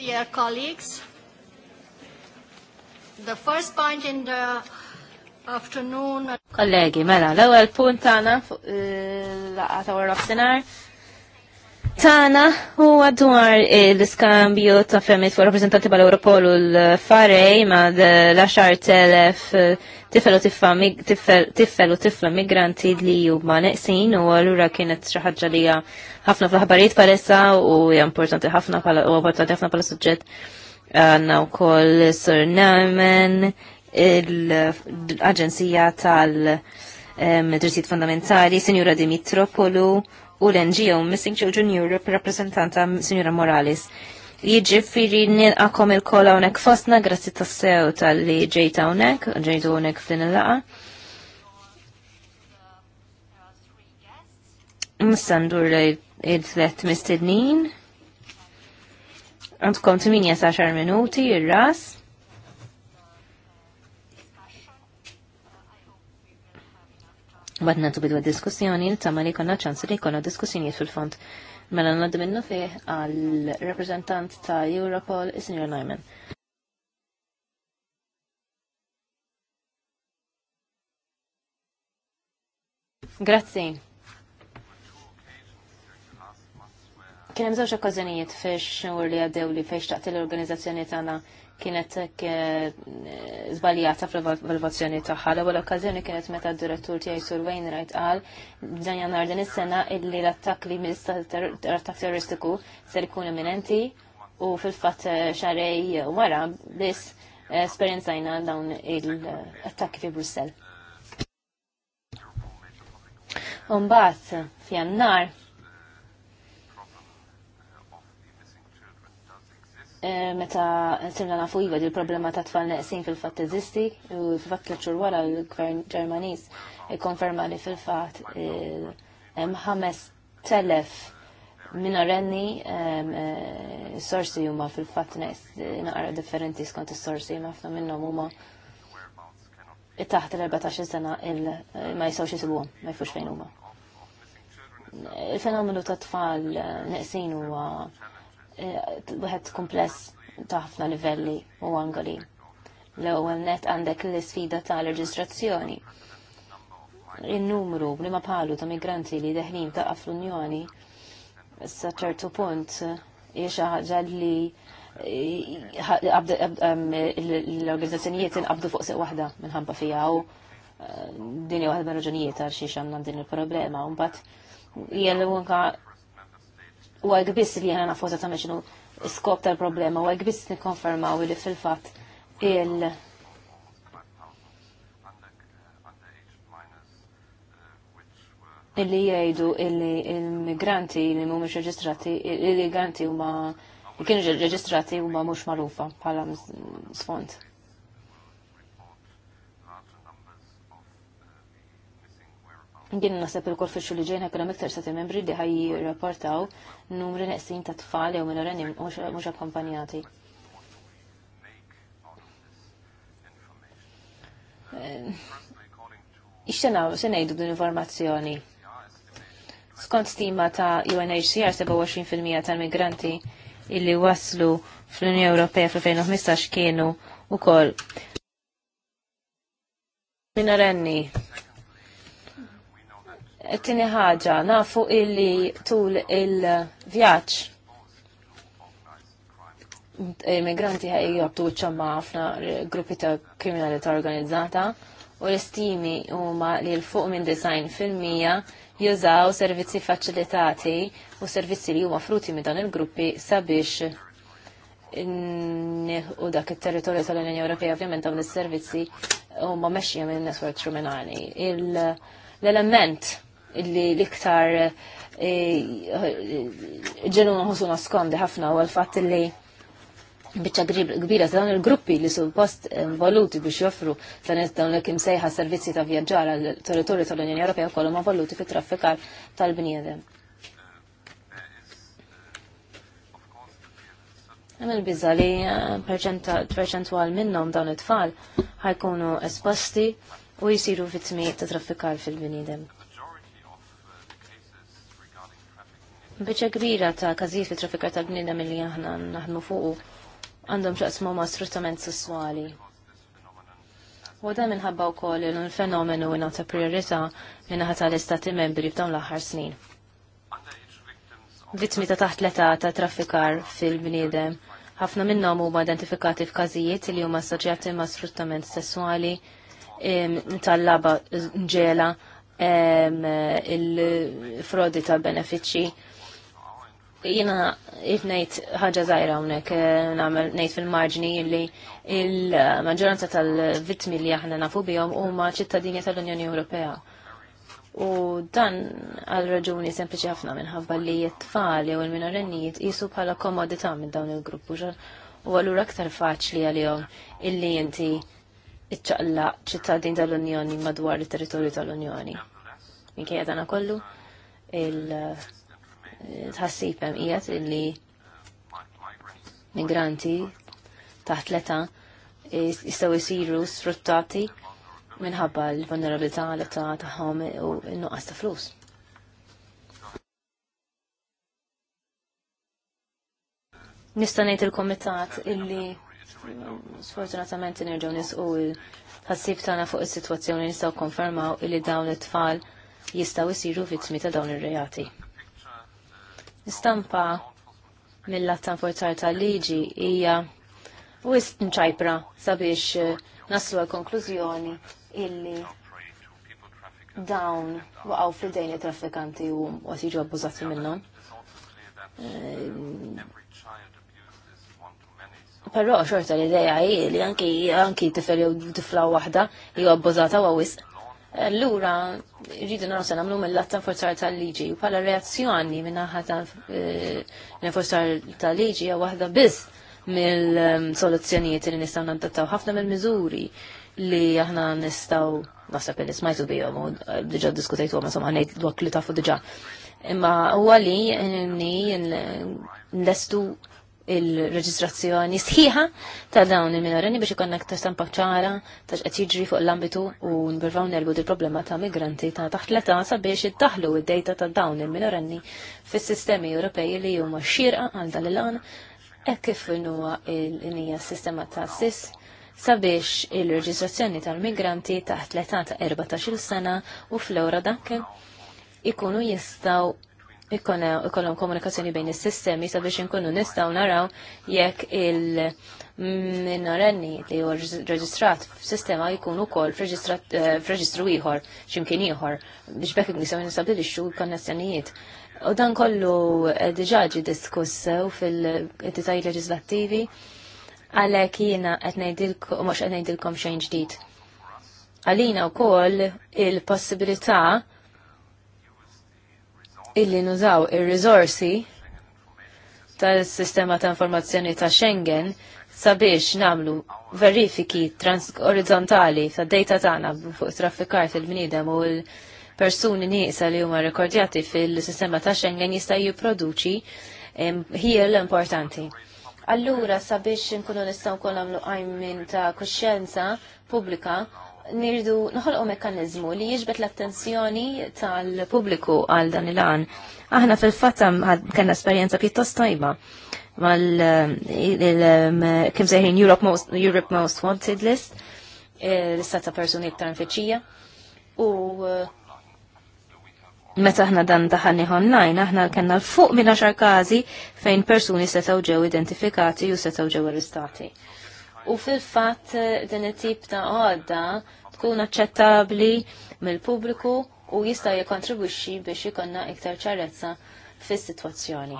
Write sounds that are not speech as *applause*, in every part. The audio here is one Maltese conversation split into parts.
Dear colleagues, the first point in the afternoon... Kollegi, mela, l-ewel punt għana fuq eh, l-għata għarraf tana huwa dwar eh, l-iskambju ta' femmit fuq rappresentanti bħal Europol u l-Farej ma' l-10 eh, telef tifel u tifla migranti li ma' neqsin u allura kienet xi ħaġa li ħafna fl-aħbarijiet palessa u hija importanti ħafna u importanti ħafna bħala suġġett għandna wkoll Sir Namen l-Aġenzija tal- eh, drittijiet fundamentali, Sinjura Dimitropolu u l-NGO Missing Children Europe rappresentanta Signora Morales. Jiġifieri nilqakom il-kola unek fosna grazzi tas-sew tal-li ġejta unek, ġejtu unek flin il-laqa. Mistandur id-tlet mistednin. Għandkom 18 minuti ir-ras. Bad tu bidwa diskussjoni, tamma li konna ċans li konna diskussjoni fil-fond. Mela naddu minnu fih għal reprezentant ta' Europol, Sr. Neumann. Grazzi. Kien hemm żewġ okkażjonijiet fiex xhur li għaddew li fejn xtaqt l-organizzazzjoni tagħna kienet eh, zbaljata fil valvazzjoni tagħha. L-ewwel okkażjoni kienet meta d-direttur tiegħi Sur Wainwright qal dan nar din is-sena illi l-attakk li mill-attakk terroristiku ser ikun imminenti u fil-fatt eh, xarej wara biss eh, esperjenzajna dawn il-attakki fi Brussell. Umbat, fjannar, Eh, meta sirna nafu jiva il problema ta' tfal neqsin fil-fat teżisti u fil-fat tlaċur wara l-gvern ġermanis konferma li fil-fat eh, ħames telef minorenni eh, sorsi huma fil-fat naqra differenti skont is-sorsi ħafna minnhom huma taħt l-14 sena ma jistgħux jisibuhom, ma jfux fejn huma. Il-fenomenu ta' tfal neqsin huwa Eh, wieħed kompless ta' ħafna livelli u angoli. L-ewwel net għandek l-isfida tal-reġistrazzjoni. In-numru li ma palu ta' migranti li deħlin ta' fl-Unjoni sa ċertu punt hija xi ħaġa li eh, l-organizzazzjonijiet inqabdu fuq seq waħda minħabba fija u eh, dinja waħda mir-raġunijiet għal xiex għandna din il-problema u mbagħad hija l-unka u għek biss li jena nafosa ta' meċinu skop tal-problema u għek biss nikonfermaw li fil-fat il- illi jgħidu illi il-migranti li mhumiex reġistrati, il-migranti huma kienu reġistrati huma mhux magħrufa bħala sfond. Għin nasab il-kol fil li ġejna kuna miktar sa' membri li ħaj rapportaw numri neqsin ta' tfal jew minorani mhux akkompanjati. Eh, ixtena, se ngħidu din informazzjoni. Skont stima ta' UNHCR 27% tal-migranti illi waslu fl-Unjoni Ewropea fl-2015 kienu koll. minorenni Tini ħaġa, nafu illi tul il-vjaċ immigranti ħajjabtu ċamma ħafna gruppi ta' kriminalità organizzata u l-istimi huma li l-fuq minn design fil-mija jużaw servizzi faċilitati u servizzi li huma fruti minn dan il-gruppi sabiex u dak il-territorju tal-Unjoni Ewropea ovvjament dawn is-servizzi huma mexjija minn netwerk kriminali. L-element illi l-iktar eh, ġenu nħusu skondi ħafna u għal-fat illi bieċa kbira ta' dawn il-gruppi li suppost involuti biex joffru planet dawn l sejħa servizzi ta' vjaġġar għal territorju tal-Unjoni Ewropea kollu ma' voluti fit traffikar tal-bniedem. Hemm il-biża li eh, perċentual minnhom dawn it-tfal ħajkunu esposti u jisiru vittmi ta' traffikar fil-bniedem. Beċa kbira ta' kazijiet li trafika ta' bnina mill-li aħna naħdmu fuqu għandhom xaqsmu ma' sfruttament sessuali. U da minħabba u koll il-fenomenu jina ta' priorita minna ħata l-istati membri f'dawn l-aħħar snin. Vittmi ta' taħt l-età ta' traffikar fil-bniedem. ħafna minnhom huma identifikati f'każijiet li huma assoċjati ma' sfruttament sessuali tal-laba nġela il-frodi ta' benefiċċji jina ifnejt ħagġa zaħira unnek eh, namel nejt fil-marġni li il-maġġoranza tal-vittmi li aħna nafu bihom huma ċittadini tal-Unjoni Ewropea. U dan għal raġuni sempliċi ħafna minħabba li t-tfal jew il-minorennijiet jisu bħala komodità minn dawn il-gruppu u għallura aktar faċli għal-jom illi inti iċċaqla ċittadin tal-Unjoni madwar it-territorju tal-Unjoni. Minkejja dana kollu il- tħassib hemm qiegħed illi migranti taħt l-età jistgħu jsiru sfruttati minħabba l-vulnerabilità l-età tagħhom u n-nuqqas ta' flus. Nista' ngħid il-kumitat illi mm, sfortunatament nerġgħu nisqu il-ħassib tagħna fuq is-sitwazzjoni nistgħu konfermaw illi dawn it-tfal jistgħu jsiru vittmi ta' dawn ir-reati. Istampa mill-lat forzar tal-liġi hija wist nċajpra sabiex eh, naslu għal-konklużjoni illi dawn waqgħu fil dejni traffikanti u għat jiġu abbużati minnhom. Eh, però xorta l-ideja hi li anki tifel jew tifla waħda jew abbużata wa wisq Allura, rridu naraw se nagħmlu mill-latta forzar tal-liġi u bħala reazzjoni minn aħħa tal-forzar eh, tal-liġi hija waħda biss mill-soluzzjonijiet li nistgħu nantattaw. ħafna mill-miżuri li aħna nistgħu naħseb li smajtu bihom u diġà diskutajtu għom, somma għanajt dwak li tafu diġà. Imma huwa li ni nlestu il-reġistrazzjoni sħiħa ta' dawn il-minorenni biex ikonna ta' stampa ċara ta' x'qed jiġri fuq l-ambitu u nbirfaw nelbu di problema ta' migranti ta' taħt l-età sabiex iddaħlu id-dejta ta' dawn il-minorenni fis-sistemi Ewropej li huma xirqa għal dan il-għan e kif nuwa il-nija sistema ta' SIS sabiex il-reġistrazzjoni tal-migranti taħt l-età ta' 14 sena u fl-ewra dak ikunu jistaw ikollhom komunikazzjoni bejn is-sistemi sabiex inkunu nistgħu naraw jekk il- minorenni li huwa reġistrat f'sistema jkun ukoll eh, f'reġistru ieħor x'imkien ieħor biex bekk nisew nistabilixxu konnessjonijiet. U dan kollu eh, diġà ġi diskussew fil-detajl leġislattivi għalhekk jiena qed ngħidilkom mhux qed ngħidilkom xejn ġdid. Għalina wkoll il-possibilità illi nużaw ir-riżorsi tal-sistema ta' informazzjoni ta' Schengen sabiex namlu verifiki transorizontali ta' data tagħna fuq traffikar fil-bniedem u l-persuni nisa li huma rekordjati fil-sistema ta' Schengen jista' jipproduċi ħiel importanti. Allura sabiex nkunu nistgħu nkoll nagħmlu qajmin ta' kuxjenza pubblika nirdu noħolqu mekkanizmu li jiġbet l-attenzjoni tal-pubbliku għal dan il-għan. Aħna fil-fatam kena esperienza pjuttost tajba mal eh, mm, kim sejħin Europe Most, Europe Most Wanted List, eh, l-istat ta' personi iktar nfittxija. U eh, meta aħna dan daħanni online, aħna kellna l-fuq minn xar każi fejn persuni setaw ġew identifikati u setaw ġew arrestati. U fil-fat din it-tip ta' għodda tkun aċċettabbli mill-pubbliku u jista' jikkontribwixxi biex ikonna iktar ċarezza fis-sitwazzjoni.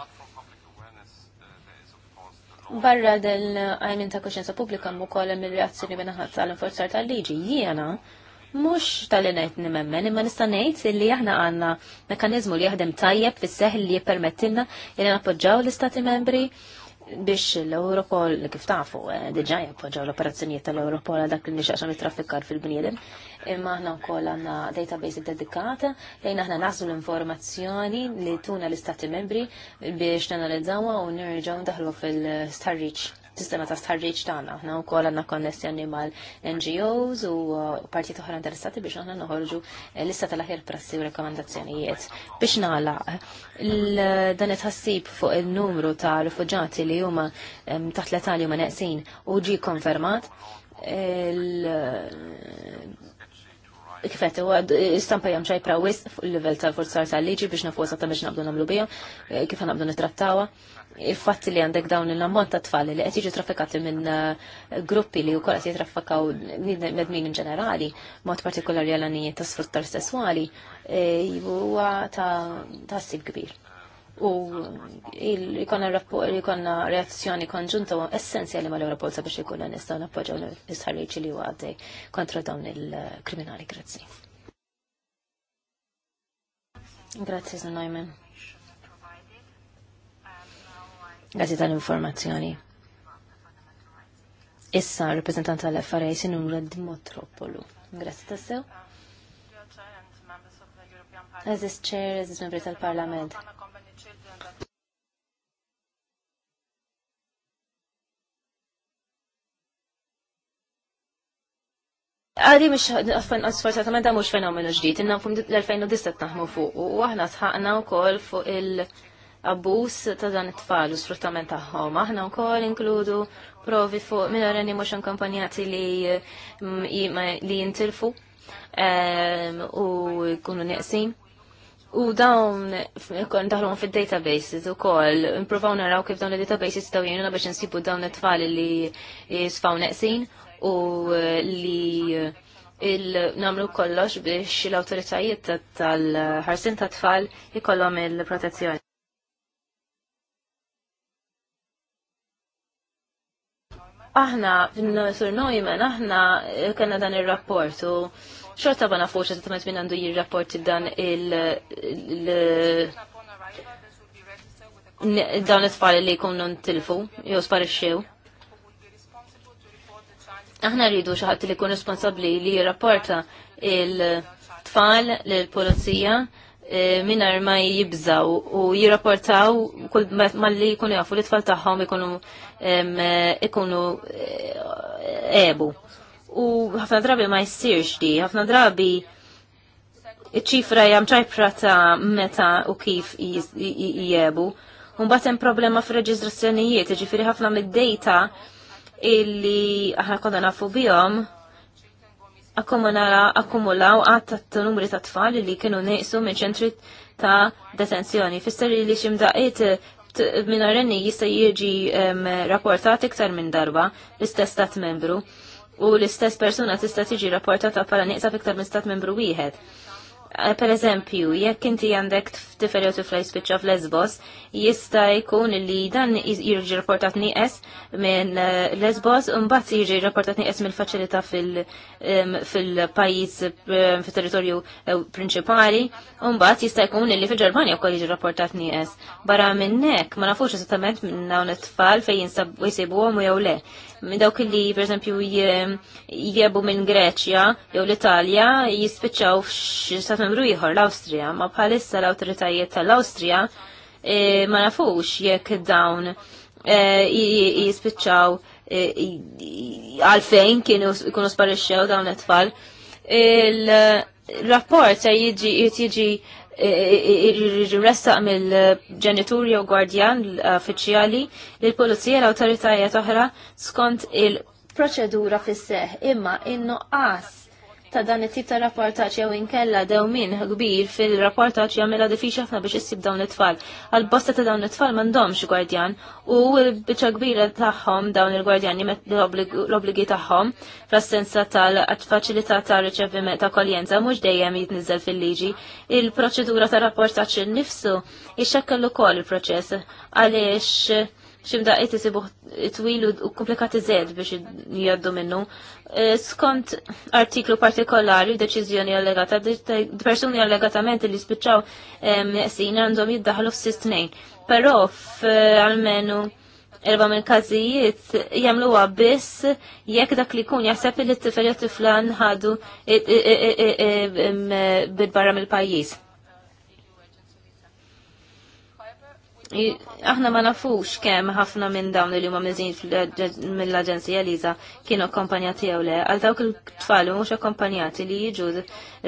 Barra del għajmin ta' koċenza pubblika mu kolla mill-reazzjoni minnaħat tal-inforzar tal-liġi, jiena mux tal-inajt nimemmen, imma nistanejt li aħna għanna mekanizmu li jaħdem tajjeb fis seħ li jippermettilna li nappoġġaw l-istati membri biex l-Europol, li kif tafu, eh, diġa jappoġġaw l operazzjoniet tal-Europol dak li nixaqxam it-traffikar fil-bniedem, imma aħna wkoll għandna database dedikata lejn aħna naħsbu l-informazzjoni li tuna l-Istati membri biex nanalizzawha u nirġaw ndaħlu fil starriċ sistema ta' starriċ tagħna. Aħna wkoll għandna konnessjoni mal-NGOs u uh, partijiet oħra interessati biex aħna noħorġu eh, lista tal-aħjar prassi u rekomendazzjonijiet. Biex nagħlaq dan it-ħassib fuq il-numru ta' rifuġati li huma taħt l li huma neqsin u ġi konfermat kifet, u istampa jam xajpra wisq fuq il-level tal forzar tal-liġi biex nafu wasata biex nabdu namlu bijom, eh, kif nabdu nitrattawa il fatti li għandek dawn il-ammont ta' tfal li qed jiġu traffikati minn eh, gruppi li wkoll qed jitraffikaw medmin in ġenerali, mod partikolari għal anijiet ta' sfruttar sesswali, eh, huwa ta' sib kbir. U jkollna reazzjoni konġunta essenzjali mal-Europol biex jkollna nistgħu nappoġġaw l-istħarriġ li huwa għaddej kontra dawn il-kriminali. Grazzi. Grazzi, Sir għazi tal-informazzjoni. Issa, rappresentant tal-FRA, sinura Dimotropolu. Grazie tassew. Aziz Chair, aziz membri tal-Parlament. Għadi mux għafan sforzatament da mux fenomenu ġdijt, innan fum l-2017 naħmu fuq, u għahna sħaqna u kol fuq il- abbuż ta' dan it-tfal u sfruttament tagħhom. Aħna wkoll inkludu provi fuq minorenni mhux inkompanjati li mm, li jintilfu u jkunu neqsin. U dawn kon daħlhom fid-databases ukoll impruvaw naraw kif dawn il-databases daw jgħinuna biex nsibu dawn it-tfal li sfaw neqsin u eh, li eh, il-namlu kollox biex l-autoritajiet tal-ħarsin tat-tfal ikollhom il-protezzjoni. aħna, sur Neumann, aħna eh, kena dan il-rapport u ta' bana fuċa tamet minn għandu jirrapporti dan il- dawn it-tfal li jkunu ntilfu, jew sparixxew. Aħna rridu xi ħadd li jkun responsabbli li jirrapporta il-tfal lill-pulizija Eh, minar ma jibżaw u jirrapportaw kull malli jkunu jafu li tfal tagħhom ikunu eh, ikunu eh, ebu. U ħafna drabi ma jsirx di, ħafna drabi iċ-ċifra jam ċajpra ta' meta u kif jiebu. Un hemm problema f reġistrazzjonijiet ġifiri ħafna mid-data illi aħna konna nafu bihom akkumulaw għatta numri ta' tfal li kienu neqsu minn ċentri ta' detenzjoni. Fisser li ximdaqiet minorenni jista' jiġi rapportat iktar minn darba l-istess stat membru u l-istess persuna tista' tiġi rapportata bħala nieqsa iktar minn stat membru wieħed Eh, per eżempju, jekk inti għandek tifel jew tifla jispiċċa f'Lesbos, jista' jkun li dan jiġi rapportat nieqes minn eh, Lesbos u mbagħad jiġi rapportat nieqes mill-faċilità fil-pajjiż fit-territorju eh, prinċipali u mbagħad jista' jkun li fil-Ġermanja wkoll jiġi rapportat nieqes. Barra minn hekk ma nafux esattament minn dawn it-tfal fejn jinsabu jsibuhom jew le minn dawk li pereżempju jiebu minn Greċja jew l-Italja jispiċċaw f'stat membru ieħor l-Awstrija, ma bħalissa l-awtoritajiet tal-Awstrija e, ma nafux jekk dawn e, jispiċċaw e, għalfejn kienu jkunu sparixxew dawn it-tfal. Il-rapport se jiġi irresta mill-ġenituri u gwardjan uffiċjali lill-pulizija l-awtoritajiet oħra skont il-proċedura fis-seħ imma in-nuqqas ta' dan it-tip ta' rapportaċ jew inkella dew min kbir fil-rapportaċ jagħmilha diffiċli ħafna biex issib dawn it-tfal. Għal bosta ta' dawn it-tfal m'għandhomx gwardjan u l-biċċa kbira tagħhom dawn il-gwardjani l-obbligi tagħhom fl-assenza tal-faċilità ta' riċeviment ta' koljenza mhux dejjem jitniżel fil-liġi. Il-proċedura ta' rapportaċ innifsu jxekkel ukoll il-proċess għaliex ximda qed isibuh twil u komplikati zed biex jgħaddu minnu. Skont artiklu partikolari deċiżjoni allegata, persuni allegatament li spiċaw neqsin għandhom jiddaħlu Pero Però f'almenu erba minn kazijiet jamlu biss jekk dak li kun jaħseb li t-tifel tiflan ħadu bid-barra mill-pajjiż. aħna ma nafux kemm ħafna minn dawn li huma miżin mill-Aġenzija Liża kienu akkompanjati jew le, għal dawk il-tfal mhux akkompanjati li jiġu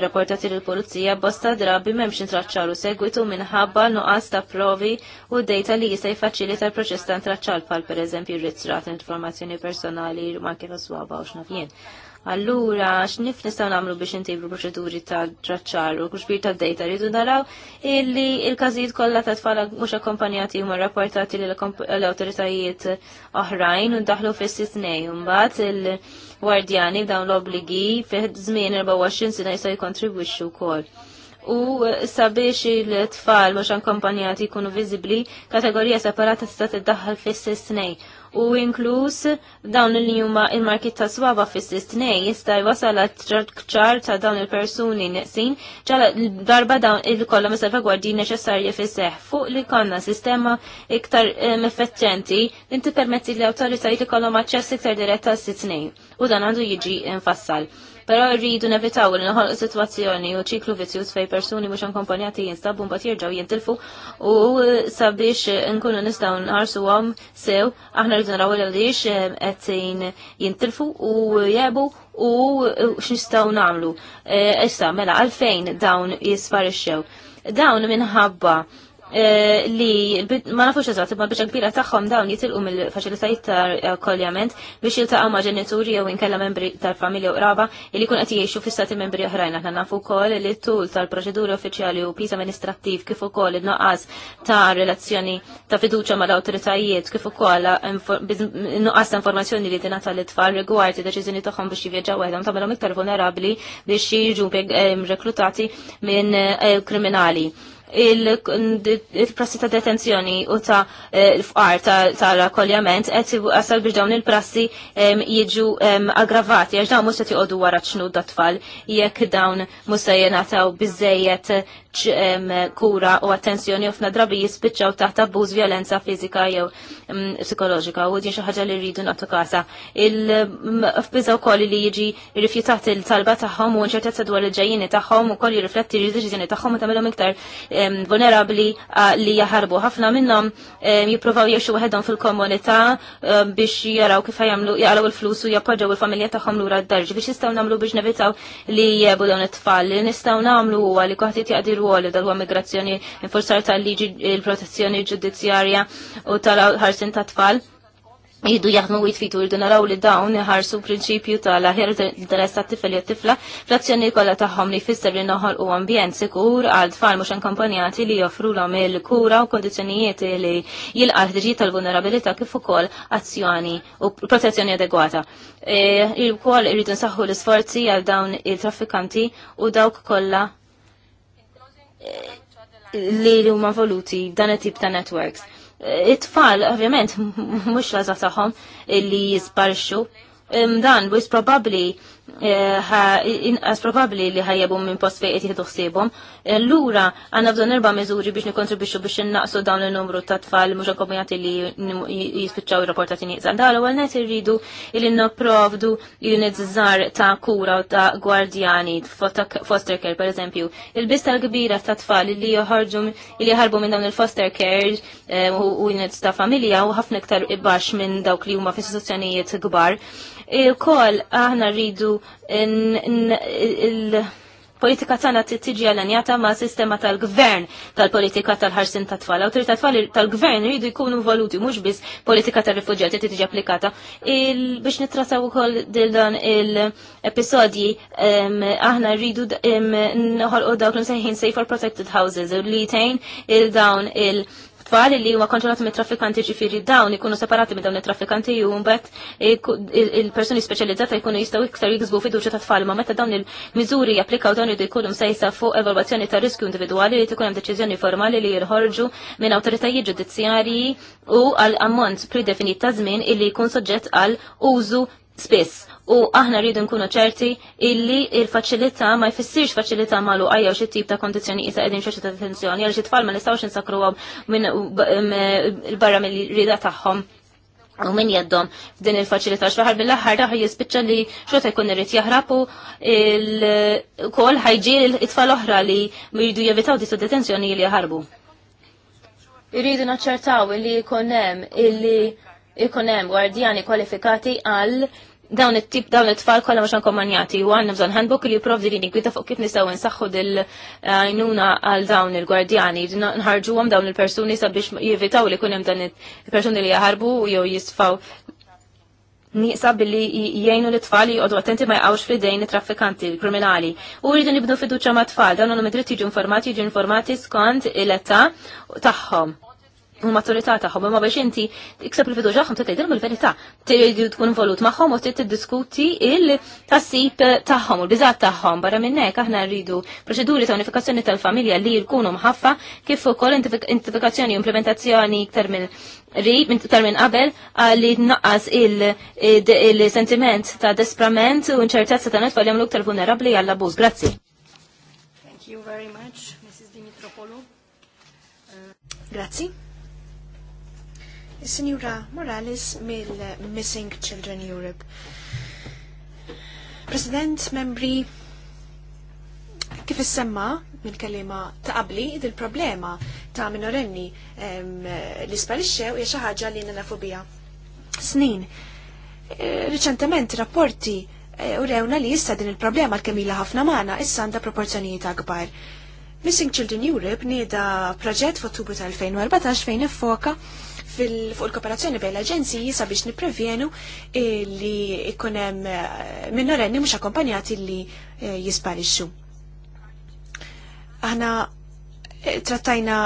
rapportati lill-pulizija bosta drabi m'hemmx intraċċalu segwitu minħabba nuqqas ta' provi u dejta li jista' jfaċilita l-proċess ta' intraċċal bħal pereżempju r-ritrat informazzjoni personali ma kienu swaba u x'naf jien. Allura, x'nif nistgħu nagħmlu biex intejbu proċeduri ta' traċċar u kuxbir ta' dejta rridu naraw illi il-każijiet kollha ta' tfal mhux akkompanjati huma rapportati l-awtoritajiet oħrajn u ndaħlu fis-sitnej imbagħad il-gwardjani dawn l-obligi fih żmien 24 sena jistgħu jkontribwixxu wkoll u sabiex il-tfal mux akkompanjati jkunu viżibbli kategorija separata tista' tiddaħħal fis-sisnej u inkluż dawn li huma il-markit ta' swaba fis istnej jista' jwasal ċar ta' dawn il-persuni neqsin ċala darba dawn il-kollha mis-salvagwardji neċessarji fis-seħ fuq li konna sistema iktar eh, effettjenti li permetti l-awtoritajiet ikollhom aċċess iktar diretta s-istnej u dan għandu jiġi infassal. Però rridu nevitaw li noħolqu sitwazzjoni u ċiklu vizzjuż fej persuni mhux ankompanjati jinstabu mbagħad jerġgħu jintilfu u sabiex nkunu nistgħu nħarsuhom sew aħna rridu naraw għaliex eh, qed jintilfu u jabu u x'nistgħu nagħmlu. Eh, issa mela għalfejn dawn jisparixxew. Dawn minħabba Eh, li ma nafux eżat, ma biex kbira tagħhom dawn jitilqu mill-faċilitajiet ta' kolljament biex jiltaqgħu ma' ġenituri jew inkella membri tal-familja u qraba li jkun qed jgħixu fis-stati membri oħrajn aħna nafu wkoll li t-tul tal-proċeduri uffiċjali u piż amministrattiv kif ukoll in-nuqqas ta' relazzjoni ta' fiduċja mal-awtoritajiet kif ukoll nuqqas ta' informazzjoni li tingħata l tfal rigward id-deċiżjoni tagħhom biex jivvjaġġaw waħedhom tagħmelhom iktar vulnerabbli biex jiġu reklutati minn eh, kriminali il-prassi ta' detenzjoni u ta' eh, l-fqar tal akoljament qed għasal biex dawn il-prassi jiġu aggravati għax dawn mhux qed għodu wara ċnud dat-tfal jekk dawn mhux se jingħataw biżejjed kura u attenzjoni u fna drabi jispiċċaw taħt abbuż violenza fizika jew psikoloġika u din xi ħaġa li rridu nagħtu kasa. Il-fbiża wkoll li jiġi rifjutat il-talba tagħhom u nċertezza dwar il-ġejjini tagħhom ukoll jirrifletti r-deċiżjoni tagħhom u tagħmilhom iktar vulnerabbli li jaħarbu. Ħafna minnhom jippruvaw jgħixu waħedhom fil-komunità biex jaraw kif jagħmlu jaqgħu il-flus u jappoġġaw il-familja tagħhom lura d-darġ biex jistgħu nagħmlu biex nevitaw li jebu dawn it-tfal. Nistgħu nagħmlu huwa li koħtiet jaqdiru ruoli dal huwa migrazzjoni infurzar tal-liġi il-protezzjoni ġudizzjarja u tal-ħarsin ta' tfal. Jidu jaħdmu u jitfitu jirdu naraw li dawn ħarsu prinċipju tal-ħir interess ta' tifel jew tifla fl-azzjoni kollha tagħhom li jfisser li noħol u ambjent sikur għal tfal mhux akkompanjati li joffru lhom il-kura u kondizzjonijiet li jilqa' ħtiġijiet tal-vulnerabilità kif ukoll azzjoni u protezzjoni adegwata. E, il-kol irridu nsaħħu l-isforzi għal dawn il-traffikanti u dawk kollha li huma voluti dan it-tip ta' networks. It-tfal, ovvjament, *laughs* mhux laża tagħhom li jisparxu. Dan, wis probabbli Eh, inqas probabbli li ħajjabu minn post fejqet jihdu jieħdu ħsiebhom. Lura għandna bżonn erba' miżuri biex nikkontribwixxu biex innaqsu dawn il-numru ta' tfal mhux akkompanjati li jispiċċaw il rapportati nieqsan. Dan l net irridu li nopprovdu units żgħar ta' kura u ta' gwardjani foster care pereżempju. Il-bista l-kbira ta' tfal li joħarġu li jħarbu minn dawn il-foster care eh, u units ta' familja u ħafna iktar ibax minn dawk li huma f'istituzzjonijiet kbar Kol aħna rridu il-politika tagħna tiġi għal-anjata ma' sistema tal-gvern tal-politika tal-ħarsin tat-tfal. Awtorità tfal tal-gvern rridu jkunu involuti mhux biss politika tar t tiġi applikata. Biex nittrasaw ukoll dil dan il-episodji aħna rridu u dawk l msejħin safer protected houses u li tgħin il-dawn il-, -dawn il tfal li huma kontrollati mit traffikanti ġifieri dawn ikunu separati minn dawn it-traffikanti u mbagħad il-persuni speċjalizzata jkunu jistgħu iktar jiksbu fiduċja ta' tfal ma meta dawn il-miżuri japplikaw dawn irid jkunu msejsa fuq evalwazzjoni ta' riskju individwali li tkun hemm deċiżjoni formali li jirħorġu minn awtoritajiet ġudizzjarji u għal ammont predefinit ta' żmien illi jkun soġġett għal użu spiss u aħna rridu nkunu ċerti illi il-faċilità ma jfissirx faċilità malu għajja u xi tip ta' kondizzjoni jisa qegħdin xi ta' detenzjoni għal xittfall ma ma nistgħux għom minn barra mill-rida tagħhom u min jaddom f'din il-faċilità xfaħar bil-aħħar taħ jispiċċa li xorta jkun irrid jaħrabu il-kol ħajġi l itfall oħra li mridu jevitaw ditu detenzjoni li jaħarbu. Irridu naċċertaw li jkun hemm illi ikun hemm gwardjani kwalifikati għal dawn it-tip dawn it-tfal kollha mhux akkompanjati u għandna bżonn handbook li jipprovdi li ninkwita fuq kif nistgħu nsaħħu dil-għajnuna eh, għal dawn il-gwardjani nħarġuhom dawn il-persuni sabiex jivitaw li jkun hemm dan il-persuni li jaħarbu jew jisfaw niqsab billi jgħinu l-tfal jgħodu attenti ma jgħawx fidejn traffikanti, kriminali. U rridu nibnu fiduċa ma tfal, dan għandhom id-dritt jiġu informati, jiġu informati skont il-età tagħhom maturità tagħhom, imma biex inti iksab il-fiduċa tagħhom t tgħidilhom il-verità. Tiridu tkun involut magħhom u trid tiddiskuti il-tassib tagħhom u l-biżgħat tagħhom. Barra minn hekk aħna rridu proċeduri ta' unifikazzjoni tal-familja li jirkunu mħaffa kif ukoll identifikazzjoni u implementazzjoni iktar minn rib minn iktar minn qabel għalli naqqas il-sentiment ta' desprament u nċertezza ta' li jagħmlu iktar vulnerabbli għall-abuż. Grazzi. Thank you very much, Mrs. Dimitropoulou. Uh, Grazie. Signora Morales mill-Missing Children Europe. President, membri, kif issemma minn kalima ta' qabli il-problema ta' minorenni li sparixxew hija xi ħaġa li nafu Snin. E, riċentement rapporti e, urewna li issa din il-problema l-kemila ħafna magħna issa għandha proporzjonijiet akbar. Missing Children Europe nida proġett f'ottubu tal-2014 fejn iffoka fuq il-kooperazzjoni bejn l-aġenziji sabiex niprevjenu li ikun hemm eh, minorenni mhux akkompanjati li eh, jisparixxu. Aħna eh, trattajna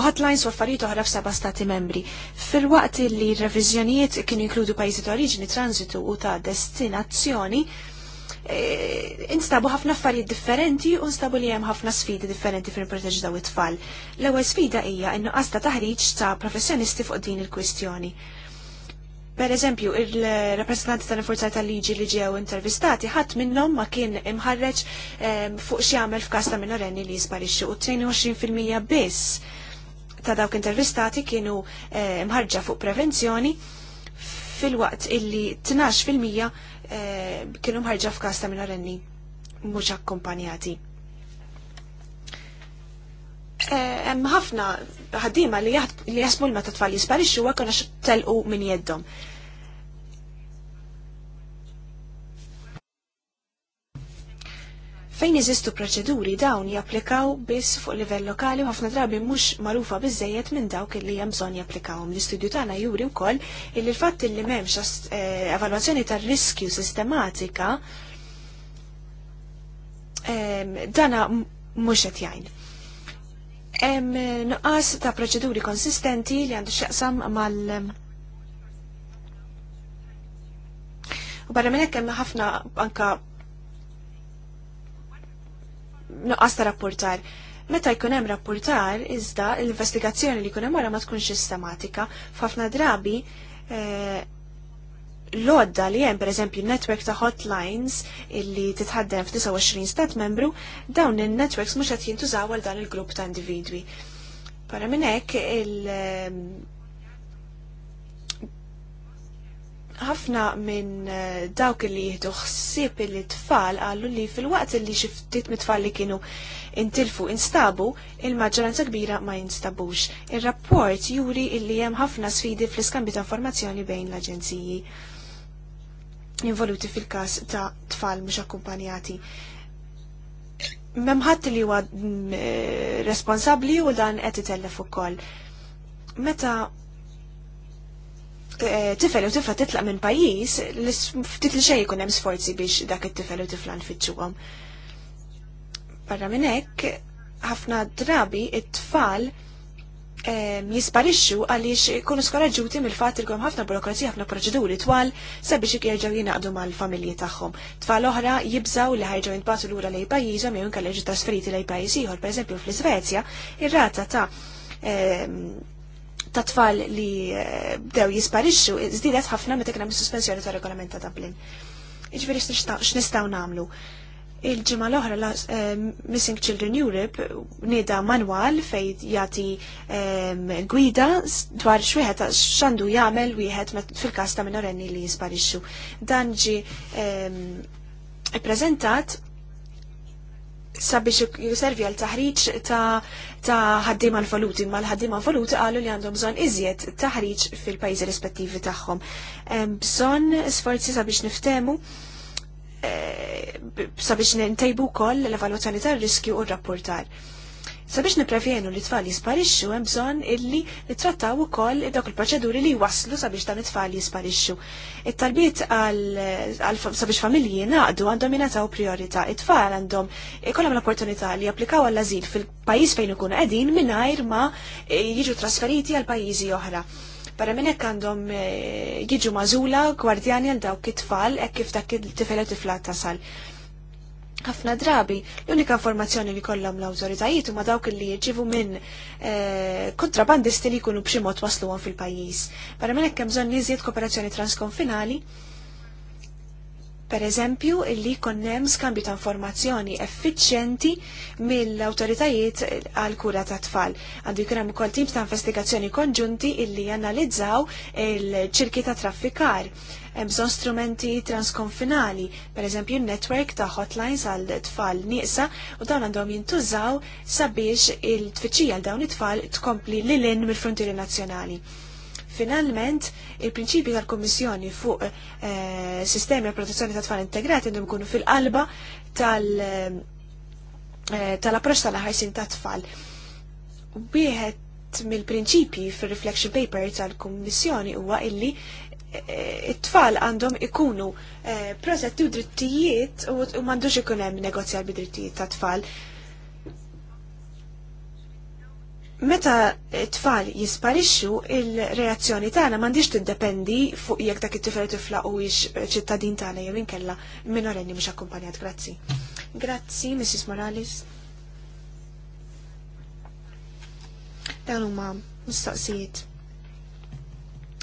hotlines u affarijiet oħra f'seba' stati membri. Fil-waqt li r-reviżjonijiet kienu jinkludu pajjiżi ta' oriġini, transitu u ta' destinazzjoni, Eh, instabu ħafna affarijiet differenti u nstabu li hemm ħafna sfidi differenti fil proteġi daw it-tfal. L-ewwel sfida hija in-nuqqas ta' taħriġ ta' professjonisti fuq din il-kwistjoni. Per eżempju, il-rappresentanti tal forza tal-Liġi li ġew intervistati, ħadd minnhom ma kien imħarreġ ehm, fuq xi jagħmel f'każ ta' minorenni li jisparixxu u 22% biss ta' dawk intervistati kienu eh, imħarġa fuq prevenzjoni fil-waqt illi 12% Eh, kienu mħarġa f'kasta ta' minorenni mhux akkumpanjati. Eh, hemm ħafna ħaddiema li jasmu l meta tfal jisparixxu hekk għax telqu minn jeddom. Fejn iżistu proċeduri dawn japplikaw biss fuq livell lokali u ħafna drabi mhux magħrufa biżejjed minn dawk li hemm bżonn japplikawhom. L-istudju tagħna juri wkoll illi l-fatt li m'hemmx eh, evalwazzjoni tar-riskju sistematika ehm, dana mhux qed jgħin. Hemm eh, nuqqas ta' proċeduri konsistenti li għandu x'jaqsam mal U barra minn hekk hemm ħafna anka nuqqas ta' rapportar. Meta jkun hemm rapportar, iżda l-investigazzjoni li jkun hemm wara ma tkunx sistematika, f'ħafna drabi eh, l-odda li hemm pereżempju netwerk ta' hotlines illi titħaddem f'29 stat membru, dawn in-networks mhux qed jintużaw għal dan il-grupp ta' individwi. Para minn hekk il- ħafna minn eh, dawk li jihdu xsib li tfal għallu li fil-waqt li xiftit mit-tfal li kienu intilfu instabu, il-maġġoranza kbira ma jinstabux. Il-rapport juri illi hemm ħafna sfidi fl-iskambju ta' informazzjoni bejn l-aġenziji involuti fil-kas ta' tfal mhux akkumpanjati. Memħat li huwa mm, eh, responsabli u dan qed fuq ukoll. Meta Eh, tifel u tifla titlaq minn pajjiż, ftit li xejn ikun hemm sforzi biex dak it-tifel u tifla nfittxuhom. Barra minn hekk, ħafna drabi it-tfal jisparixxu għaliex ikunu skoraġġuti mill-fatt li jkun ħafna burokrazija ħafna proċeduri twal sabiex jerġgħu jingħaqdu mal-familji tagħhom. Tfal oħra jibżaw li ħajġu jintbagħtu lura lejn pajjiżhom jew inkella jiġu trasferiti lejn pajjiż ieħor, pereżempju fl-Iżvezja, ir-rata ta' ta' tfal li eh, bdew jisparixxu żdiedet ħafna meta kien hemm sospensjoni ta' regolamenta ta' Dublin. Jiġifieri x'nistgħu nagħmlu? Il-ġimgħa l-oħra la eh, Missing Children Europe nieda manwal fejn jagħti ehm, gwida dwar x'wieħed x'għandu jagħmel wieħed fil-każ ta' minorenni li jisparixxu. Dan ġi ehm, ippreżentat sabiex juservi għal taħriġ ta' ħaddim għal valuti ma l-ħaddim għal valuti għallu li għandhom bżon iżjed taħriġ fil-pajzi rispettivi tagħhom. Bżon sforzi sabiex niftemu eh, sabiex nintajbu koll l-evaluazzjoni tar-riskju u r-rapportar. Sabiex niprevjenu li tfal jisparixxu hemm bżonn illi nittrattaw ukoll dawk il-proċeduri li waslu sabiex dan it-tfal jisparixxu. It-talbiet sabiex familji naqdu għandhom jingħataw priorità. It-tfal għandhom ikollhom l-opportunità li japplikaw għal ażil fil-pajjiż fejn ikunu qegħdin mingħajr ma eh, jiġu trasferiti għal pajjiżi oħra. Barra minn hekk għandhom eh, jiġu mażula gwardjani għal dawk it-tfal hekk kif dak it-tifel tifla tasal ħafna drabi l-unika informazzjoni li kollhom l-awtoritajiet huma dawk li jġivu minn eh, kontrabandisti li jkunu b'xi mod wasluhom fil-pajjiż. Barra minn hekk hemm bżonn iżjed kooperazzjoni transkonfinali per eżempju, illi konnem skambju ta' informazzjoni effiċjenti mill-autoritajiet għal kura ta' tfal. Għandu jkun u ukoll tip ta' investigazzjoni konġunti illi analizzaw il-ċirki ta' traffikar hemm bżonn strumenti transkonfinali, pereżempju n-netwerk ta' hotlines għal tfal nieqsa u dawn għandhom jintużaw sabiex il-tfittxija għal dawn it-tfal tkompli lilin mill-frontieri nazzjonali. Finalment, il-prinċipi tal-Kommissjoni fuq eh, sistemi għal protezzjoni ta' tfal integrati għandhom kunu fil-qalba tal- eh, tal-approċċ tal-ħarsin ta' tfal. Wieħed mill-prinċipji fil-reflection paper tal-Kummissjoni huwa illi it-tfal għandhom ikunu eh, protetti u drittijiet u mandux ikun hemm negozjar bi drittijiet ta' tfal. Meta t-tfal jisparixxu, il-reazzjoni tagħna m'għandix tiddependi fuq jekk dak it-tifel tifla u ċittadin tagħna jew inkella minorenni mhux akkumpanjat. Grazzi. Grazzi, Mrs. Morales. Dan huma mistoqsijiet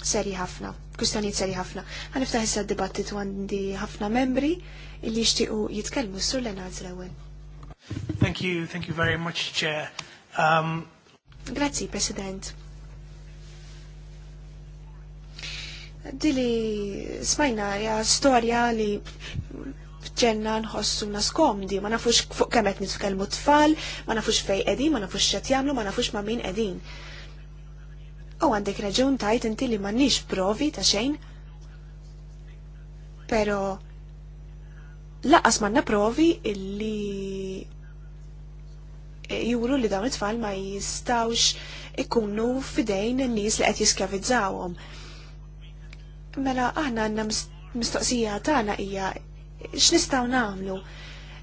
serji ħafna kwistjonijiet seri ħafna. Għan iftaħ jissa dibattitu għandi ħafna membri illi jixtiequ jitkellmu s-sur Lenaz l-ewwel. Thank you, thank you very much, Chair. Um... Grazzi, President. Dili smajna ja storja li ġenna nħossu naskomdi, ma nafux fuq kemet nitkellmu tfal, ma nafux fej edin, ma nafux xet jamlu, ma nafux ma min edin. U għandek raġun tajt inti li mannix provi ta' xejn. Pero laqas manna provi illi juru li dawn it-tfal ma jistawx ikunu fidejn n-nies li qed jiskavizzawhom. Mela aħna għandna mistoqsija tagħna hija x'nistgħu nagħmlu?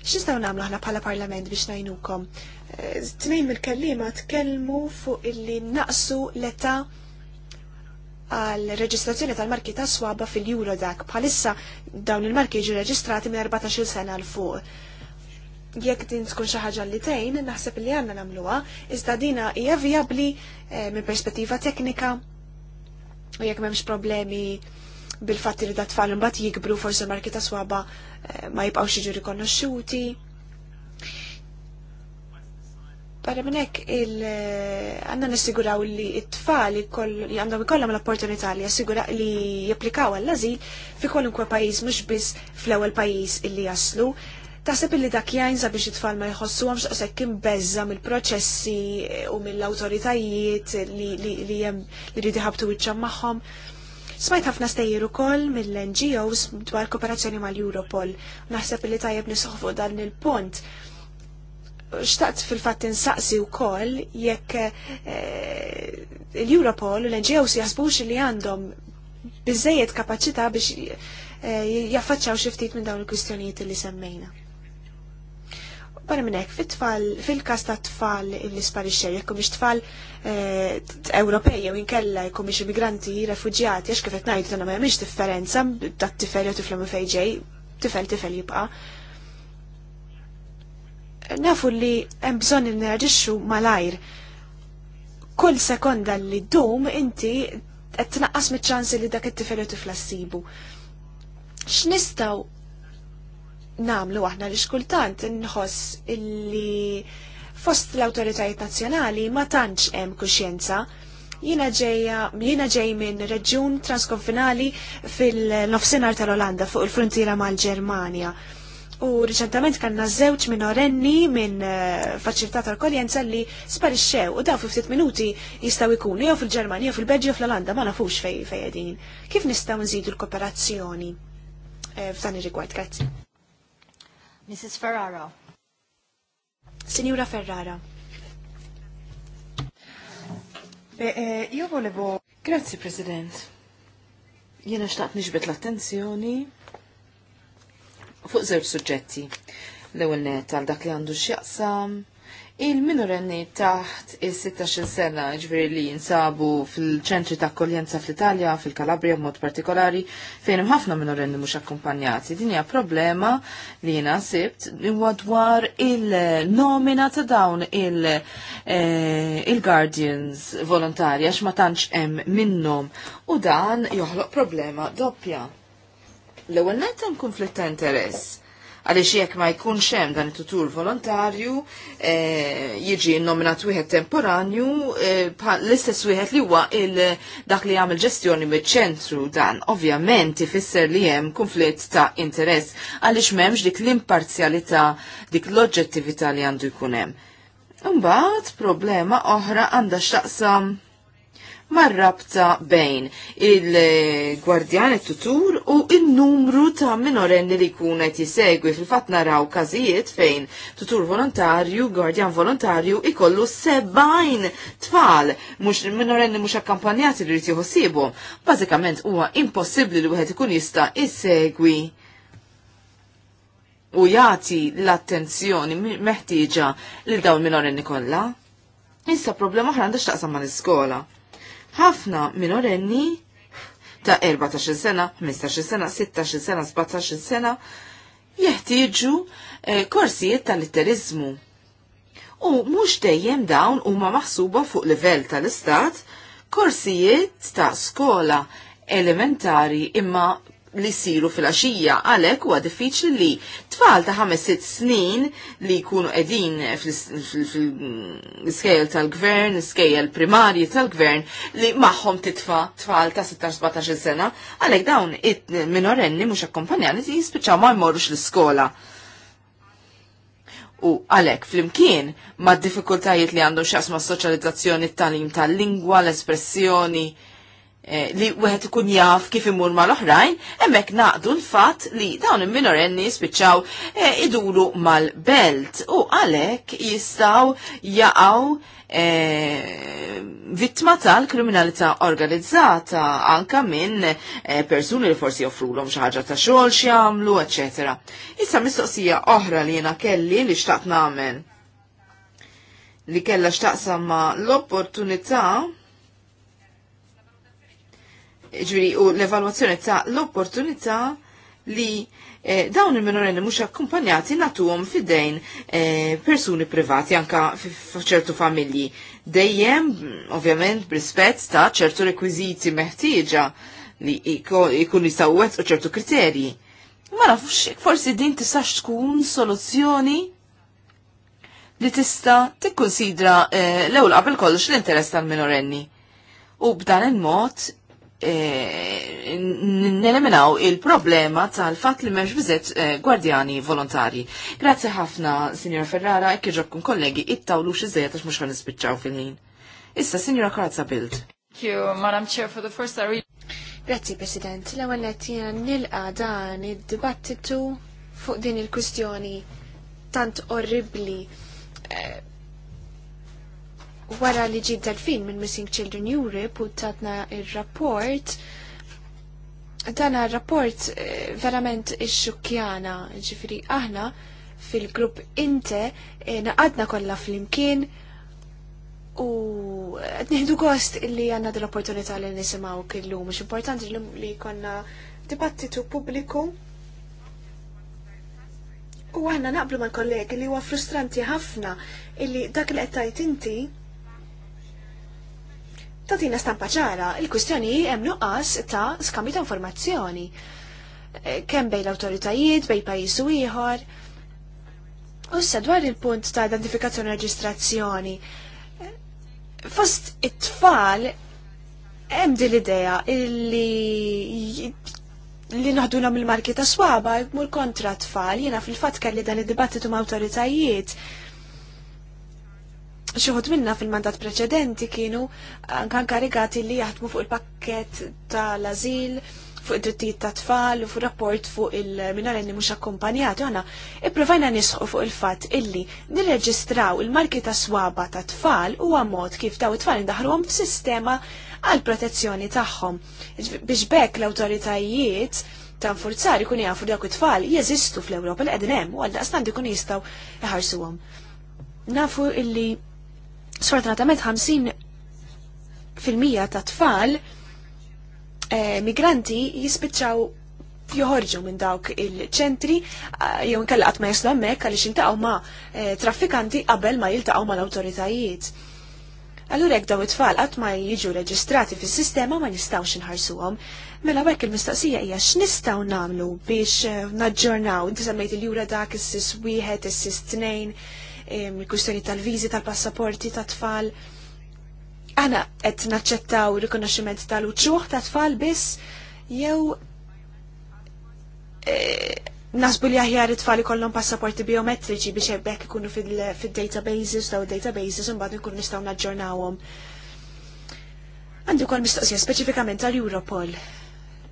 X'nistgħu nagħmlu aħna bħala parlament biex najnukom? Tnejn mill-kellima tkellmu fuq illi naqsu l-età għal reġistrazzjoni tal-marki ta' swaba fil dak. Bħalissa dawn il-marki ġi reġistrati minn 14 sena l fuq. Jekk din tkun xi ħaġa li tgħin, naħseb li għandna nagħmluha, iżda dina hija vijabbli eh, minn perspettiva teknika u jekk m'hemmx problemi bil-fatt li da tfal imbagħad jikbru forsi marki ta' swaba eh, ma jibqgħux jiġu rikonoxxuti Barra minnek, eh, għanna nissiguraw li it-tfal li għandhom ikollhom l-opportunità li jassigura li japplikaw għall-azil fi kwalunkwe pajis mhux biss fl-ewwel pajis illi jaslu. Taħseb illi dak jgħinza biex it-tfal ma jħossuhomx kim bezza mill-proċessi eh, u mill-awtoritajiet li hemm li ridi ħabtu wiċċhom magħhom. Smajt ħafna stejjer ukoll mill-NGOs dwar kooperazzjoni mal-Europol. Naħseb li tajjeb nisħofu dan il-punt xtaqt fil-fat insaqsi eh, u koll jekk l-Europol u l-NGOs jasbux li għandhom bizzejiet kapacita biex eh, jaffaċċaw xiftit minn dawn il-kwistjonijiet li semmejna. Barra minnek, fil-kas ta' tfal li sparixxew, jekk biex tfal eh, Ewropej jew inkella jekk mhix immigranti, refuġjati, għax kif qed ngħidu tagħna ma jagħmilx differenza ta' tifel jew tifel fejn ġej, tifel tifel jibqa' nafu li hemm bżonn mal malajr. Kull sekonda li ddum inti qed tnaqqas miċ-ċansi li dak it-tifel u tifla ssibu. X'nistgħu nagħmlu aħna li xkultant inħoss illi fost l-awtoritajiet nazzjonali ma tantx hemm kuxjenza jina ġeja, jina ġej minn reġjun transkonfinali fil-nofsinar tal-Olanda fuq il-frontiera mal-Ġermanja. U riċentament kanna minn minorenni minn eh, faċilità tal-koljenza li sparixxew u daw fi minuti jistgħu jkunu jew fil-Ġermanja jew fil-Belġju fl-Olanda ma nafux fej fejedin. Kif nistgħu nżidu l-kooperazzjoni eh, f'dan ir-rigward grazzi? Mrs. Ferrara. Signora Ferrara. Jo eh, volevo... Grazie, President. Jena xtaqt nixbet l-attenzjoni fuq żewġ suġġetti. L-ewwel net għal dak li għandu x'jaqsam il-minorenni taħt is-16 sena ġveri li jinsabu fil-ċentri ta' akkoljenza fl-Italja, fil-Kalabria mod partikolari, fejn ħafna minorenni mhux akkumpanjati. Din hija problema li jiena sibt huwa dwar il-nomina ta' dawn eh, il-guardians volontarja x'ma tantx hemm minnhom u dan joħloq problema doppja L-ewwel nett hemm konflitt ta' interess għaliex jekk ma jkunx hemm dan it-tutur volontarju e, jiġi nominat wieħed temporanju eh, l-istess wieħed li huwa il dak li jagħmel ġestjoni miċ-ċentru dan ovvjament ifisser li hemm konflitt ta' interess għaliex m'hemmx dik l-imparzjalità dik l-oġġettività li għandu jkun hemm. Imbagħad problema oħra għandha x'taqsam mar-rabta bejn il-gwardjan it-tutur u il-numru ta' minorenni li kunet jisegwi fil-fat naraw kazijiet fejn tutur volontarju, gwardjan volontarju ikollu 70 tfal mux minorenni mux akkampanjati li rriti hosibu. Bazikament huwa impossibli li wieħed ikun jista' jisegwi u jati l-attenzjoni meħtieġa lil dawn minorenni kollha. Issa problema oħra għandha x'taqsam l iskola ħafna minorenni ta' 14 sena, 15 sena, 16 sena, 17 sena jeħtieġu eh, korsijiet tal-litterizmu. U mhux dejjem dawn huma maħsuba fuq livell tal-istat korsijiet ta' skola elementari imma li siru fil-axija għalek huwa diffiċli li tfal ta' 5-6 snin li jkunu edin fil-skejl tal-gvern, skejl primarji tal-gvern li maħħom titfa tfal ta' 16-17 sena għalek dawn minorenni mux akkompanjani jispiċaw ma jmorrux l-skola. U għalek flimkien ma' diffikultajiet li għandhom xasma soċjalizzazzjoni tal-lim tal-lingwa, l-espressjoni, Eh, li wieħed ikun jaf kif imur mal-oħrajn, hemmhekk naqdu l-fatt li dawn il-minorenni spiċċaw eh, iduru mal-belt u għalhekk jistgħu jaqgħu eh, vittma tal-kriminalità organizzata anka minn persuni li forsi joffrulhom xi ħaġa ta' xogħol x'jagħmlu, eċetera. Issa mistoqsija oħra li jiena kelli li xtaqt nagħmel li kella x'taqsam ma' l-opportunità ġviri u l-evaluazzjoni ta' l-opportunità li eh, dawn il-minorenni mhux akkumpanjati nagħtuhom fidejn eh, persuni privati anka f'ċertu familji. Dejjem, ovvjament, b'rispett ta' ċertu rekwiżiti meħtieġa li jkun jistgħu u ċertu kriterji. Ma nafx, forsi din tisax tkun soluzzjoni li tista' tikkunsidra eh, l-ewwel qabel kollox l-interess tal-minorenni. U b'dan il-mod Eh, neleminaw il-problema tal-fat li meġ bizet eh, gwardjani volontari. Grazie ħafna, Signora Ferrara, e kħiġobkum kollegi, it ittawlu xizzejet għax mux għan nispiċċaw fil-ħin. Issa, Signora Krazza Bild. Thank you, Madam Chair, for the first time. Grazie, President. L-għan nil nilqa dan id-dibattitu fuq din il-kustjoni tant orribli eh, wara li ġid dal fin minn Missing Children Europe u tatna il-rapport, dana il-rapport eh, verament il xukjana ġifiri aħna fil-grupp inte eh, naqadna kollha fl-imkien u nieħdu gost li għanna dell-opportunità li nisimgħu kellu, mux importanti li konna dibattitu pubbliku U għanna naqblu ma' kollegi li huwa frustranti ħafna illi dak li qed tajt inti tatina stampa ċara, il-kwistjoni hemm nuqqas ta' skambju ta' informazzjoni. Eh, kemm bejn l-awtoritajiet, bejn pajjiż u ieħor. Ussa dwar il-punt ta' identifikazzjoni reġistrazzjoni. Eh, fost it-tfal hemm din l-idea illi li naħduna il marki ta' swaba jmur kontra tfal, jiena fil-fatt kelli dan id-dibattitu ma' awtoritajiet Xuħut minna fil-mandat preċedenti kienu ankan karigati li jaħdmu fuq il-pakket tal-azil, fuq id-drittijiet ta' tfal u fuq rapport fuq il-minorenni mhux akkumpanjati għana ippruvajna nisħu fuq il-fatt illi nirreġistraw il-marki ta' swaba ta' tfal huwa mod kif daw it-tfal indaħruhom f'sistema għal protezzjoni tagħhom. Biex bekk l-awtoritajiet ta' nfurzar ikun jafu dawk it-tfal jeżistu fl-Ewropa l qegħdin hemm u għal daqstant ikun jistgħu iħarsuhom. Nafu illi Sfortunatament 50% ta' tfal eh, migranti jispiċċaw joħorġu minn dawk il-ċentri eh, jew nkella qatt ma jaslu hemmhekk għaliex intaqgħu ma' eh, traffikanti qabel ma jiltaqgħu mal-awtoritajiet. Allura jekk daw it-tfal qatt ma jiġu reġistrati fis-sistema ma nistgħux inħarsuhom. Mela hekk il-mistaqsija hija x'nistgħu nagħmlu biex naġġornaw, inti semmejt il-jura dak is-sis wieħed, is-sis tnejn, il-kustjoni tal-viżi, tal-passaporti, tat-tfal. Għana qed naċċettaw rikonoxximent tal uċuħ tal tfal biss jew e, nasbu li aħjar it-tfal ikollhom passaporti biometriċi biex hekk ikunu fil-databases daw databases imbagħad nkunu nistgħu naġġornawhom. Għandi wkoll mistoqsija speċifikament għal Europol.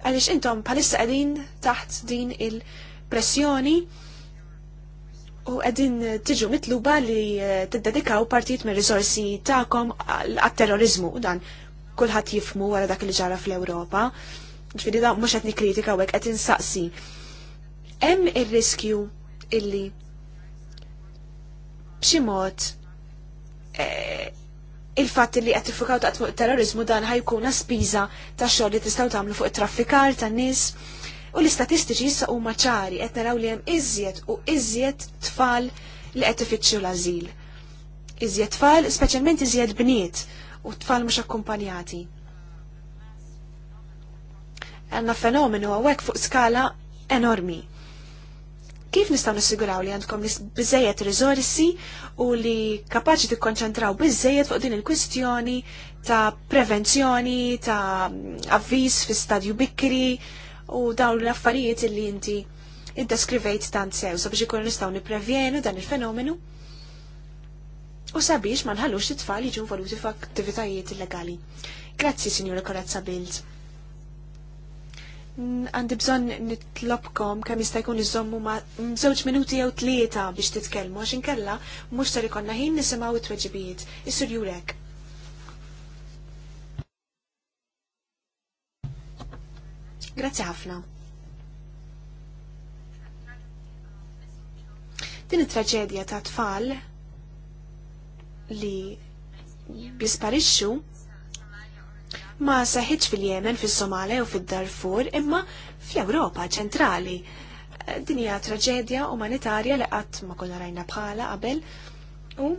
Għaliex intom bħalissa qegħdin taħt din il-pressjoni U għedin tiġu mitluba li eh, t-dedikaw partijt me rizorsi ta'kom għat-terrorizmu dan kullħat jifmu għara dak li ġara fl-Europa. Ġvidi da mux għetni kritika u għek għetin saqsi. Em il-riskju illi bximot eh, il-fatt li qed tiffukaw taqt fuq terrorizmu dan ħajkuna spiża ta' xogħol li tistgħu tagħmlu fuq it-traffikar tan-nies U l-istatistiċi issa huma ċari qed naraw li hemm iżjed u iżjed tfal li qed ifittxu l-ażil. Iżjed tfal, speċjalment iżjed bniet u tfal mhux akkumpanjati. Għanna fenomenu għawek fuq skala enormi. Kif nistaw nissiguraw li għandkom bizzejet rizorsi u li kapaċi tikkonċentraw bizzejet fuq din il-kwistjoni ta' prevenzjoni, ta' avviz fi stadju bikri, u dawn l-affarijiet illi inti id-deskrivejt tant sew sabiex ikun nistgħu nipprevjenu dan il-fenomenu u sabiex ma nħallux it-tfal jiġu involuti f'attivitajiet illegali. Grazzi, Sinjura Korazza Bild. Għandi bżon nitlobkom kemm jista' jkun iżommu ma' żewġ minuti jew tlieta biex titkellmu għax inkella mhux ser ikollna ħin nisimgħu it tweġibijiet Isur jurek. Grazzi ħafna. Din it-traġedja ta' tfal li jisparixxu ma saħħitx fil-Jemen, fil-Somalia u fil-Darfur, imma fl-Ewropa ċentrali. Din hija traġedja umanitarja li qatt ma konna rajna bħala qabel u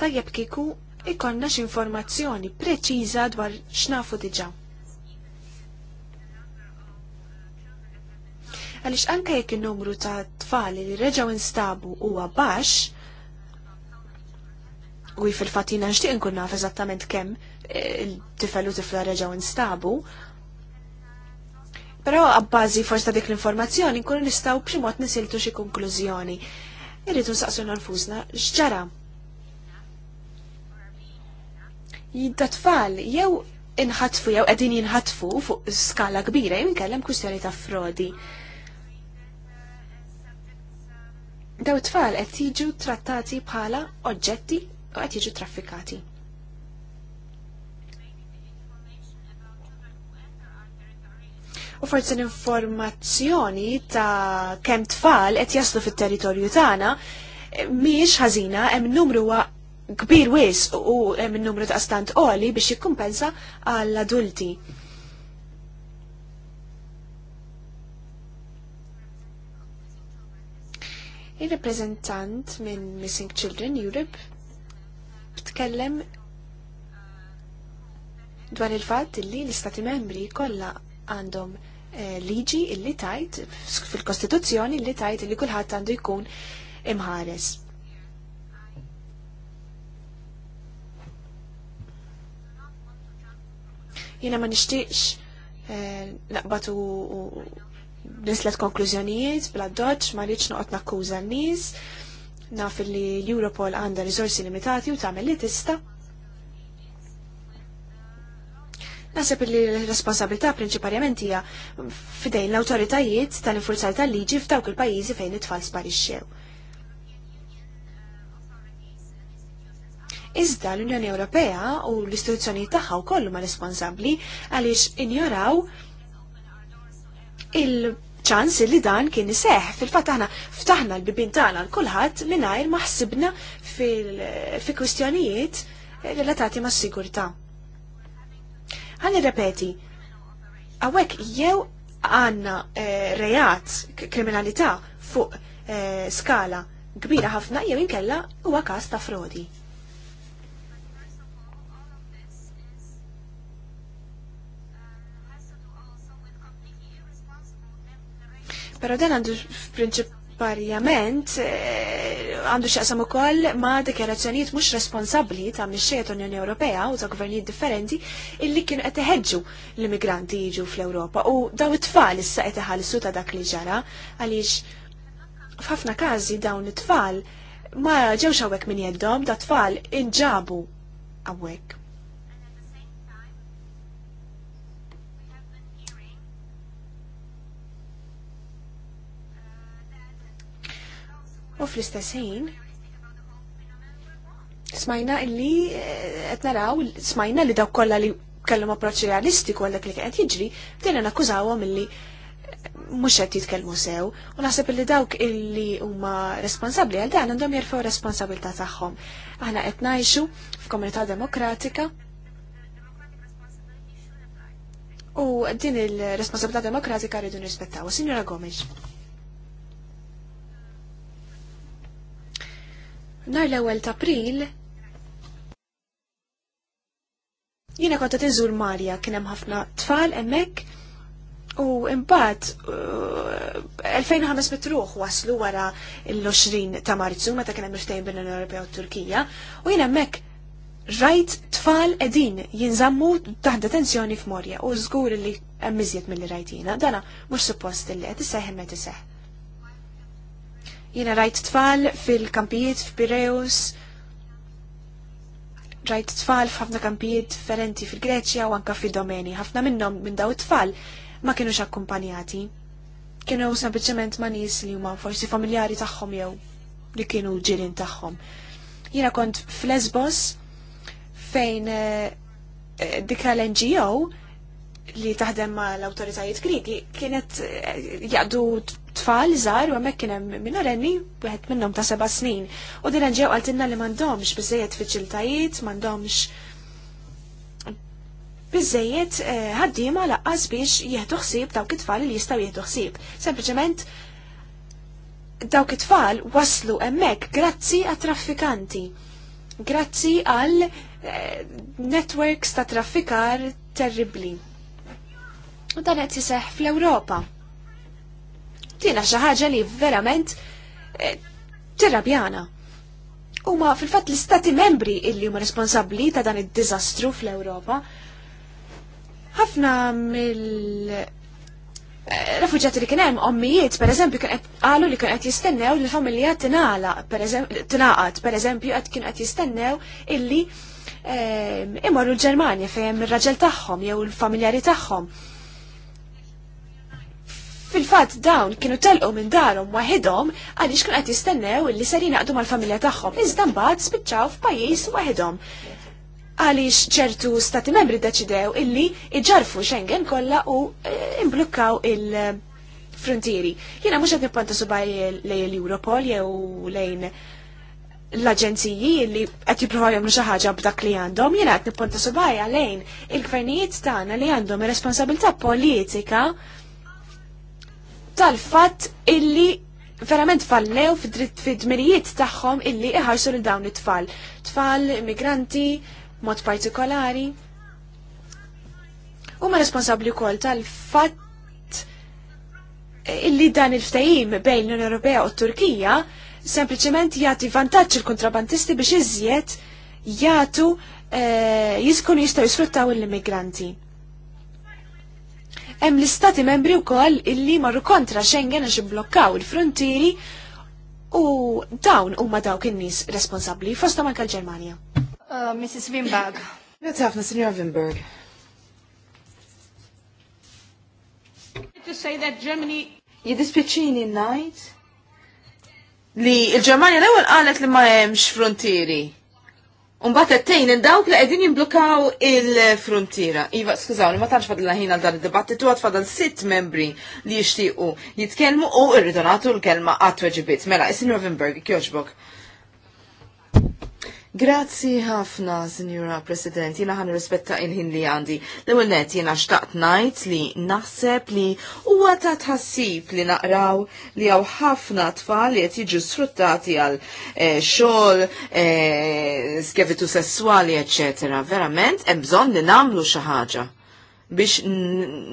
tajjeb kieku ikonna x'informazzjoni preċiża dwar x'nafu diġà. għaliex anke jekk in-numru ta' tfal li reġgħu instabu huwa baxx, u fil-fatina nxtieq nkun naf eżattament kemm eh, il-tifel u tifla reġgħu instabu, Però għabbażi forsi ta' dik l-informazzjoni nkunu nistgħu b'xi nisiltu xi konklużjoni. Irritu saqsu nfusna x'ġara. Jidda tfal jew inħatfu jew qegħdin jinħatfu fuq skala kbira jew inkellem kwistjoni ta' frodi. Daw tfal qed jiġu trattati bħala oġġetti u qed jiġu traffikati. U forsi l-informazzjoni ta' kemm tfal qed jaslu fit-territorju tagħna eh, miex ħażina hemm numru kbir wis u hemm numru ta' stant qoli biex jikkumpensa għall-adulti. Il-reprezentant minn Missing Children Europe tkellem dwar il-fatt li l-Istati membri kollha għandhom eh, liġi illi tajt fil-Kostituzzjoni illi tajt illi kulħadd għandu jkun imħares. Jena ma nishtiqx eh, naqbatu nislet konklużjonijiet bla doċ ma rridx noqgħod nakkuża n-nies naf li Europol għandha riżorsi limitati u tagħmel li tista' Naseb li l-responsabilità prinċiparjament hija fidejn l-awtoritajiet tal-infurzar tal-liġi f'dawk il-pajjiżi fejn it-tfal sparixxew. Iżda l-Unjoni Ewropea u l-istituzzjonijiet tagħha wkoll huma responsabbli għaliex injoraw il-ċans li dan kien seħ. Fil-fatt aħna ftaħna l-bibin tagħna l-kulħadd mingħajr ma ħsibna fi kwistjonijiet relatati ma' sigurtà. Għan ripeti, għawek jew għanna eh, rejat kriminalità fuq eh, skala kbira ħafna jew inkella huwa każ ta' frodi. Pero dan għandu prinċipparjament eh, għandu xaqsam ukoll ma' dekjerazzjoniet mhux responsabbli ta' mixxejjed Unjoni Ewropea u ta' gvernijiet differenti illi kienu qed iħeġġu l-immigranti jiġu fl-Ewropa u daw it-tfal issa qed ta' dak li ġara għaliex f'ħafna każi dawn it-tfal ma ġewx hawnhekk min jeddom da tfal inġabu hawnhekk. U fl-istess ħin, smajna illi eh, qed naraw, smajna li dawk kollha li kellhom approċċ realistiku għal dak li qed jiġri, nakkużaw nakkużawhom illi eh, mhux qed jitkelmu sew, u naħseb illi dawk illi huma responsabbli għal dan għandhom jerfgħu responsabilità tagħhom. Aħna qed ngħixu f'komunità demokratika u din il-responsabilità demokratika rridu nirrispettaw. Signora Gomes. Nar l-ewwel ta' April jiena konta t inżur Marja kien hemm ħafna tfal hemmhekk u imbat, 2005 ruħ waslu wara l-20 ta' Marzu meta kien hemm il-ftehim l europea u Turkija u jien hemmhekk rajt tfal edin jinżammu taħt detenzjoni f'Morja u żgur li hemm iżjed milli jina, Dana mhux suppost li qed isseħ imma Jina rajt tfal fil-kampijiet f'Pireus, rajt tfal f'ħafna kampijiet differenti fil-Greċja u anka fil-domeni. ħafna minnhom minn daw tfal ma kienux akkumpanjati. Kienu sempliċement ma nies li huma forsi familjari tagħhom jew li kienu ġirin tagħhom. Jiena kont f'Lesbos fejn eh, eh, dik l-NGO li taħdem ma l-autoritajiet Griki kienet eh, jaqdu tfal żgħar u hemmhekk kien hemm minorenni wieħed minnhom ta' seba' snin. U din ġew għaltinna li m'għandhomx biżejjed fiċiltajiet, m'għandhomx biżejjed eh, ħaddiema laqqas biex jieħdu ħsieb dawk it-tfal li jistgħu jieħdu ħsieb. Sempliċement dawk it-tfal waslu hemmhekk grazzi għat-traffikanti. Grazzi għal eh, networks ta' traffikar terribli. U dan qed jiseħħ fl-Ewropa tina xi ħaġa li verament eh, tirrabjana. Huma fil-fatt l-istati membri illi huma responsabbli ta' dan id-diżastru fl-Ewropa. Ħafna mill Refuġjati li kien hemm ommijiet, pereżempju, kien qed qalu li kien qed jistennew li l-familja tingħalaq, tingħaqad, pereżempju, qed kien qed jistennew illi eh, imorru l-Ġermanja fejn ir-raġel tagħhom jew l-familjari tagħhom. Fil-fatt dawn kienu telqu minn darhom waħidhom għaliex kien qed jistennew li ser jingħaqdu mal-familja tagħhom iżda mbagħad spiċċaw f'pajjiż waħidhom. Għaliex ċertu stati membri ddeċidew illi iġarfu Schengen kollha u e, imblukkaw il-frontieri. Jiena mhux qed nippanta subaj lejn l-Europol jew lejn l-aġenziji li qed jippruvaw jagħmlu xi ħaġa b'dak li għandhom, jiena qed nipponta subajja lejn il-gvernijiet tagħna li għandhom ir responsabilità politika tal-fatt illi verament fallew fid-dmirijiet tagħhom illi iħarsu lil dawn it-tfal. Tfal, immigranti, mod partikolari. Huma responsabbli wkoll tal-fatt illi dan il-ftajim bejn l-Unjoni Ewropea u t-Turkija sempliċement jagħti vantaċ il-kontrabantisti biex iżjed jatu eh, jiskun jistgħu jisfruttaw l-immigranti hemm l-istati membri wkoll illi marru kontra Schengen għax blokkaw il-frontieri u dawn huma dawk in-nies responsabbli fostom anke l-Ġermanja. Uh, Mrs. Wimberg. Grazie ħafna, Signora Wimberg. To say that Germany najt li il-Ġermanja l-ewel qalet li ma hemmx frontieri. Unbat għattejn dawk li għedin jimblukaw il-frontiera. Iva, skużawni, ma tanċ fadilla ħina dan il-dibattitu għad fadl sitt membri li jishtiqu jitkelmu u irridonatu l-kelma għat weġibit. Mela, is Rovenberg, Wimberg, kjoġbok. Grazzi ħafna, Signora President, jina ħan rispetta il-ħin li għandi. L-ewel jina xtaqt najt li naħseb li huwa ta' tħassib li naqraw li għaw ħafna tfal li qed jiġu sfruttati għal eh, xogħol, eh, skevitu sessuali, eccetera. Verament, hemm bżonn li nagħmlu xi ħaġa biex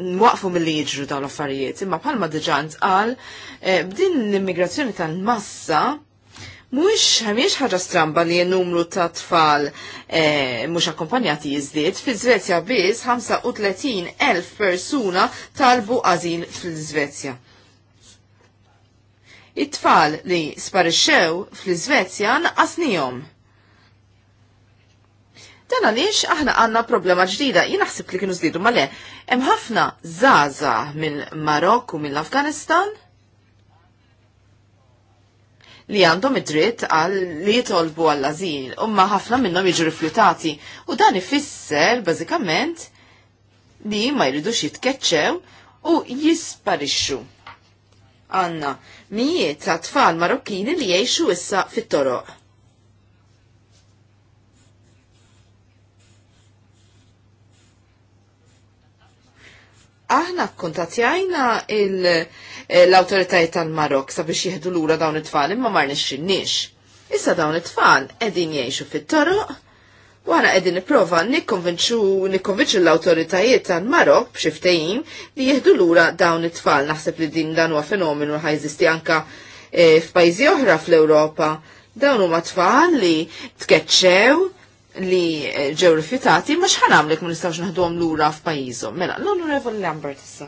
nwaqfu mill-li jiġru dawn l-affarijiet. Imma bħalma diġant qal eh, b'din l-immigrazzjoni tal-massa Mux, miex ħaġa stramba li n-numru ta' tfal e, eh, mux akkompanjati jizdiet, fil Zvezja biz 35.000 persuna talbu għazil fil-Zvezja. It-tfal li sparixxew fil-Zvezja naqasnijom. Dan għaliex aħna għanna problema ġdida, jina ħsib li kienu zlidu male, hemm ħafna zaza minn marokku mill-Afganistan, li għandhom id-dritt għal li jitolbu għall azil ma ħafna minnhom jiġu riflutati u dan ifisser bażikament li ma jridux jitkeċċew u jisparixxu. Għanna, mijiet ta' tfal Marokkini li jgħixu issa fit-toroq. aħna kontatjajna eh, l-autoritajiet tal-Marok sabiex jihdu lura dawn it-tfal imma marni nixxinniex. Issa dawn it-tfal edin jiexu fit-toroq, wara edin niprofa nikkonvinċu l-autoritajiet tal-Marok b'xiftejn li jihdu lura dawn it-tfal. Naħseb li din dan huwa fenomenu ħajżisti anka eh, f'pajjiżi oħra fl-Ewropa. Dawn huma tfal li tkeċċew li ġew rifjutati, ma xħanamlek ma nistawx l lura f'pajjiżhom. Mela, l onorevol Lambert issa.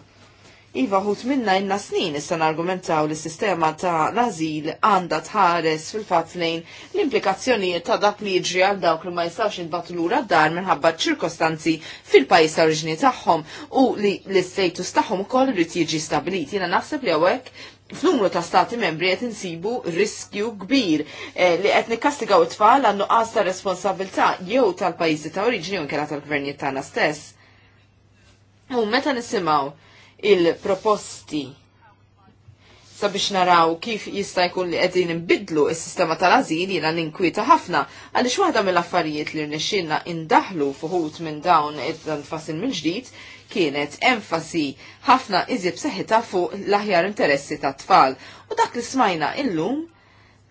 Iva, hut minna inna snin issa argumentaw li s-sistema ta' l-azil għanda tħares fil-fat lejn l-implikazzjonijiet ta' dak li ġri għal dawk li ma jistawx l lura dar minħabba ċirkostanzi fil-pajis ta' oriġini tagħhom u li l-istatus tagħhom ukoll irid jiġi stabiliti. Jiena naħseb li għawek f'numru ta' stati membri qed insibu riskju kbir eh, li qed nikkastigaw it-tfal għandu qas ta' responsabilità jew tal-pajjiżi ta' oriġini u nkela tal-gvernijiet tagħna stess. U meta nisimgħu il-proposti sabiex naraw kif jista' jkun li qegħdin inbidlu s-sistema tal-azil jiena ninkwieta ħafna għaliex waħda mill-affarijiet li rnexxinna indaħlu fuħut minn dawn id-dan minn ġdid kienet enfasi ħafna iżib seħita fuq l-aħjar interessi ta' tfal u dak li smajna illum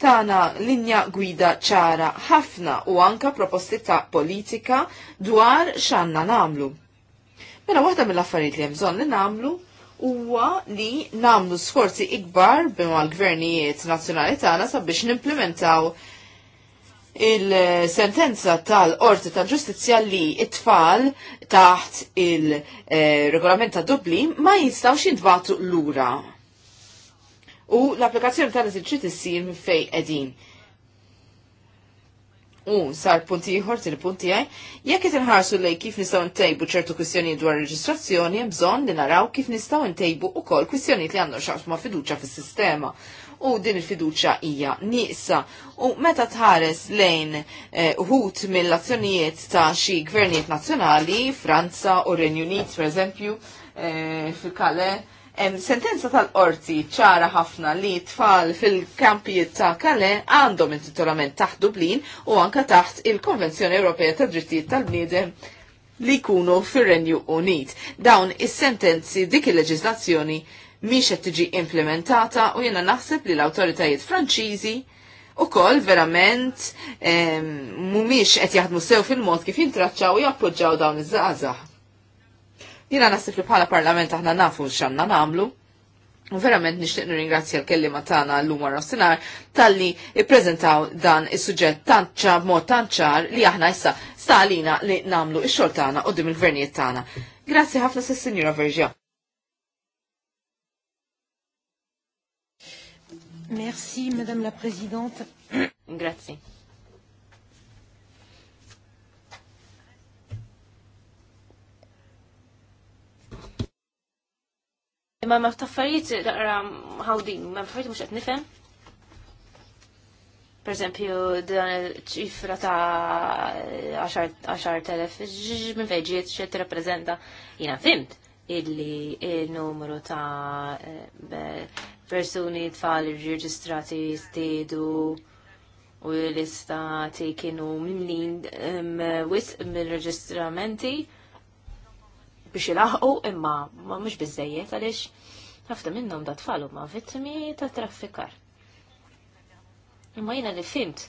tana linja gwida ċara ħafna u anka proposti ta' politika dwar xanna namlu. Mela waħda mill-affarijiet li hemm bżonn li namlu huwa li namlu sforzi ikbar bimwa l-gvernijiet nazzjonali tagħna sabiex nimplementaw il-sentenza tal-Qorti tal-Ġustizzja li it-tfal taħt il-regolament ta' Dublin ma jistawx jintbatu lura. U l-applikazzjoni tal-eżerċit issir minn fej qegħdin u sar punti ieħor til punti għaj, jekk qed inħarsu lej kif nistgħu ntejbu ċertu kwistjonijiet dwar reġistrazzjoni hemm bżonn li naraw kif nistgħu ntejbu wkoll kwistjonijiet li għandhom ma' fiduċja fis-sistema. U din il-fiduċja hija nieqsa. U meta tħares lejn eh, uħut eh, mill-azzjonijiet ta' xi gvernijiet nazzjonali, Franza u Renju Unit pereżempju, eh, fil-Kale, sentenza tal-qorti ċara ħafna li tfal fil-kampijiet ta' Kale għandhom intitolament taħt Dublin u anka taħt il-Konvenzjoni Ewropea ta' Drittijiet tal-Bniedem li jkunu fir-Renju Unit. Dawn is-sentenzi dik il-leġiżlazzjoni miex qed tiġi implementata u jiena naħseb li l-awtoritajiet Franċiżi u koll verament mumiex qed jaħdmu sew fil-mod kif jintraċċaw u jappoġġaw dawn iż-żgħażagħ. Jina nasib li bħala parlament aħna nafu xanna nagħmlu. U verament nixtieq nirringrazzja l-kellima tagħna l-lum rossinhar talli ippreżentaw dan is-suġġett tant ċar mod tant ċar li aħna issa stalina li nagħmlu xol xogħol tagħna dim il-gvernijiet tagħna. Grazzi ħafna sis-Sinjura Verġja. Merci, Madame la Présidente. Grazie. Imma ma f'taffarijiet daqra ħawdin, ma f'taffarijiet mhux qed nifhem. Per eżempju, dan ċifra ta' 10.000 minn veġiet xe t-reprezenta. Jina fimt illi il-numru ta' eh, persuni tfal reġistrati stedu u l-istati kienu mimlin wis mill-reġistramenti biex ilaħqu imma ma mhux biżejjed għaliex ħafna minnhom da tfal huma vittmi ta' traffikar. Imma jiena li fimt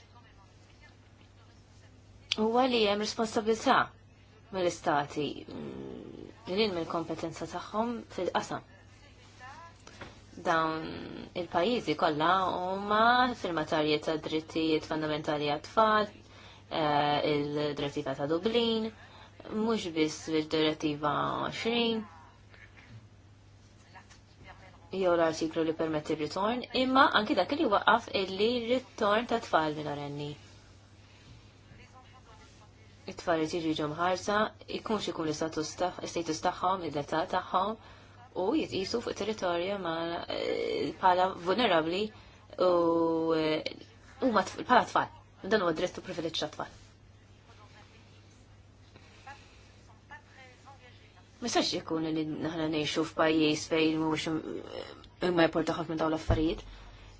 huwa li hemm responsabilità mill-istati mm, li lil mill-kompetenza tagħhom fil-qasam. Dawn il-pajjiżi kollha huma fil-materji ta' drittijiet fundamentali għat-tfal, eh, il-drittijiet ta' Dublin, mhux biss fil direttiva 20 jew l-artiklu li permetti ritorn, imma anki dak li waqaf illi ritorn ta' tfal minorenni. It-tfal jiġi tiġi ġomħarsa, ikunx ikun l-status tagħhom, id-data tagħhom, u jitqisu fuq territorja eh, bħala vulnerabli u eh, huma bħala tfal. Dan huwa dritt u privileġġ tfal. Mistax jekun li naħna nejxu f'pajjiż fejn mhuwiex imma jportu ħafna dawn l-affarijiet.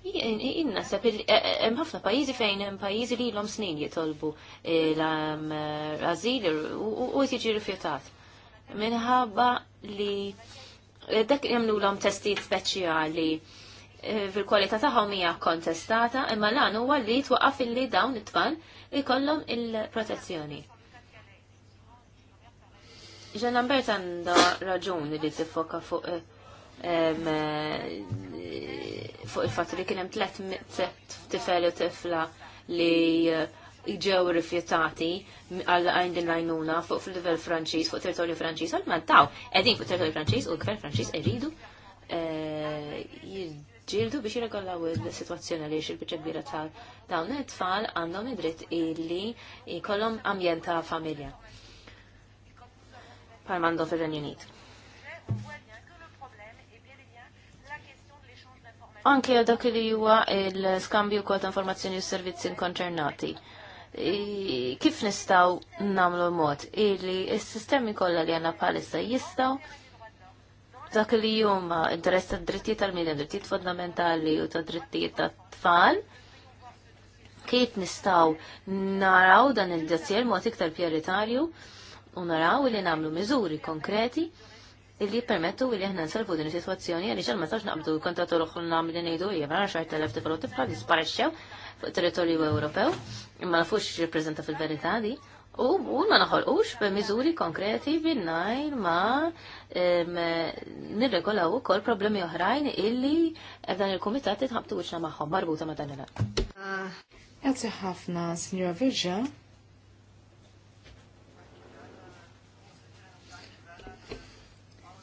Jien naħseb eh, eh, hemm ħafna pajjiżi fejn hemm pajjiżi li l-om snin jitolbu eh, l-azil u jiġi rifjutat. Minħabba li dak jemlu l-om testijiet speċjali fil-kwalità tagħhom hija kontestata, imma l-għan huwa li twaqqaf illi dawn it-tfal ikollhom il-protezzjoni. Ġen Lambert għanda raġuni li tifoka fuq eh, eh, fuq il fat li kienem tlet tifel u tifla li eh, ġew rifjutati għal għajn din rajnuna fuq fil-livell Franċiż, fuq territorju Franċiż, għal mantaw, edin fuq territorju Franċiż u l-gvern Franċiż eridu jirġildu biex jirregolaw il-situazzjoni li xil biċa kbira tal dawn it-tfal għandhom id-dritt illi jkollhom ambjenta familja bħal mandu renju Unit. Anke dak li huwa l-skambju kol ta' informazzjoni u servizzi nkonċernati. Kif nistaw namlu mod illi s-sistemi kollha li għanna bħalissa jistaw dak li huma interess ta' drittijiet tal-medja, drittijiet fundamentali u ta' drittijiet ta' tfal, kif nistaw naraw dan il dazzjer mod iktar prioritarju u naraw li namlu miżuri konkreti illi permettu li aħna nsalvu din is-sitwazzjoni għaliex ma sarx naqbdu kontratu l namlu nagħmlu ngħidu hija ma xar telef tifel u tifla disparexxew fuq territorju Ewropew imma nafux x'rippreżenta fil-verità di. U ma naħolqux b'miżuri konkreti bin-najr ma nirregolaw ukoll problemi oħrajn illi dan il-kumitat itħabtu wiċċna magħhom marbuta ma' dan il Grazzi ħafna, Signora Virġa.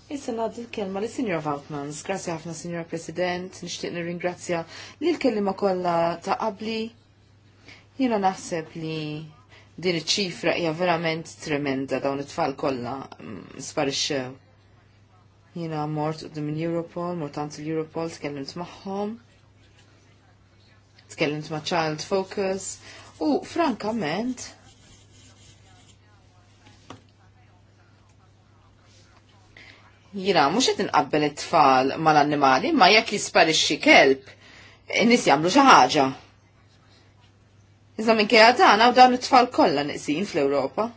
Issa naddu l-kelma li Sr. Vautmans. Grazie ħafna, Sr. President. Nishtiq nirringrazzja li l-kellima kollha ta' qabli. Jiena naħseb li din iċ-ċifra hija verament tremenda dawn it-tfal kollha mm, sparixxew. Jiena mort qudiem il-Europol, mort għand l-Europol, tkellimt magħhom. Tkellimt ma' Child Focus u frankament Jina, mux qed inqabbel it-tfal mal-annimali, ma jekk jisparixxi kelb, in jagħmlu xi ħaġa. Iżda minn kejja tagħna u dawn it-tfal kollha niqsin fl-Ewropa.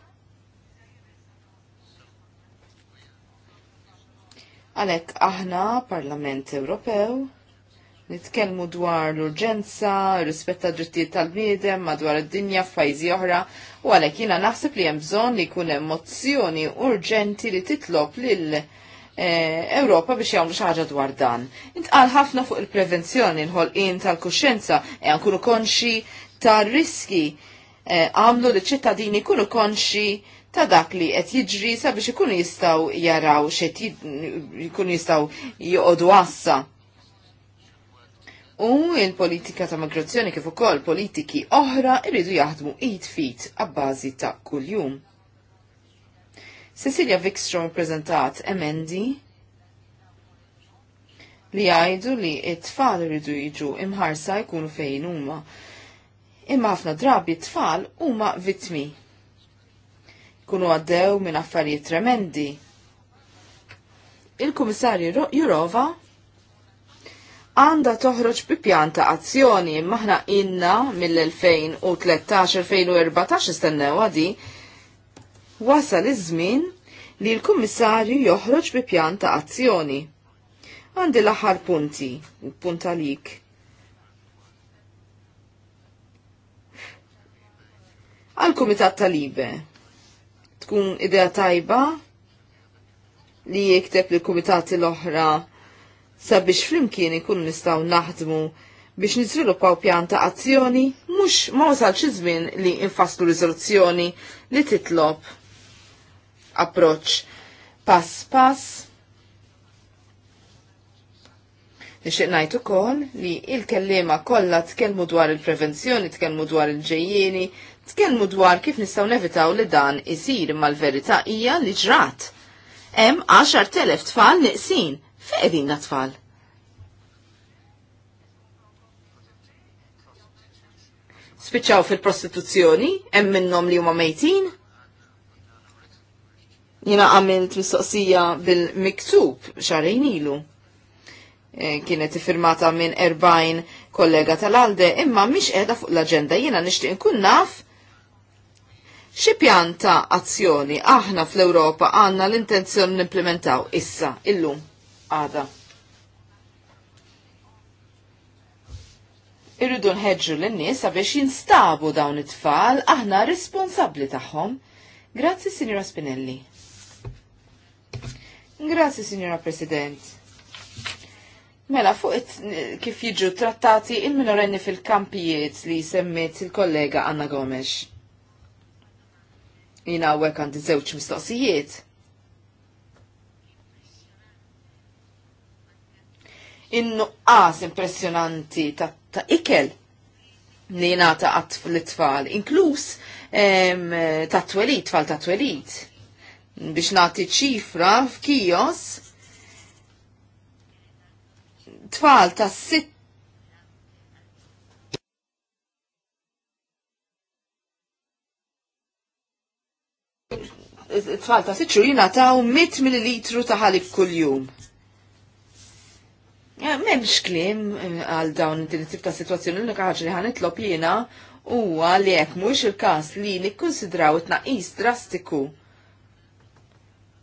Għalhekk aħna Parlament Ewropew nitkellmu dwar l-urġenza, rispetta drittijiet tal-bniedem madwar id-dinja f'pajjiżi oħra, u għalhekk jiena naħseb li hemm bżonn li jkun hemm mozzjoni urġenti li titlob lil Eh, Ewropa biex jagħmlu xi ħaġa dwar dan. Intqal ħafna fuq il-prevenzjoni, l-ħolqien tal kuxenza e eh, nkunu konxi tar-riski eh, għamlu li ċittadini kunu konxi ta' dak li qed jiġri sabiex ikunu jistgħu jaraw xed jkunu jistgħu joqogħdu għassa. U il-politika ta' migrazzjoni kif ukoll politiki oħra rridu jaħdmu id fit għabbażi ta' kuljum. Cecilia Wikstrom prezentat emendi li għajdu li it-tfal rridu jiġu imħarsa jkunu fejn huma. Imma ħafna drabi t-tfal huma vitmi. Kunu għaddew minn affarijiet tremendi. Il-Kummissarju Jurova għanda toħroġ bi pjanta azzjoni maħna inna mill-2013-2014 istennew għadi wasal iż-żmien li l-Kummissarju joħroġ bi pjan ta' azzjoni. Għandi l-aħħar punti, punt għalik. Għal-Kumitat talibe, tkun idea tajba li jikteb li kumitati l-oħra sabiex flimkien ikun nistaw naħdmu biex nizviluppaw pjan ta' azzjoni, mux ma wasalx iż-żmien li infaslu riżoluzzjoni li titlob approċ pass pass. Nixtieq ngħid ukoll li il-kellima kollha tkellmu dwar il-prevenzjoni, tkellmu dwar il-ġejjieni, tkellmu dwar kif nistgħu nevitaw li dan isir mal-verità hija li ġrat. Hemm 10,000 tfal niqsin fejn tfal. Spiċċaw fil-prostituzzjoni, hemm minnhom li huma mejtin? Jina għamilt mistoqsija bil-miktub xarajn ilu. E, kienet firmata minn 40 kollega tal-alde, imma miex edha fuq l-agenda jina nishtiq nkun naf xi pjanta azzjoni aħna fl-Ewropa għandna l-intenzjoni nimplementaw issa illum għada. Irridu nħedġu l-nies sabiex jinstabu dawn it-tfal aħna responsabli tagħhom. Grazzi, Sinjora Spinelli. Grazzi, Signora President. Mela, fuq kif jiġu trattati il-minorenni fil-kampijiet li semmiet il-kollega Anna Gomes. Jina għek għandi zewċ mistoqsijiet. In-nuqqas impressionanti ta', ta ikel li jina ta' għatf l-tfal, inklus ta' twelit, tfal ta' twelit biex nagħti ċifra f'kijos tfal ta' sitt tfal ta' sitxu jinataw 100 ml ta' ħalib kull-jum. Memx klim eh, għal dawn din tip ta' situazzjoni l ħaġa li ħanitlob jiena huwa għal jek mux il-każ li nikkonsidraw it-tnaqqis drastiku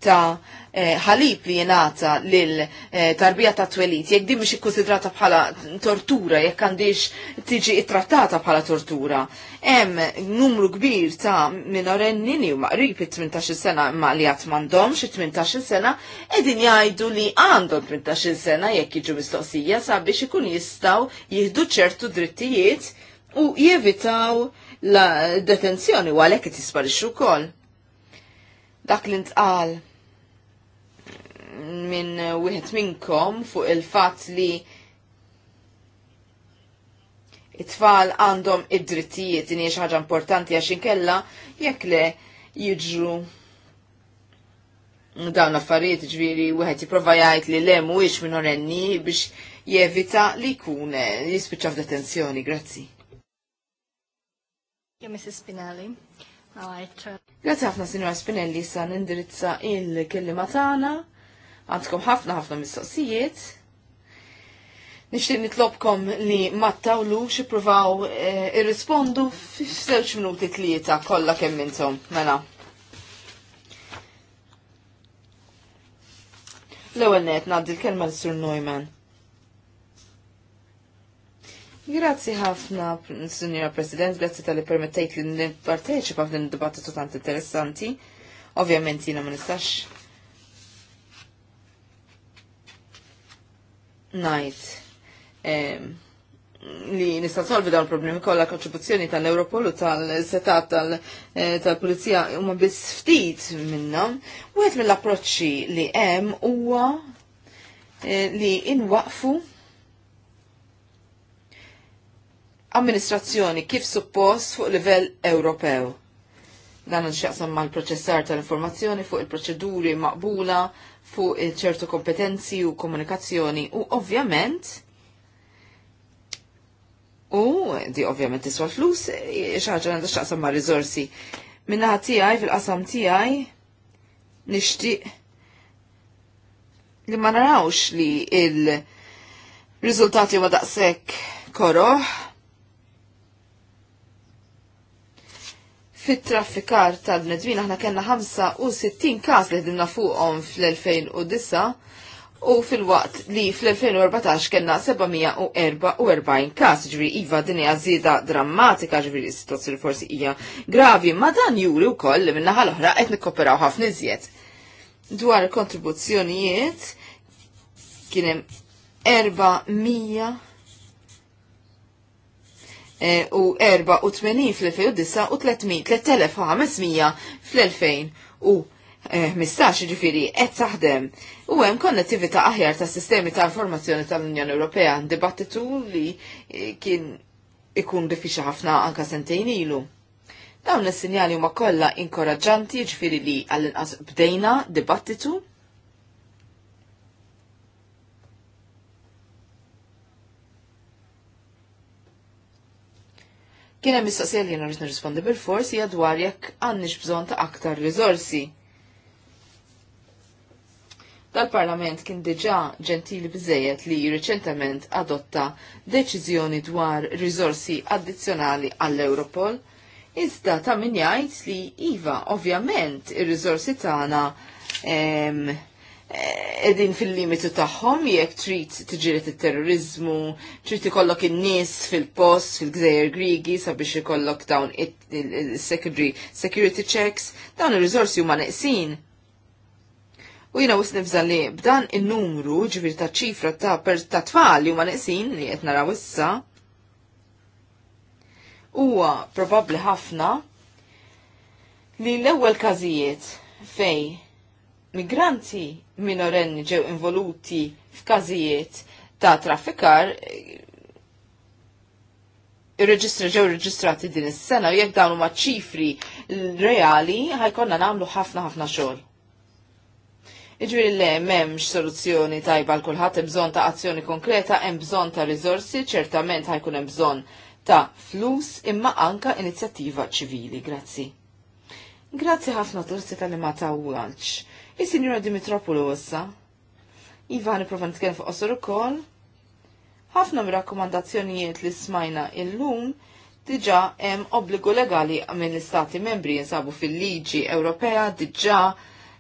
ta' eh, ħalib li jenata lil eh, tarbija ta' twelit, jekk di biex ikkonsidrata bħala tortura, jekk għandix tiġi ittrattata bħala tortura. Hemm numru kbir ta' minorenni li huma qrib 18 sena imma li qatt m'għandhomx 18 sena qegħdin jgħidu li għandhom 18 sena jekk jiġu mistoqsija sabiex ikun jistgħu jieħdu ċertu drittijiet u jevitaw la detenzjoni u għalhekk jisparixxu wkoll. Dak li ntqal minn wieħed minnkom fuq il-fatt li it-tfal għandhom id-drittijiet din hija xi ħaġa importanti għax inkella jekk le jiġru dawn l-affarijiet ġviri wieħed jipprova jgħid li le mhuwiex orenni biex jevita li jkun eh, jispiċċa f'detenzjoni. Grazzi. Mrs. Spinelli. Grazzi ħafna Signora Spinelli sa nindirizza il-kelliema tagħna Għandkom ħafna ħafna mistoqsijiet. Nixtieq nitlobkom li mattawlu xi ippruvaw eh, irrispondu f'żewġ minuti tlieta kollha kemm intom. Mela. L-ewwel nett ngħaddi l-kelma l-Sur Neumann. Grazzi ħafna, Sinjora President, grazzi tal-li permettejt li nipparteċipa f'din id-dibattitu tant interessanti. Ovvjament jiena ma nistax Ngħid li nista' solvi dawn il-problemi kollha kontribuzzjoni tal ewropol eh, u tal-setat tal-Pulizija huma biss ftit minnhom. Wieħed mill-approċċi li hemm huwa eh, li inwaqfu amministrazzjoni kif suppost fuq livell Ewropew. Dan nxaqsam mal proċessar tal-informazzjoni fuq il-proċeduri maqbula fuq ċertu kompetenzi u komunikazzjoni u ovvjament u di ovvjament iswa flus e, e, xaġa għanda xaqsam ma' rizorsi. Minna tiegħi fil-qasam tiegħi nixtieq li ma narawx li il-riżultati ma daqshekk koroħ Fit-traffikar tal-bnedmin aħna kellna 65 każ li ħdimna fuqhom fl-2009 u fil-waqt li fl-2014 kellna 744 każ, ġviri iva din hija żieda drammatika, ġviri situazzjoni forsi hija gravi, ma dan juri wkoll li minna l-oħra qed nikkoperaw ħafna iżjed. Dwar kontribuzzjonijiet kien hemm 400 Eh, u 84 fl-2009 u 3500 fl-2000 u 15 eh, ġifiri qed taħdem u hemm konnettività aħjar ta' sistemi ta' informazzjoni tal-Unjoni Ewropea dibattitu li eh, kien ikun diffiċli ħafna anka sentejn ilu. Dawn is-sinjali huma kollha inkoraġġanti ġifiri li għall-inqas bdejna dibattitu Kien hemm mistoqsija li jiena rrid nirrispondi bil-fors hija dwar jekk għandniex bżonn ta' aktar riżorsi. Dal-Parlament kien diġà ġentili biżejjed li riċentement adotta deċiżjoni dwar riżorsi addizzjonali għall-Europol, iżda ta' min jgħid li iva ovvjament ir-riżorsi tagħna edin fil-limitu tagħhom jekk trid tiġiret it-terrorizmu, trid ikollok in-nies fil-post fil-gżejjer Grigi sabiex ikollok dawn il-secondary security checks, dawn ir rizorsi huma neqsin. U jina wis nifza li b'dan in-numru ġivir ta' ċifra ta' per ta' tfal li huma neqsin li qed naraw issa huwa probabbli ħafna li l-ewwel każijiet fej migranti minorenni ġew involuti f'każijiet ta' traffikar ir ir-reġistra ġew reġistrati din is-sena u jekk dawn huma ċifri reali ħajkonna nagħmlu ħafna ħafna xogħol. Iġviri le memx soluzzjoni tajba l kulħadd hemm bżonn ta' azzjoni konkreta, hemm bżonn ta' riżorsi, ċertament ħajkun hemm bżonn ta' flus imma anka inizjattiva ċivili. Grazzi. Grazzi ħafna tursi tal-li ma ta' Is-Sinjura Dimitropulu issa. Iva t nitkellem fuq qosor ukoll. Ħafna mi rakkomandazzjonijiet li smajna il-lum diġa hemm obbligu legali minn l-istati membri jinsabu fil-liġi Ewropea diġa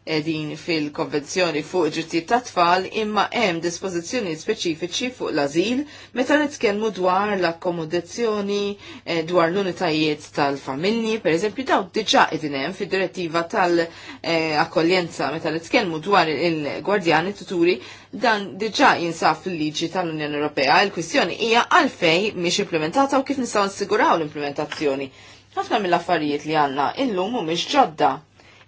edin fil-konvenzjoni fuq ġittijiet ta' tfal imma hemm dispożizzjoni speċifiċi fuq l-azil meta nitkellmu dwar l-akkomodazzjoni eh, dwar l-unitajiet tal-familji, per eżempju daw diġà qegħdin hemm fid-direttiva tal-akkoljenza meta nitkellmu dwar il-gwardjani tuturi dan diġà jinsab fil-liġi tal-Unjoni Ewropea. Il-kwistjoni hija għalfej mhix implementata u kif nistgħu nsiguraw l-implementazzjoni. Ħafna mill-affarijiet li għandna illum mhumiex ġodda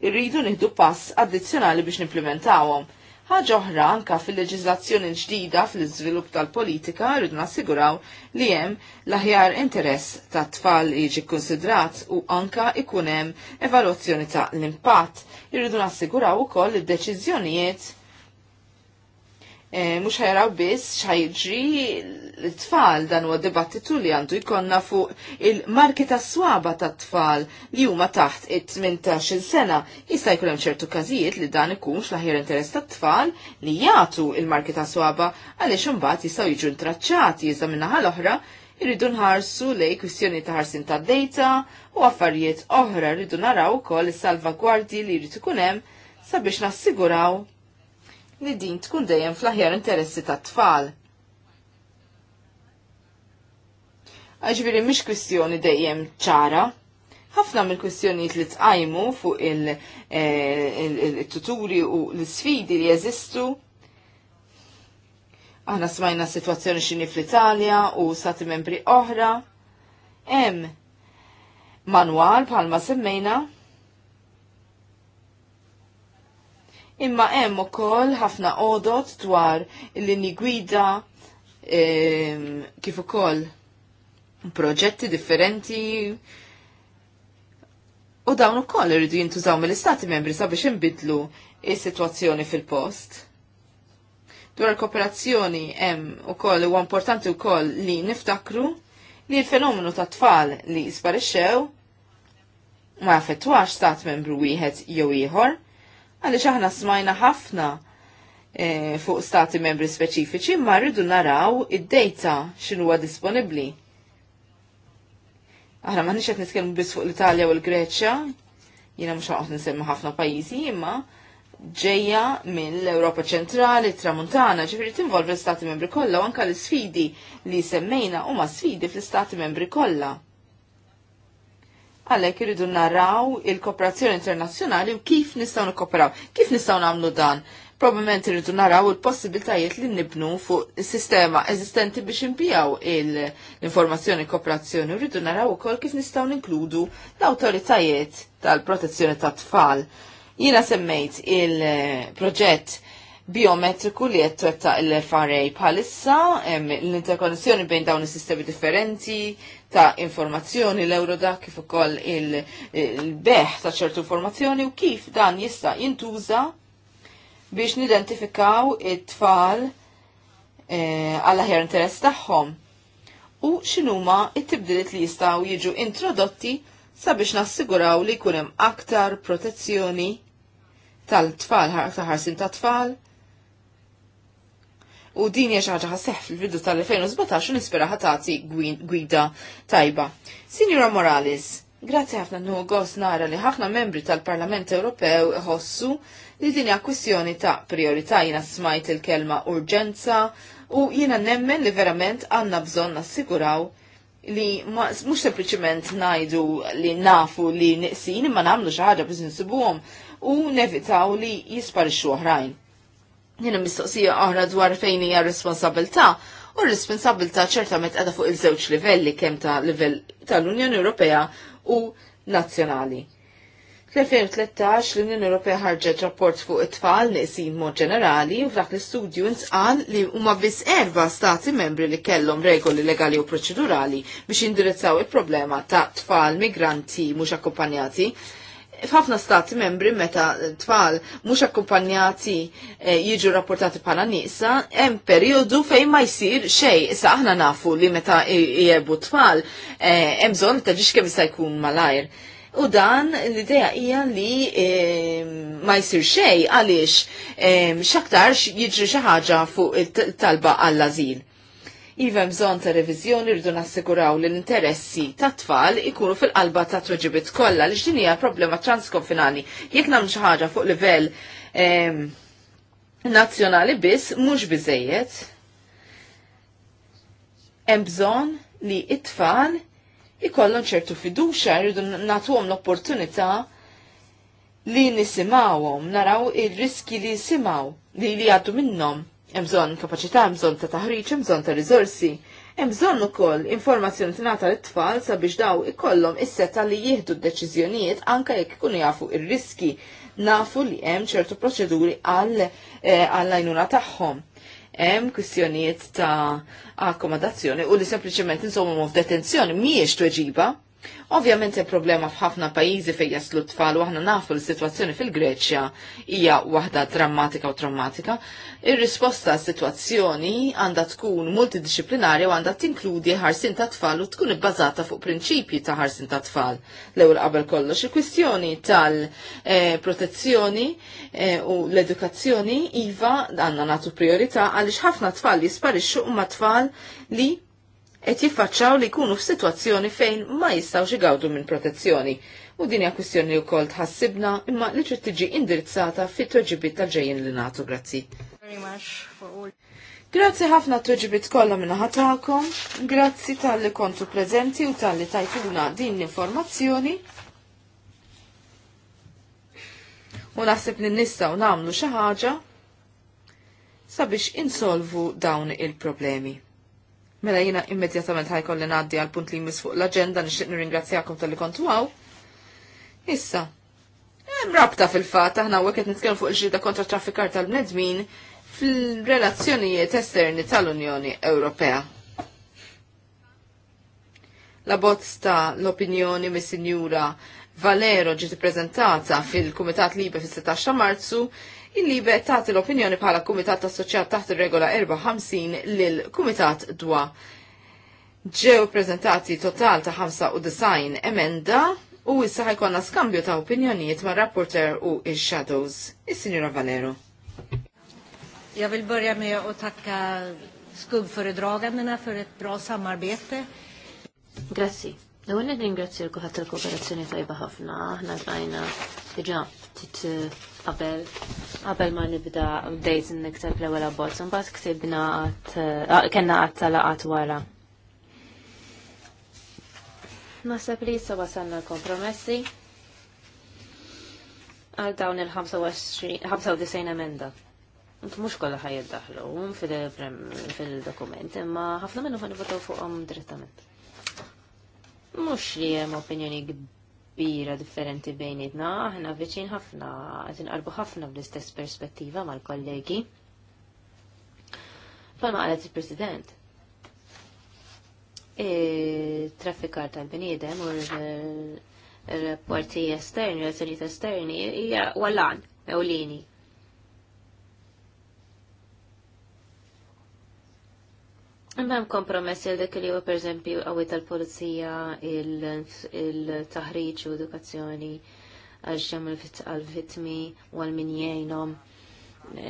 irridu nieħdu pass addizzjonali biex nimplementawhom. Ħaġa oħra anka fil-leġiżlazzjoni ġdida fil-iżvilupp tal-politika rridu nassiguraw li hemm l-aħjar interess tat tfal jiġi kkunsidrat u anka ikun hemm evalwazzjoni ta' l-impatt. Irridu nassiguraw ukoll id-deċiżjonijiet Eh, mux ħajraw biss xħajġri l-tfal dan huwa dibattitu li għandu jkonna fuq il-marki ta' swaba ta' tfal li huma taħt it-18 sena. Jista' jkun hemm ċertu każijiet li dan ikunx l-aħjar interess ta' tfal li jagħtu il-marki ta' swaba għaliex imbagħad jistgħu jiġu ntraċċati iżda minna l-oħra irridu nħarsu lej kwistjoni ta' ħarsin ta' dejta u affarijiet oħra rridu naraw ukoll is-salvagwardji li jrid ikun hemm sabiex nassiguraw li din tkun dejjem fl-aħjar interessi tat-tfal. Għaxbiri mish kwistjoni dejjem ċara, ħafna mill-kwistjonijiet li tqajmu fuq eh, il-tuturi u l-sfidi li jeżistu. Aħna smajna situazzjoni xini fl-Italja u sati membri oħra. Hemm manwal bħalma semmejna imma hemm ukoll ħafna qodot dwar il-linji gwida ehm, kif ukoll proġetti differenti u dawn ukoll irridu jintużaw mill-istati membri sabiex inbidlu is-sitwazzjoni fil-post. Dwar kooperazzjoni hemm ukoll huwa importanti wkoll li niftakru li l-fenomenu ta' tfal li jisparixxew ma jaffettwax stat membru wieħed jew ieħor, Għaliex aħna smajna ħafna e, fuq stati membri speċifiċi, ma rridu naraw id-data x'inhuwa disponibbli. Aħna ma qed nitkellmu biss fuq l-Italja u l-Greċja, jiena mhux ħaqgħod nisemma ħafna pajjiżi, imma ġejja mill-Europa ċentrali, tramuntana, ġifiri tinvolvi l-Stati membri kollha u anka l-sfidi li semmejna huma sfidi fl-Stati membri kollha għalek iridu naraw il-kooperazzjoni internazzjonali u kif nistgħu nikkoperaw. Kif nistgħu nagħmlu dan? Probabilment irridu naraw il-possibiltajiet li nibnu fuq sistema eżistenti biex impijaw l-informazzjoni kooperazzjoni u rridu naraw ukoll kif nistgħu ninkludu l-awtoritajiet tal-protezzjoni tat-tfal. Jiena semmejt il-proġett biometriku li qed twettaq l-FRA bħalissa, l-interkonnessjoni bejn dawn is-sistemi differenti, ta' informazzjoni l-Eurodac kif ukoll il-beħ ta' ċertu informazzjoni u kif dan jista' jintuża biex nidentifikaw it-tfal eh, għal ħer interess tagħhom u x'inhuma t-tibdiliet li jistgħu jiġu introdotti sabiex nassiguraw li jkun hemm aktar protezzjoni tal-tfal, aktar ħarsin ta' tfal, u din hija xi ħaġa ħaseħ fil-bidu tal-2017 u nispera tagħti gwida tajba. Sinjura Morales, grazzi ħafna nu gost nara li ħafna membri tal-Parlament Ewropew ħossu li din hija kwistjoni ta' priorità jiena smajt il-kelma urġenza u jiena nemmen li verament għandna bżonn nassiguraw li mhux sempliċement najdu li nafu li niqsin imma xi ħaġa biz nsibuhom u nevitaw li jisparixxu oħrajn. Nina mistoqsija oħra dwar fejn hija responsabilità u r-responsabilità ċertament qiegħda fuq iż-żewġ livelli kemm ta' livell tal-Unjoni Ewropea u nazzjonali. Fl-2013 l-Unjoni Ewropea ħarġet rapport fuq it-tfal niqsin mod ġenerali u f'dak l-istudju nsqal li huma biss erba' stati membri li kellhom regoli legali u proċedurali biex jindirizzaw il-problema ta' tfal migranti mhux akkumpanjati f'ħafna stati membri meta tfal mhux akkumpanjati eh, jiġu rapportati bħala nisa, hemm perjodu fejn ma jsir xejn. Issa aħna nafu li meta jerbu tfal eh, hemm bżonn ta' ġiex kemm jista' jkun malajr. U dan l-idea hija li eh, ma jsir xej għaliex x'aktarx jiġri xi ħaġa fuq it-talba għall-ażil. Iva bżon ta' revizjoni rridu nassiguraw li l-interessi ta' tfal ikunu fil-qalba ta' tweġibit kollha li x'din hija problema transkonfinali. Jekk nagħmlu xi ħaġa fuq livell eh, nazzjonali biss mhux biżejjed. Hemm bżonn li it-tfal ikollhom ċertu fiduċa, rridu nagħtuhom l-opportunità li nisimgħuhom naraw ir-riski li jisimaw li li għaddu minnhom Hemm bżonn kapaċità, bżonn ta' taħriġ, hemm bżonn ta' riżorsi. Hemm bżonn ukoll informazzjoni tingħata lit-tfal sabiex daw ikollhom is-seta li jieħdu d-deċiżjonijiet anke jekk ikunu jafu ir-riski nafu li hemm ċertu proċeduri eh, għall-għajnuna tagħhom. Hemm kwistjonijiet ta' akkomodazzjoni u li sempliċement insomma f'detenzjoni mhijiex tweġiba Ovvjament il problema f'ħafna pajjiżi fejn jaslu tfal u aħna nafu l-sitwazzjoni fil-Greċja hija waħda drammatika u traumatika. Ir-risposta għas-sitwazzjoni għandha tkun multidisciplinarja u għandha tinkludi ħarsin ta' tfal u tkun ibbażata fuq prinċipji ta' ħarsin ta' tfal. L-ewwel qabel kollox il-kwistjoni tal-protezzjoni eh, u l-edukazzjoni iva għandna nagħtu priorità għaliex ħafna tfal jisparixxu huma tfal li qed jiffaċċaw li jkunu f'sitwazzjoni fejn ma jistaw xigawdu minn protezzjoni. U dinja hija kwistjoni wkoll tħassibna imma li trid tiġi indirizzata fit toġibit tal-ġejjin li nagħtu grazzi. Grazzi ħafna t toġibit kollha minna ħatakom, grazzi tal-li kontu preżenti u tal-li tajtuna din l-informazzjoni. U naħseb li nistgħu nagħmlu xi ħaġa sabiex insolvu dawn il-problemi. Mela jina immedjatament ħajkolli naddi għal punt li jmiss fuq l-agenda nixtieq nirringrazzjakom tal-li kontu għaw. Issa, Mrabta rabta fil-fatt aħna u qed nitkellmu fuq il-ġrida kontra traffikar tal-bnedmin fil-relazzjonijiet esterni tal-Unjoni Ewropea. La bozza l-opinjoni mis sinjura Valero ġiet prezentata fil-Kumitat Libe fis-16 Marzu il-libe tagħti l-opinjoni bħala kumitat assoċjat taħt il regola 54 lil kumitat dwa. Ġew prezentati total ta' 95 emenda u issa ħajkonna skambju ta' opinjonijiet ma' rapporter u il-Shadows, il-Sinjora Valero. Ja vil-borja Jag vill börja med att droga minna fur ett bra samarbete. Grazzi. L-għonet ringrazzja l-kuħat l-kooperazzjoni tajba ħafna, ħna għajna diġa ftit eh, qabel qabel ma nibda bdejt nikteb l-ewwel abbozz, mbagħad ktibna qatt eh, kellna qatt talaqat wara. Naħseb li issa wasalna l-kompromessi għal dawn il-95 emenda. Int mux kolla ħajja daħlu fil-dokument, imma ħafna minnu fan votaw fuqhom direttament. Mux li hemm opinjoni kbira differenti bejnietna, aħna viċin ħafna, qed inqarbu ħafna bl-istess perspettiva mal-kollegi. Palma qalet il-President. Traffikar tal-bniedem u r-rapporti esterni, r rapporti esterni, hija wallan, ewlini, Imma kompromessi għal dak li huwa pereżempju qawwi tal-pulizija, il-taħriġ u edukazzjoni għal xemm għall-vittmi u għal min jgħinhom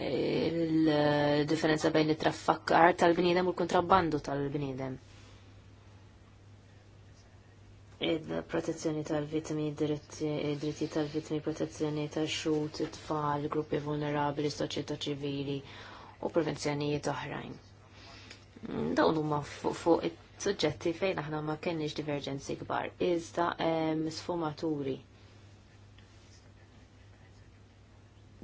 il-differenza bejn it-traffakkar tal-bniedem u l-kontrabbandu tal-bniedem. Il-protezzjoni tal-vittmi, id-dritti tal-vittmi, protezzjoni tal vitmi id dritti tal vitmi it-tfal, gruppi vulnerabili, soċjetà ċivili u prevenzjonijiet oħrajn Dawn huma fuq it-suġġetti fejn aħna ma kenniex divergenzi kbar, iżda sfumaturi.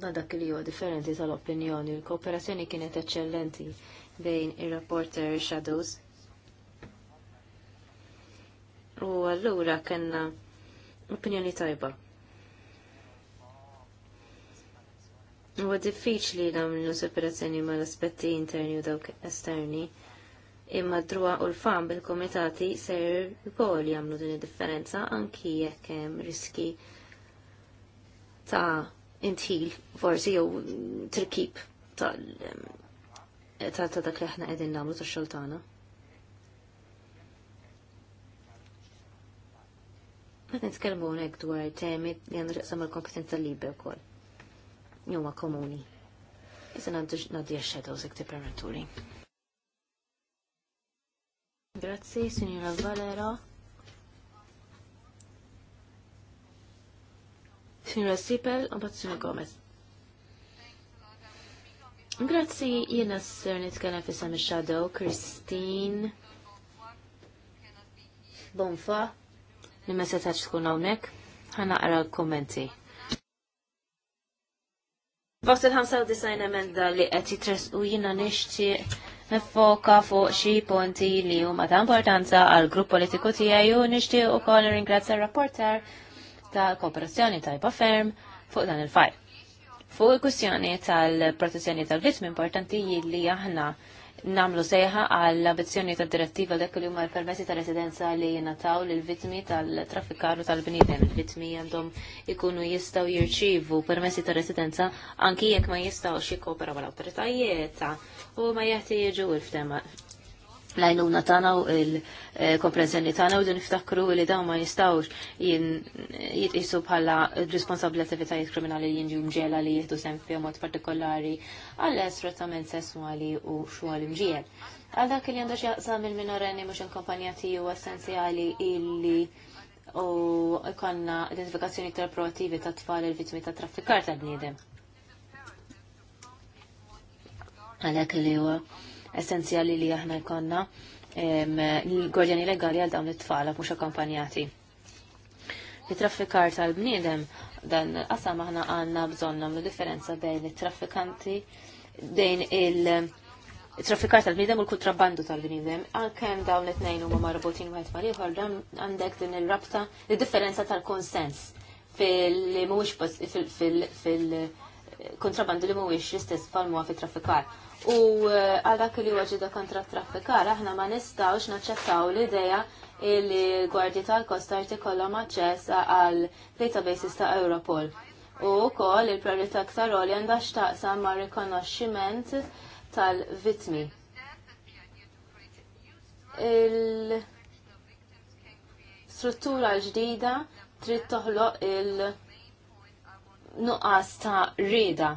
Dan dak li huwa differenti tal-opinjoni, l-kooperazzjoni kienet eċċellenti bejn ir-reporter Shadows. U allura kellna opinjoni tajba. Huwa diffiċli nagħmlu separazzjoni mal-aspetti interni u dawk esterni imma d drua u l-fam bil-komitati ser ukoll jagħmlu din id-differenza anki jekk hemm riski ta' intħil forsi jew trikib ta' ta' dak li aħna qegħdin nagħmlu tax-xogħol tagħna. nitkellmu hawnhekk dwar temi li għandu x'qsam il-kompetenza libri wkoll. Huma komuni. Issa ngħaddi x-shadows jekk tippermetturi. Grazie, signora Valera. Signora Sipel, un bat Sinjora Gomez. Grazie, jiena s-sir nitkellem fi Sami Shadow, Christine, Bonfa, li ma setax tkun hawnhekk, ħanaqra l-kommenti. Fost il-95 emenda li qed jitres u jiena nixtieq nifoka fuq xi punti li huma ta' importanza għal grupp politiku tiegħi u nixtieq ukoll nirringrazzja r-rapporter ta' kooperazzjoni tajba ferm fuq dan il-fajl. Fuq il-kwistjoni tal-protezzjoni tal-vittmi importanti li aħna namlu sejħa għall ambizzjoni ta' direttiva dak li huma l-permessi ta' residenza li jingħataw lil vittmi tal-traffikaru tal-bniedem. Il-vittmi għandhom ikunu jistgħu jirċievu permessi ta' residenza anki jekk ma jistgħux jikkooperaw mal autoritajiet u ma jeħtieġu il-ftema l-għajnuna tana u il-komprensjoni tana u din iftakru li dawn ma jistawx jitqisu bħala responsabli attivitajiet kriminali li jinġu mġela li jihdu sem fi mod partikolari għall estrattament sessuali u xogħol mġiel. Għal dak li għandu x'jaqsam il-minorenni mhux il-kompanjati u essenzjali illi u konna identifikazzjoni tal-proattivi ta' tfal il-vittmi ta' traffikar ta' bniedem. Għalhekk li huwa essenzjali li aħna jkonna l-gwardjani legali għal dawn it-tfal mhux akkampanjati. Il-traffikar tal-bniedem dan qasam aħna għandna bżonna nagħmlu differenza bejn it-traffikanti bejn il- traffikar tal-bnidem u l-kutrabbandu tal-bnidem, għalkemm dawn it-tnejn huma marbutin wieħed ma' ieħor dan għandek din ir-rabta, id-differenza tal-konsens fil fil-kontrabbandu li mhuwiex l-istess palmuha fit-traffikar u eh, għal dak li waġida kontra traffikar aħna ma nistgħux naċċettaw l-idea li gwardji tal-kosta jtikollhom aċċess għal databases ta' Europol. U wkoll il-priorità ktar għol għandha x'taqsam ma' rikonoxximent tal-vitmi. Il-struttura l-ġdida trid toħloq il-nuqqas ta' rieda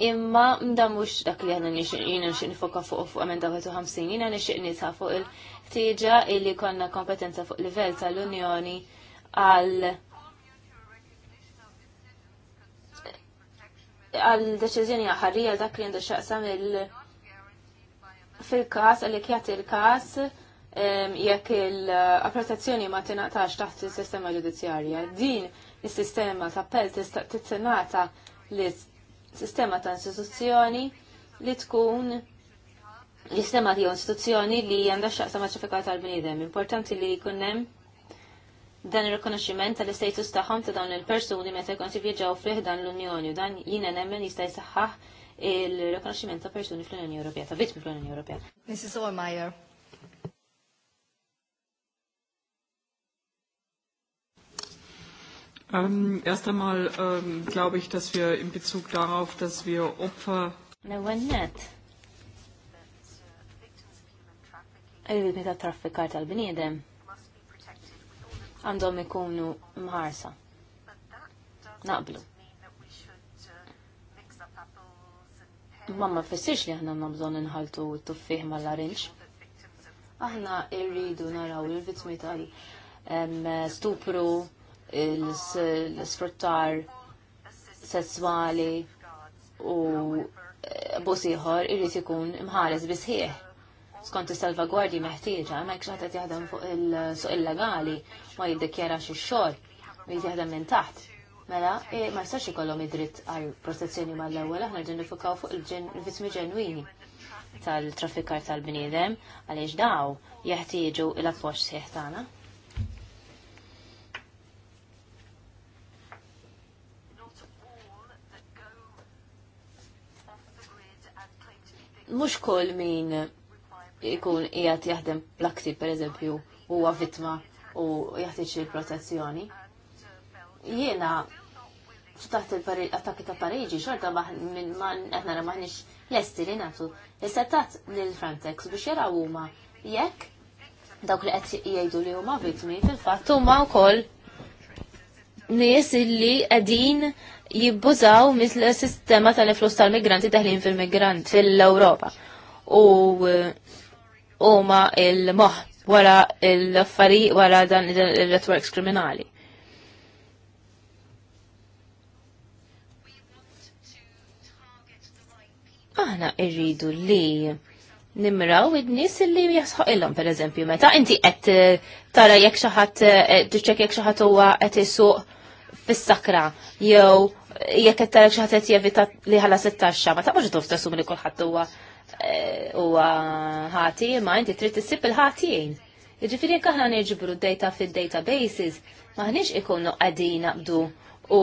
imma mda mux dak li għanna jina nixin nifoka fuq fuq emenda ħamsin, jina nixin nisa fuq il-ħtieġa illi konna kompetenza fuq livell tal-Unjoni għal għal għaxarri għal dak li għandu xaqsam il- fil-kas għalli kjat il-kas jekk il-approtazzjoni ma tinaqtax taħt il-sistema ġudizzjarja. Din il-sistema ta' appell tista' tittenata li sistema ta' istituzzjoni li tkun l istema tiegħu istituzzjoni li għandha x'aqsa maċifikat tal-bniedem. Importanti li jkun hemm dan ir-rikonoxximent tal-istatus tagħhom ta' dawn il-persuni meta jkun jivvjaġġaw friħ dan l-Unjoni u dan jiena nemmen jista' jsaħħaħ il-rikonoxximent ta' persuni fl-Unjoni Ewropea, ta' vittmi fl-Unjoni Ewropea. Mrs. Oermeyer. Um erst einmal ähm, glaube ich, dass wir in Bezug darauf, dass wir Opfer. Il-vitmi ta' traffikar tal-bniedem għandhom ikunu mħarsa. Naqblu. Mamma fissiex li ħna nabżon nħaltu t-tuffiħ mal-larinċ. Aħna irridu naraw il-vitmi tal-stupru, l-sfruttar sessuali u abbuż ieħor ikun imħares bisħieħ skont is-salvagwardji meħtieġa ma jekx ħadd jaħdem fuq il-suq illegali ma jiddikjarax ix-xogħol u jaħdem minn taħt. Mela, e, ma jistax ikollhom id-dritt għal protezzjoni mal-ewwel aħna ġenifikaw fuq il-vittmi ġenwini tal-traffikar tal-bniedem għaliex daw jeħtieġu l-appoġġ sieħ tagħna. mhux kol min ikun qiegħed jaħdem plakti pereżempju huwa vittma u jaħtieġ il-protezzjoni. Jiena taħt il-attakki ta' Pariġi xorta minn aħna maħnix maħniex lesti li nagħtu. Issa taħt lil Frontex biex jaraw huma jekk dawk li qed jgħidu li huma vittmi fil-fatt huma wkoll nies illi qegħdin jibbużaw misl sistema tal-influss tal-migranti daħlin fil-migrant fil-Ewropa. U eh, huma il-moħ wara l-affarijiet wara dan il-networks kriminali. aħna irridu li nimraw id-nis li jasħoq illum per eżempju meta inti qed tara jekk xi ħadd eh, tixċek jekk xi ħadd huwa qed isuq fis-sakra jew jekk qed tara xi ħadd jevita li ħala 16 ma taqgħux tof tassum li kulħadd huwa eh, huwa ħati, ma inti trid tissib il-ħatijin. Jiġifieri jekk aħna nirġibru d-data fid-databases, maħniex ikunu qegħdin naqbdu u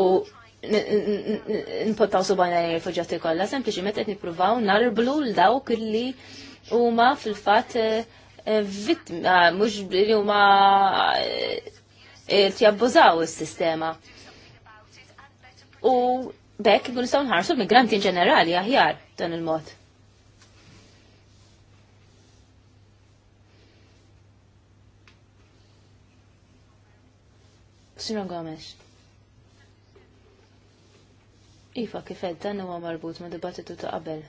npottaw subajna l-rifuġjati kollha, sempliċiment qed nippruvaw narblu l dawk li huma fil-fatt eh, vittma mhux li huma eh, jabbużaw is-sistema u bekk nkun nistgħu nħarsu l-migranti in ġenerali aħjar dan il-mod. Sira Gomes. Iva kifed dan huwa marbut ma' dibattitu ta' qabel.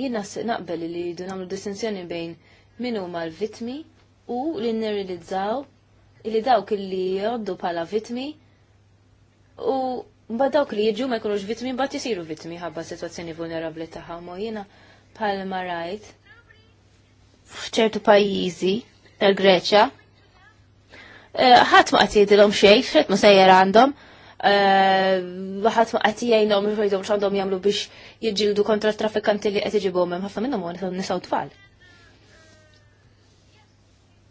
Jien naqbel li jridu nagħmlu distinzjoni bejn min huma l-vitmi u li nirrealizzaw illi dawk illi joddu bħala vitmi u mbagħad dawk li jiġu ma jkunux vitmi mbagħad isiru vitmi ħabba sitwazzjoni vulnerabbli tagħhom u jiena bħalma rajt f'ċertu pajjiżi tal-Greċja eh, ħadd ma qed jgħidilhom xejn xejn ma sejjer għandhom eh, ħadd ma qed jgħinhom jgħidhom x'għandhom jagħmlu biex jiġġieldu kontra traffikanti li qed iġibhom hemm ħafna minnhom huwa nisaw tfal.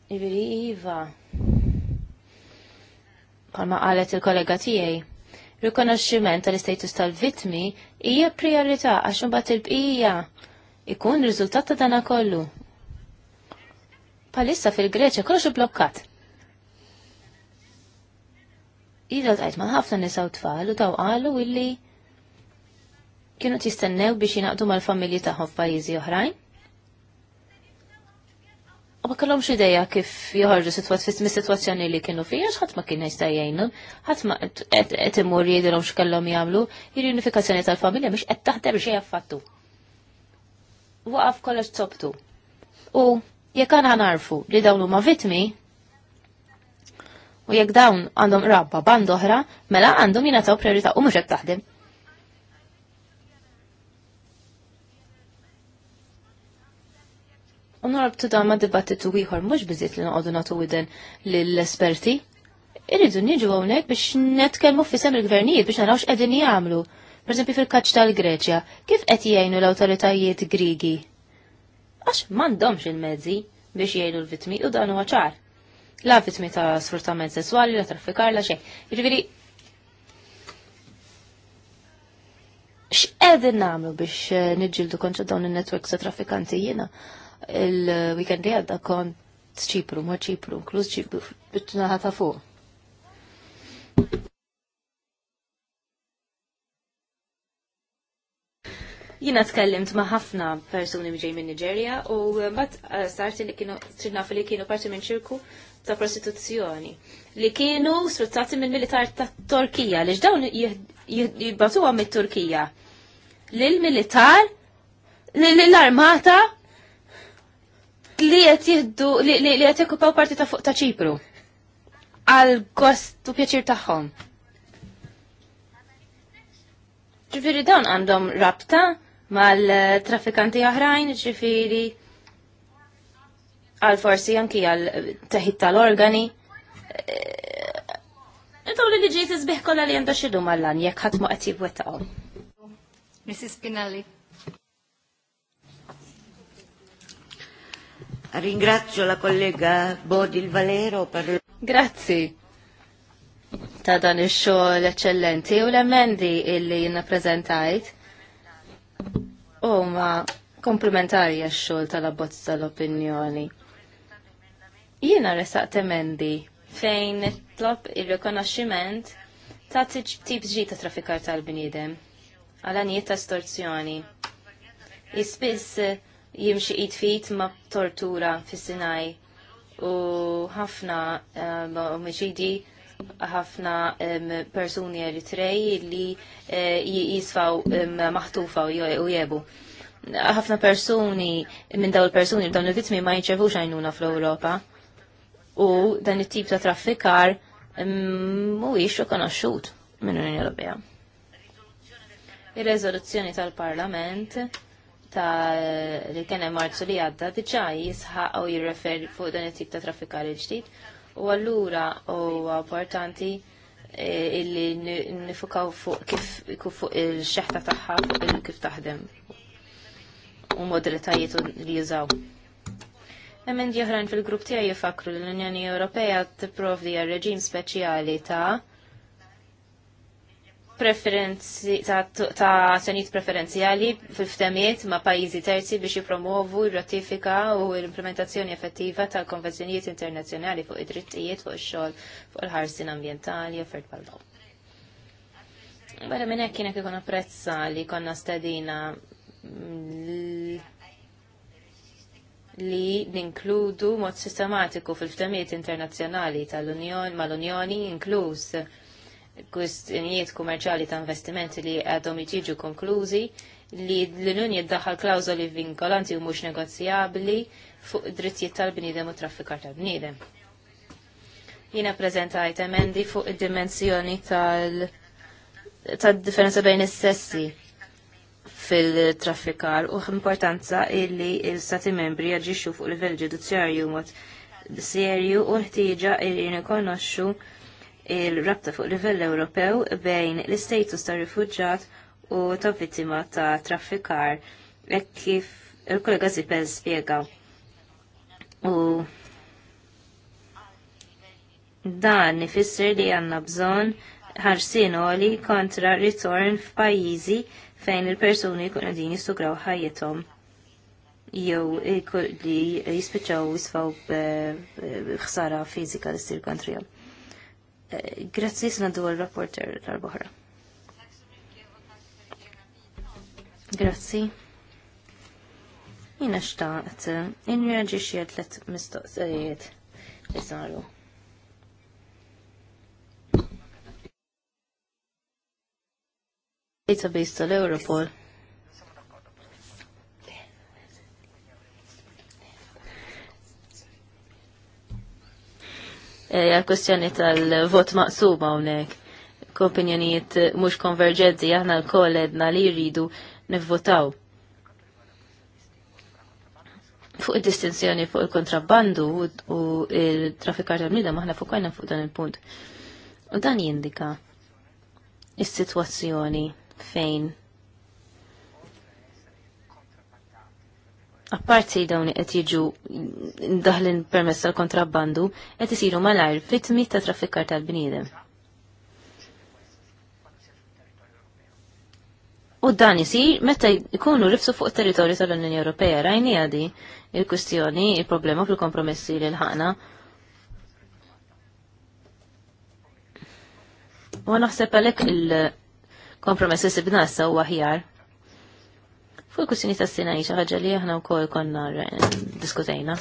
Iva palma qalet il-kollega tiegħi. Rikonoxximent tal-istatus tal-vitmi hija priorità għax imbagħad il-bqija ikun riżultat ta' dana kollu. Palissa fil-Greċja kollox blokkat. Ida tqajt ma' ħafna nisa u tfal u taw qalu illi kienu tistennew biex jinaqdu mal-familji tagħhom f'pajjiżi oħrajn ma kellhomx ideja kif joħorġu mis-sitwazzjoni li kienu għax ħadd ma kien jista' jgħinhom, ħadd ma qed imur jgħidilhom x'kellhom jagħmlu, ir-unifikazzjoni tal-familja mhix qed taħdem xejn affattu. Waqaf kollox tobtu. U jekk aħna narfu li dawn huma vitmi, u jekk dawn għandhom rabba band oħra, mela għandhom jingħataw priorità u mhux hekk taħdem. U norbtu da ma dibattitu ieħor mhux biżiet li noqogħdu nagħtu widen lill-esperti. Irridu niġu hawnhekk biex netkelmu fisem il-gvernijiet biex narawx jgħamlu. jagħmlu. esempio fil-kaċċ tal-Greċja, kif qed jgħinu l-awtoritajiet Grigi? Għax m'għandhomx il-mezzi biex jgħinu l-vitmi u dan huwa ċar. La vitmi ta' sfruttament sessuali, la traffikar, la xejn. Jiġifieri x'qegħdin nagħmlu biex eh, niġġieldu kontra dawn in-netwerks ta' traffikanti jiena il-weekend li kon kont ċipru, ma ċipru, inkluż ċipru, bittuna ħata fuq. Jina tkellimt ma' ħafna persuni mġej minn Nigeria u bat eh, sarti li kienu trinaf li kienu parti minn ċirku ta' prostituzzjoni li kienu sfruttati minn militar ta' Turkija li ġdawn jibbatu mit turkija l militar l-armata, li qed jieħdu li qed jokkupaw parti ta' fuq ta' Ċipru. Għal gost u pjaċir tagħhom. Ġifiri dawn għandhom rabta mal trafikanti oħrajn, ġifiri għal forsi anki għal teħid tal-organi. Eh, dawn li li isbieħ kollha li għandha x'idu mal-lan jekk ħadd ma qed Mrs. Spinelli. Ringrazio la collega Bodil Valero per... Grazzi ta' dan il-xol eccellenti u l-emendi illi jina prezentajt u ma għax-xol tal-abbozz tal-opinjoni. Jina resaqt emendi fejn nitlob il-rikonoxximent ta' tip ġi ta' trafikar tal-bnidem għal-anijiet ta' storzjoni. Ispiss jimxi id-fit ma tortura fis-Sinaj u ħafna eh, omicidi ħafna persuni eritrej li eh, jisfaw maħtufa u jebu. ħafna persuni minn daw il-persuni dawn il vitmi ma jinċevux għajnuna fl-Ewropa u dan it-tip ta' traffikar mhuwiex rikonoxxut minn Unjoni Ewropea. ir rezoluzzjoni tal-Parlament ta' li kien hemm marzu li għadda diġà jisħaq u jirrefer fuq dan it-tip ta' traffikar ġdid U allura huwa importanti e, illi nifukaw fuq kif fuq il-xeħta tagħha fuq kif taħdem u modalitajiet li jużaw. Emendi oħrajn fil-grupp tiegħi jifakru l-Unjoni Ewropea tipprovdi għal reġim speċjali ta' preferenzi ta' azzjonijiet preferenzjali fil-ftemiet ma' pajjiżi terzi biex jipromovu r-ratifika u l-implementazzjoni effettiva tal konvenzjonijiet internazzjonali fuq id-drittijiet fuq ix-xogħol fuq il-ħarsin ambjentali u bħal dawn. Bara minn hekk kienek ikun apprezza li konna stedina li ninkludu mod sistematiku fil-ftemiet internazzjonali tal-Unjoni mal-Unjoni inkluż kwistjonijiet kummerċali ta' investimenti li għadhom jiġu konklużi li l-Unjoni jiddaħħal klawżoli vinkolanti u mhux negozjabbli fuq drittijiet tal-bniedem u traffikar tal-bniedem. Jiena preżentajt emendi fuq id-dimensjoni tal- tad-differenza bejn is-sessi fil-traffikar u importanza illi il-stati membri jaġixxu fuq livell ġudizzjarju mod serju u ħtieġa illi nikonoxxu il-rabta fuq livell Ewropew bejn l-istatus ta' rifugġat u ta' vittima ta' traffikar e kif il-kollega Zipel spiega. U dan nifisser li għanna bżon ħarsin oli kontra ritorn f'pajjiżi fejn il-persuni kun għadin jistugraw ħajjithom jew li jispiċaw jisfaw b'ħsara eh, eh, fizika l-istil kontrihom. Grazzi a naddu għal-rapporter tal-bohra. Grazzi. Jina xtaqt, inreġi xiet let mistoqsijiet li saru. Database tal-Europol. Eh, għal kwestjoni tal-vot maqsuma hawnhekk. Kompinjonijiet mhux konverġenti aħna l-koll edna li jridu nivvotaw. Fuq id-distinzjoni fuq il-kontrabbandu u il-traffikar tal-bnida maħna fukajna fuq dan il-punt. U dan jindika is-sitwazzjoni fejn apparti dawn qed jiġu daħlin permess tal-kontrabbandu qed isiru malajr vittmi ta' traffikar tal-bniedem. U dan isir meta jkunu rifsu fuq it-territorju tal-Unjoni Ewropea rajni għadi il-kwistjoni, il-problema fil-kompromessi li l-ħana. U naħseb għalhekk il-kompromessi sibna issa huwa ħjar. Fuq il-kussjoni ta' s-sena xi ħagġa li jahna u kol konna diskutejna.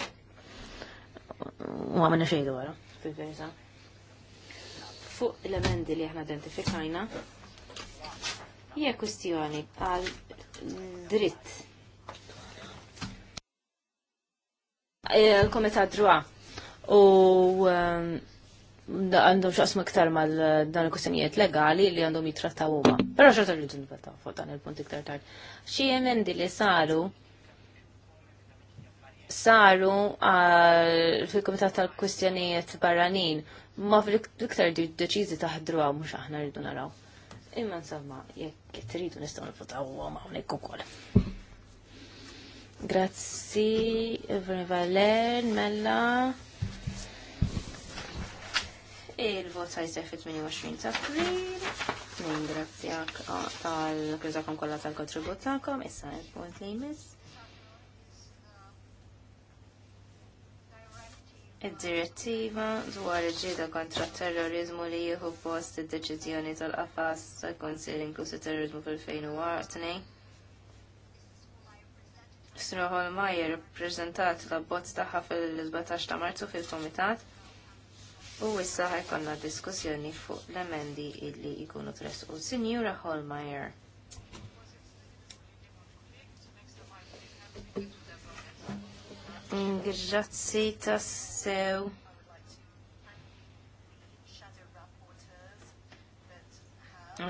U għamena xejdu għara. Fuq l-emendi li jahna identifikajna jie kustjoni għal dritt. Il-komitat drua u ehm, għandhom xaqsmu iktar mal eh, dan il-kustenijiet legali li għandhom jitrattaw huma. Però xorta li ġun fuq dan il-punt iktar tard. Xi emendi li saru saru fil-Kumitat tal-Kwistjonijiet Barranin ma fil-iktar deċiżi taħdruha mhux aħna rridu naraw. Imma insomma, jekk tridu nistgħu nifutaw ma hawnhekk ukoll. Grazzi, Valer, Mella il-vot sa' fit 28 ta' april. Ningrazzjak ah, tal-kriżakom kollha tal-kontribut tagħkom, issa il-punt li jmiss. Id-direttiva dwar il-ġieda kontra terrorizmu li jieħu post id-deċiżjoni tal-qafas tal-Konsil inklusi terrorizmu fil-2002. Sroħol Majer prezentat l-abbozz tagħha fil-17 ta' Marzu fil-Komitat. U issa ħajkonna diskussjoni fuq l-emendi illi jkunu u Sinjura Holmeyer. Grazzi tassew.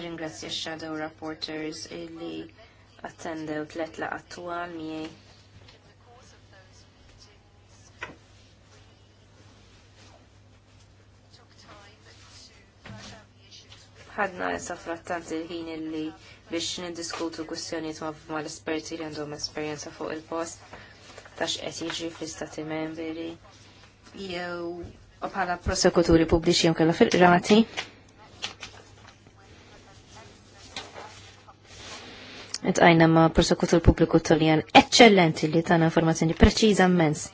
Ringrazzja Shadow Rapporters illi attendew tlet laqat twal miej. ħadna saffrattant il-ħin illi biex nindiskutu kustjoniet ma' l-esperti li għandhom esperjenza fuq il-post tax qed jiġri fl-istati membri jew bħala prosekuturi pubbliċi jew kellha fil-qrati. Itqajna ma' prosekutur pubbliku Toljan eċċellenti li tana informazzjoni preċiża mens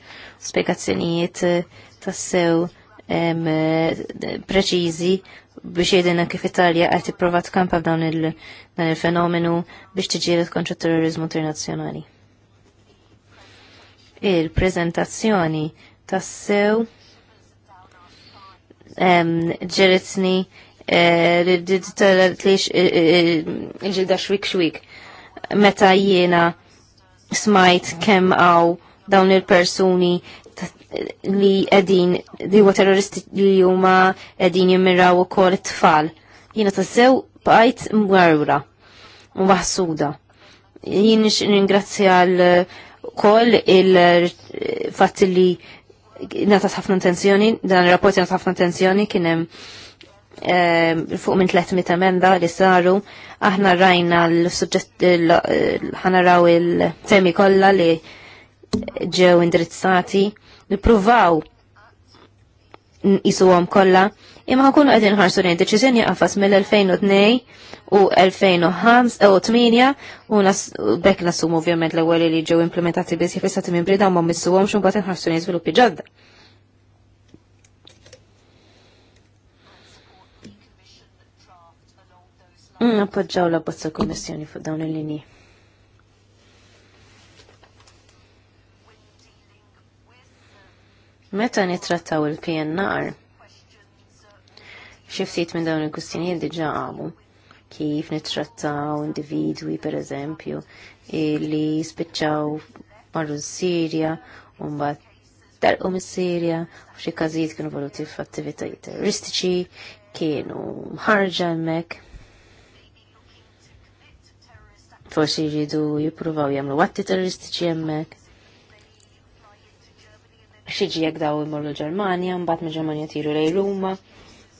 spjegazzjonijiet eh, tassew eh, preċiżi biex jedina kif Italja għati provat kampa f'dawn il-fenomenu biex tiġielet kontra terrorizmu internazzjonali. Il-prezentazzjoni tassew ġeritni eh, il-ġilda xwik xwik meta jiena smajt kemm għaw dawn il-persuni li għedin li huwa terroristi li huma edin jimmiraw ukoll it-tfal. Jiena tassew bqajt mwerwra u waħsuda. Jien ningrazzja l koll il-fatt li natat ħafna intenzjoni, dan il rapporti natat ħafna intenzjoni kien hemm ehm, fuq minn 300 emenda li saru, aħna rajna l suġġett ħanaraw il-temi kollha li ġew indirizzati nippruvaw għom kolla, imma għakunu għedin ħarsu lejn deċizjoni għafas mill-2002 u 2005 u 8 u bekk nasum ovvjament l-ewwel li ġew implementati biex jifissa timin brida ma għom u mbagħad inħarsu lejn żviluppi ġodda. Mm, appoġġaw la bozza kommissjoni fuq dawn il-linji. Meta nitrattaw il-PNR, xiftit minn dawn il-kustinijiet diġa għamu kif nittrattaw individwi per eżempju li spiċċaw marru s-Sirja u mbagħad telqu mis-Sirja u xie każijiet kienu voluti f'attivitajiet terroristiċi, kienu mħarġa mek Forsi jridu jippruvaw jagħmlu watti terroristiċi hemmhekk xieġi jekk daw imorru l-Ġermanja, mbagħad mill ġermanja tiru lejn Ruma.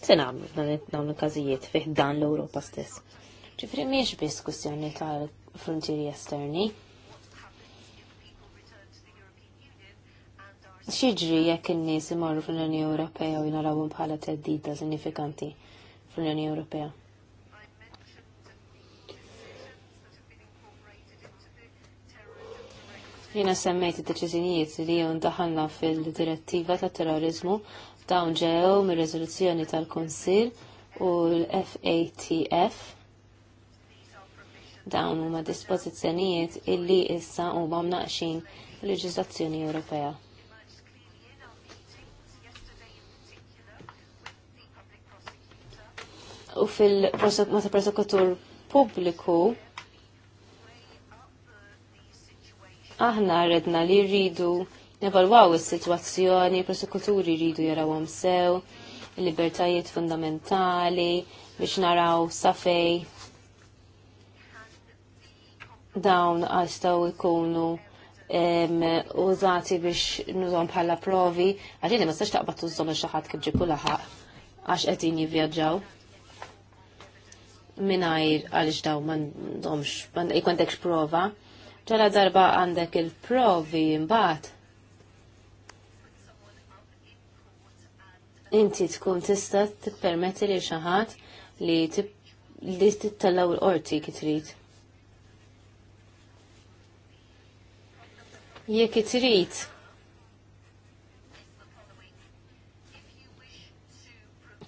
Se nagħmlu dawn il-każijiet fih dan l-Ewropa stess. Ġifri miex biss kwistjoni tal-frontieri esterni. Xiġri jekk in-nies imorru fl-Unjoni Ewropea u jnarawhom bħala teddida sinifikanti fl-Unjoni Ewropea. Jina semmejt id-deċiżjonijiet li ndaħalna fil-direttiva ta' terrorizmu dawn ġew mir-riżoluzzjoni tal-Kunsill u l-FATF. Dawn huma dispożizzjonijiet illi issa huma mnaqxin l-leġiżlazzjoni Ewropea. U fil-prosekutur pubbliku aħna redna li rridu nevalwaw is-sitwazzjoni, prosekuturi rridu jarawhom sew, libertajiet fundamentali biex naraw safej dawn għastaw ikunu użati biex nużom bħala provi, għadini ma s-sax taqbat użom il-xaħat kibġi ġipu għax għetin jivjaġġaw minajr għalix daw man domx, man ikon prova ġala darba għandek il-provi mbagħad. Inti tkun tista' tippermetti li xi ħadd li t-tallaw l-qorti kitrit. trid. Jekk trid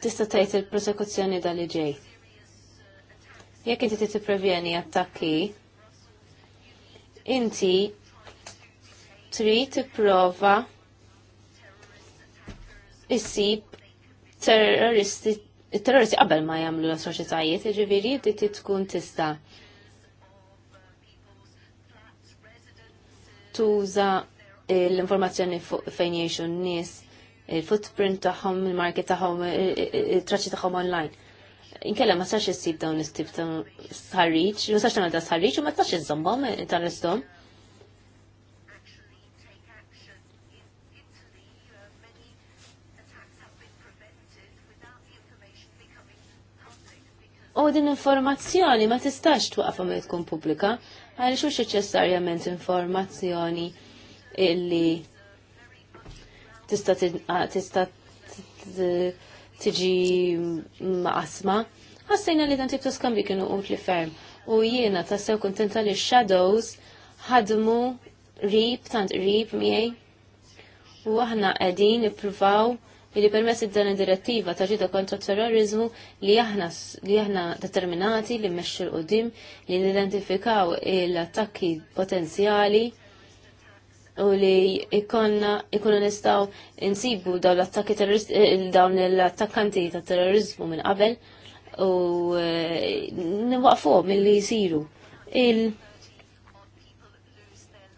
tista' tgħid il-prosekuzzjoni dal-ġej. Jekk inti trid tipprevjeni attakki inti trid tipprova issib terroristi terroristi qabel ma jagħmlu l soċjetajiet, jiġifieri trid tkun tista' tuża l-informazzjoni fejn jgħixu n-nies, il-footprint tagħhom, il-market tagħhom, it-traċċi tagħhom online inkella ma sax issib dawn istib ta' sħarriċ, ma sax ta' sħarriċ u ma sax iżombom eh, ta' nistom. U din informazzjoni ma tistax twaqfa ma tkun pubblika, għaliex mhux neċessarjament informazzjoni illi tista' tista' tiġi maqasma. Ħassejna li dan tibtu skambi kienu kienu li ferm u jiena ta' sew kontenta li shadows ħadmu rib tant rib miej u aħna qegħdin nippruvaw li permess id-dan id-direttiva ta' ġida kontra terrorizmu li aħna determinati li mmexxu l-qudiem li identifikaw l-attakki potenzjali u li ikonna ikunu nistaw insibu daw l-attakki eh, dawn l-attakkanti ta' terrorizmu minn qabel u eh, nwaqfuhom milli jisiru. Il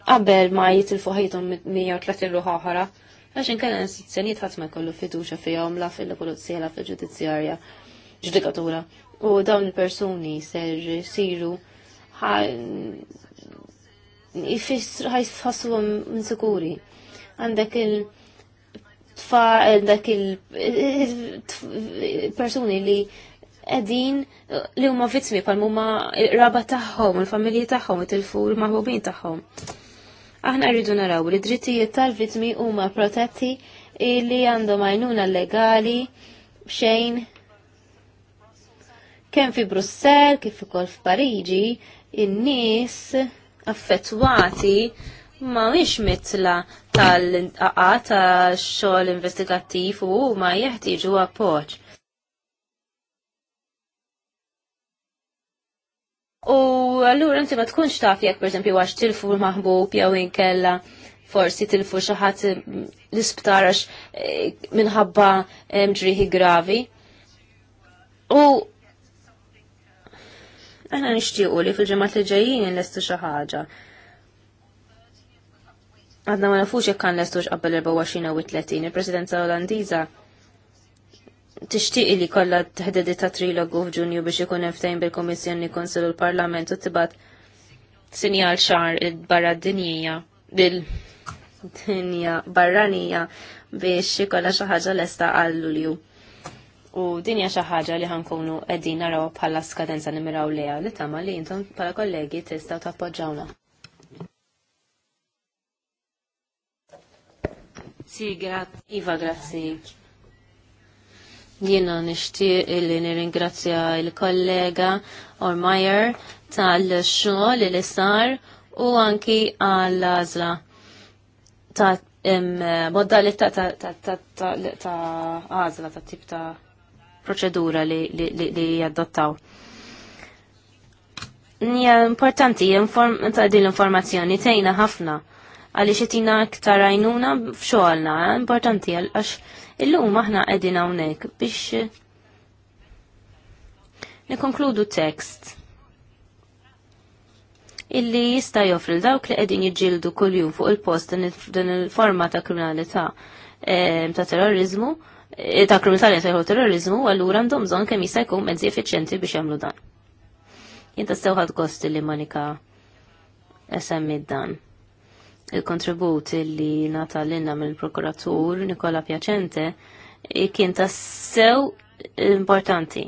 qabel ma jitilfu ħajthom 130 ruħa oħra, għax inkella istituzzjonijiet ħadd ma jkollu fiduċja fihom la fil-pulizija la fil-ġudizzjarja ġudikatura. U dawn il-persuni ser siru jifix ħajsħassuhom insikuri. Għandek il- tfal dak il-persuni li għedin li huma vittmi pal huma raba tagħhom, il-familji tagħhom, il tilfu il-maħbubin tagħhom. Aħna rridu naraw li drittijiet tal-vittmi huma protetti li għandhom għajnuna legali b'xejn kemm fi Brussell kif ukoll f'Pariġi in-nies affettwati ma mhix mitla tal-inqaqa tax-xogħol investigattiv u huma jeħtieġu appoġġ. U allura inti ma tkunx taf jekk esempio, għax tilfu maħbub jew inkella forsi tilfu xi ħadd l-isptar eh, minħabba eh, ġrieħi gravi. U Aħna nixtiequ li fil-ġemat li ġejjin lestu xi ħaġa. Għadna ma nafux jekk kan lestux qabel 24 u 30, il-Presidenza Olandiża tixtieq li kollha teħdedi ta' trilogu f'Ġunju biex ikun eftejn bil-Kummissjoni Konsul u l-Parlament u tibat sinjal xar barra d-dinjija bil-dinja barranija biex ikolla xi ħaġa lesta għal Lulju. U dinja xi ħaġa li ħankunu qegħdin naraw bħala skadenza nimiraw leha li tama li intom bħala kollegi tistgħu tappoġġawna. Si, grat. Iva, grazzi. Jiena nixtieq illi nirringrazzja il-kollega Ormajer tal-xogħol li sar u anki għall-għażla ta' modalità ta' għażla ta' tip ta' proċedura li, jaddottaw. Nija importanti, ta' din l-informazzjoni tejna ħafna għalli xitina aktar għajnuna f'xogħolna eh? importanti għax illum aħna qegħdin hawnhekk biex eh, nikonkludu tekst illi jista joffri dawk li għedin jiġġieldu kuljum jum fuq il-post din il-forma ta' kriminalità eh, ta' terrorizmu ta' kriminalità li sejħu terrorizmu, allura għandhom bżonn kemm jista' jkun mezzi effiċjenti biex jagħmlu dan. Jinta ħadd kosti li Monika semmit dan il-kontribut li nata l-inna mill-prokuratur Nikola Piacente kien tassew importanti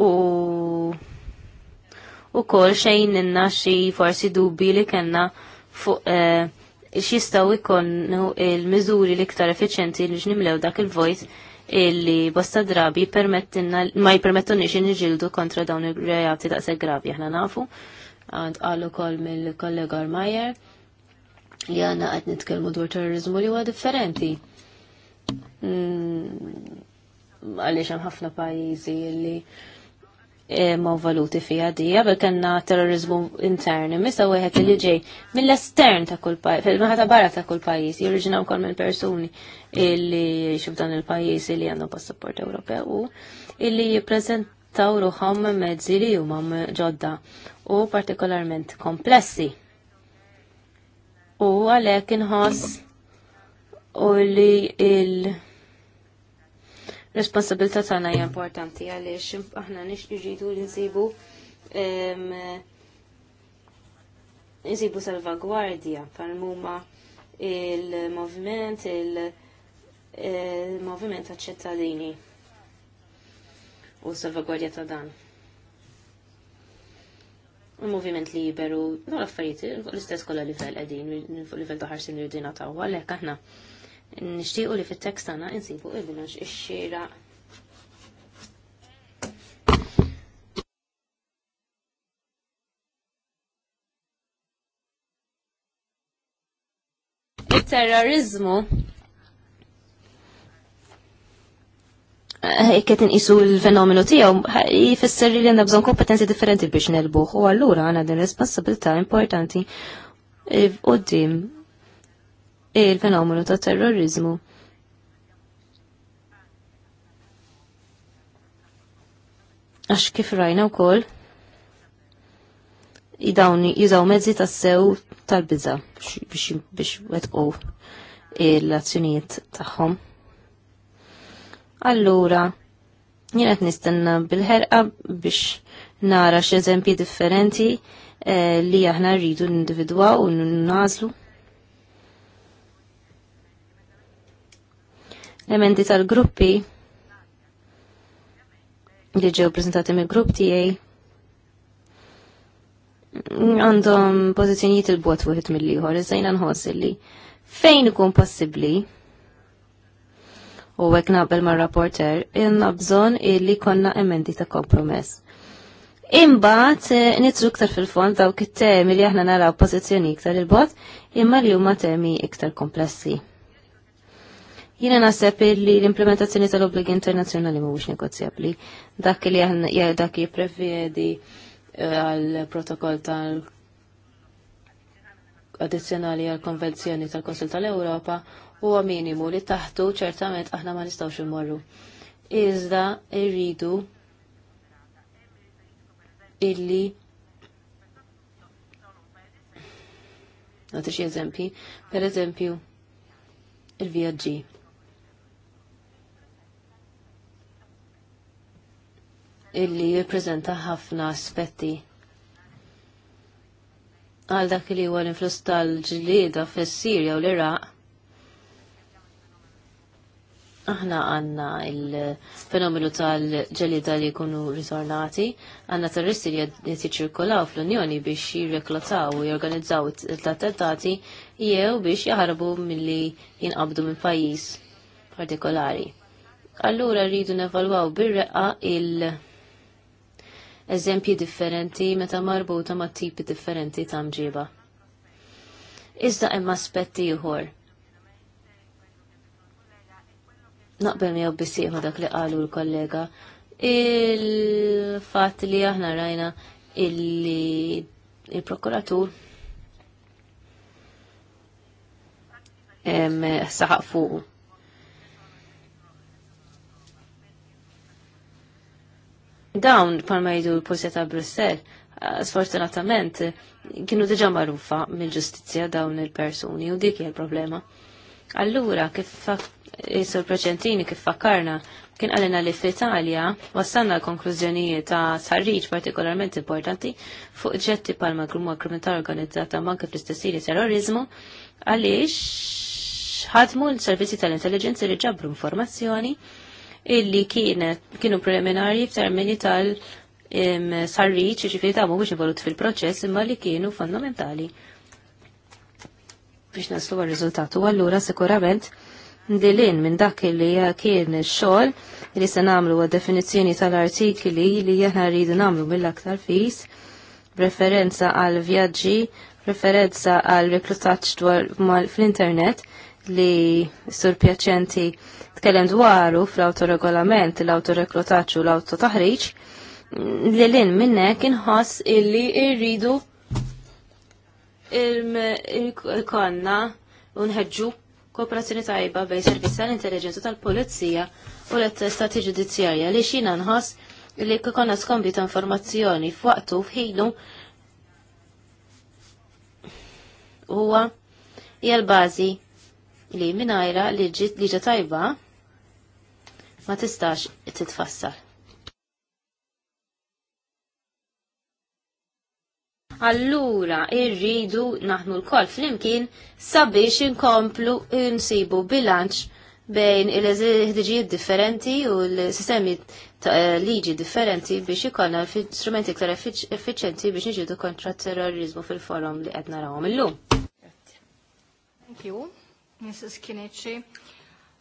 u u kol xejn inna xi forsi dubbi li kena fuq xistaw ikonnu il-mizuri li ktar effiċenti li ġnimlew dak il-vojt illi bosta drabi ma jipermettunix niġildu kontra dawn il-reati ta' se gravi aħna nafu. Għand għallu kol mill-kollega Armajer li għanna għad nitkelmu dwar terrorizmu li huwa differenti. Mm, għaliex hemm ħafna pajjiżi li E, ma' valuti fija dija, bel kanna terrorizmu interni, misa u għet li ġej mill-estern ta' kull pajis, fil-maħata barra ta' kull pajis, jirriġina u kol mill personi illi xibdan il-pajis illi għandu passaport Ewropew u illi jiprezentaw ruħom mezzi li huma ġodda u partikolarment komplessi. U għalek inħoss u li il- responsabilità tagħna hija importanti għaliex aħna nixtiġidu li nsibu nsibu salvagwardja pal-muma il-moviment, il-moviment ta' ċittadini u salvagwardja ta' dan. Il-moviment liberu, no l-affarijiet, l-istess kolla livell għedin, livell taħarsin li rridina ta' għalek aħna nixtiequ li fit-tekst tagħna insibu il-bilanċ ix-xira. Terrorizmu eh, kiet nqisu l-fenomenu tiegħu jfisser li għandna bżonn kompetenzi differenti biex nelbuħ u allura għandna din responsabilità importanti qudiem eh, il-fenomenu ta' terrorizmu. Għax kif rajna u koll, jizaw mezzi ta' sew tal-biza biex wetqu l-azzjonijiet tagħhom. Allura, jien qed nistenna bil-ħerqa biex nara x'eżempji differenti eh, li aħna rridu nindividwa u n-nazlu. emendi tal-gruppi li ġew prezentati mill-grupp tiegħi għandhom pożizzjonijiet il-bot wieħed mill-ieħor, iżajna nħossi li fejn ikun possibbli u hekk naqbel mar rapporter, inna bżonn illi konna emendi ta' kompromess. Imbagħad eh, nitru iktar fil-fond dawk it-temi li aħna naraw pożizzjoni iktar il-bot, imma li huma temi iktar komplessi. Jina nasib li l-implementazzjoni tal-obbligi internazzjonali mhuwiex negozjabbli. Dak li dak jipprevjedi eh, għal protokoll tal addizzjonali għal konvenzjoni tal-Konsil tal-Ewropa huwa minimu li taħtu ċertament aħna ma nistgħux immorru. Iżda irridu illi Għatix eżempji, per eżempju, il-vjaġġi. illi jirpreżenta ħafna aspetti għal dak li huwa l-influss tal-ġlieda fis-Sirja u l-Iraq. Aħna għanna il-fenomenu tal-ġelida li jkunu ritornati, għanna terroristi li jtiċirkolaw fl-Unjoni biex jirreklataw u jorganizzaw l-attentati jew biex jaħarbu milli jinqabdu minn pajjiż partikolari. Allura rridu nevalwaw bir-reqqa il- eżempji differenti meta marbuta ma' tipi differenti ta' mġiba. Iżda hemm aspetti ieħor. Naqbel mi bissieħu dak li qalu l-kollega il-fat li aħna rajna illi il-prokuratur saħaq fuq Dawn palma jidu l polizja ta' Brussel, sfortunatament, kienu diġa marufa mill-ġustizja dawn il-persuni u dik hija l-problema. Allura, kif Sur Preċentini kif fakkarna kien għalina li fl-Italja wassanna l-konklużjonijiet ta' sarriċ partikolarment importanti fuq ġetti palma grumma kriminalità organizzata manke fl istessili terrorizmu għaliex ħadmu l-servizzi tal-intelligenzi li ġabru informazzjoni illi kienet kienu preliminari f'termini tal sarriċ ċifiri ta' mux involut fil-proċess imma li kienu fondamentali biex naslu għal-rizultatu. Allura sikurament ndilin minn dak li kien xogħol li se nagħmlu għad definizzjoni tal-artikli li jena rridu nagħmlu mill-aktar fis, referenza għal vjaġġi, referenza għal reklutaċ dwar fl-internet, li sur pjaċenti tkellem dwaru fl-autoregolament, l-autoreklutaċu, l-autotaħriċ, li l-in minnek inħoss illi irridu il-konna unħedġu kooperazzjoni tajba bej servizz tal-intelligenza tal-polizija u l-attestati ġudizzjarja li xina nħoss li konna skombi ta' informazzjoni f'waqtu fħinu. huwa hija l-bażi li minajra li li tajba ma tistax titfassar. Allura irridu naħnu l-koll flimkien sabiex inkomplu insibu bilanċ bejn il-ħdiġijiet differenti u l-sistemi liġi differenti biex ikollna strumenti iktar effiċenti biex nġidu kontra terrorizmu fil-forum li qed narawhom illum. Thank you. Mrs. Kinichi,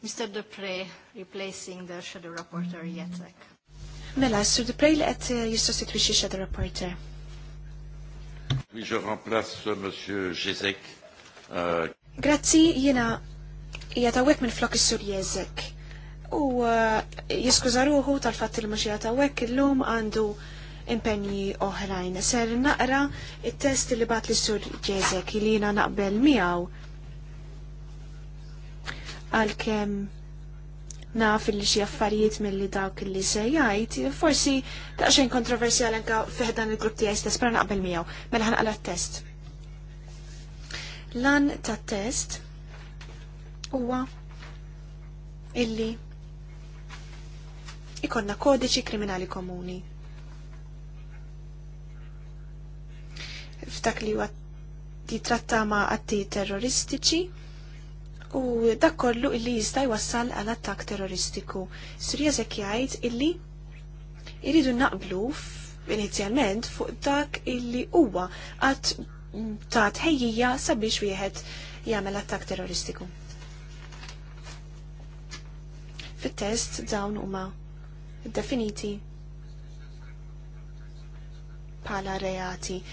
Mr. Dupre replacing the shadow rapporteur Jacek. Mela, Sir Dupre li għet eh, jistostitwixi shadow reporter. Oui, je remplace euh, M. Jezek. Euh, Grazzi, jena wek minn flok is-Sur Jezek. U uh, ruħu tal-fatt il mux wek il-lum għandu impenji oħrajn. Ser naqra il-test li bat li sur Jezek li jena naqbel miaw għalkemm naf li xi affarijiet milli dawk li se jgħid, forsi daqsxejn kontroversjal anke fiħdan il-grupp tiegħi stess però naqbel miegħu mela ħan t-test. Lan ta' test huwa illi ikonna kodiċi kriminali komuni. F'dak li huwa titratta ma' atti terroristiċi u dak kollu illi jista' jwassal għal attak terroristiku. Sirja Zek jgħid illi jridu naqblu inizjalment fuq dak illi huwa għat ta' tħejjija sabiex wieħed jagħmel attak terroristiku. Fit-test dawn huma definiti bħala reati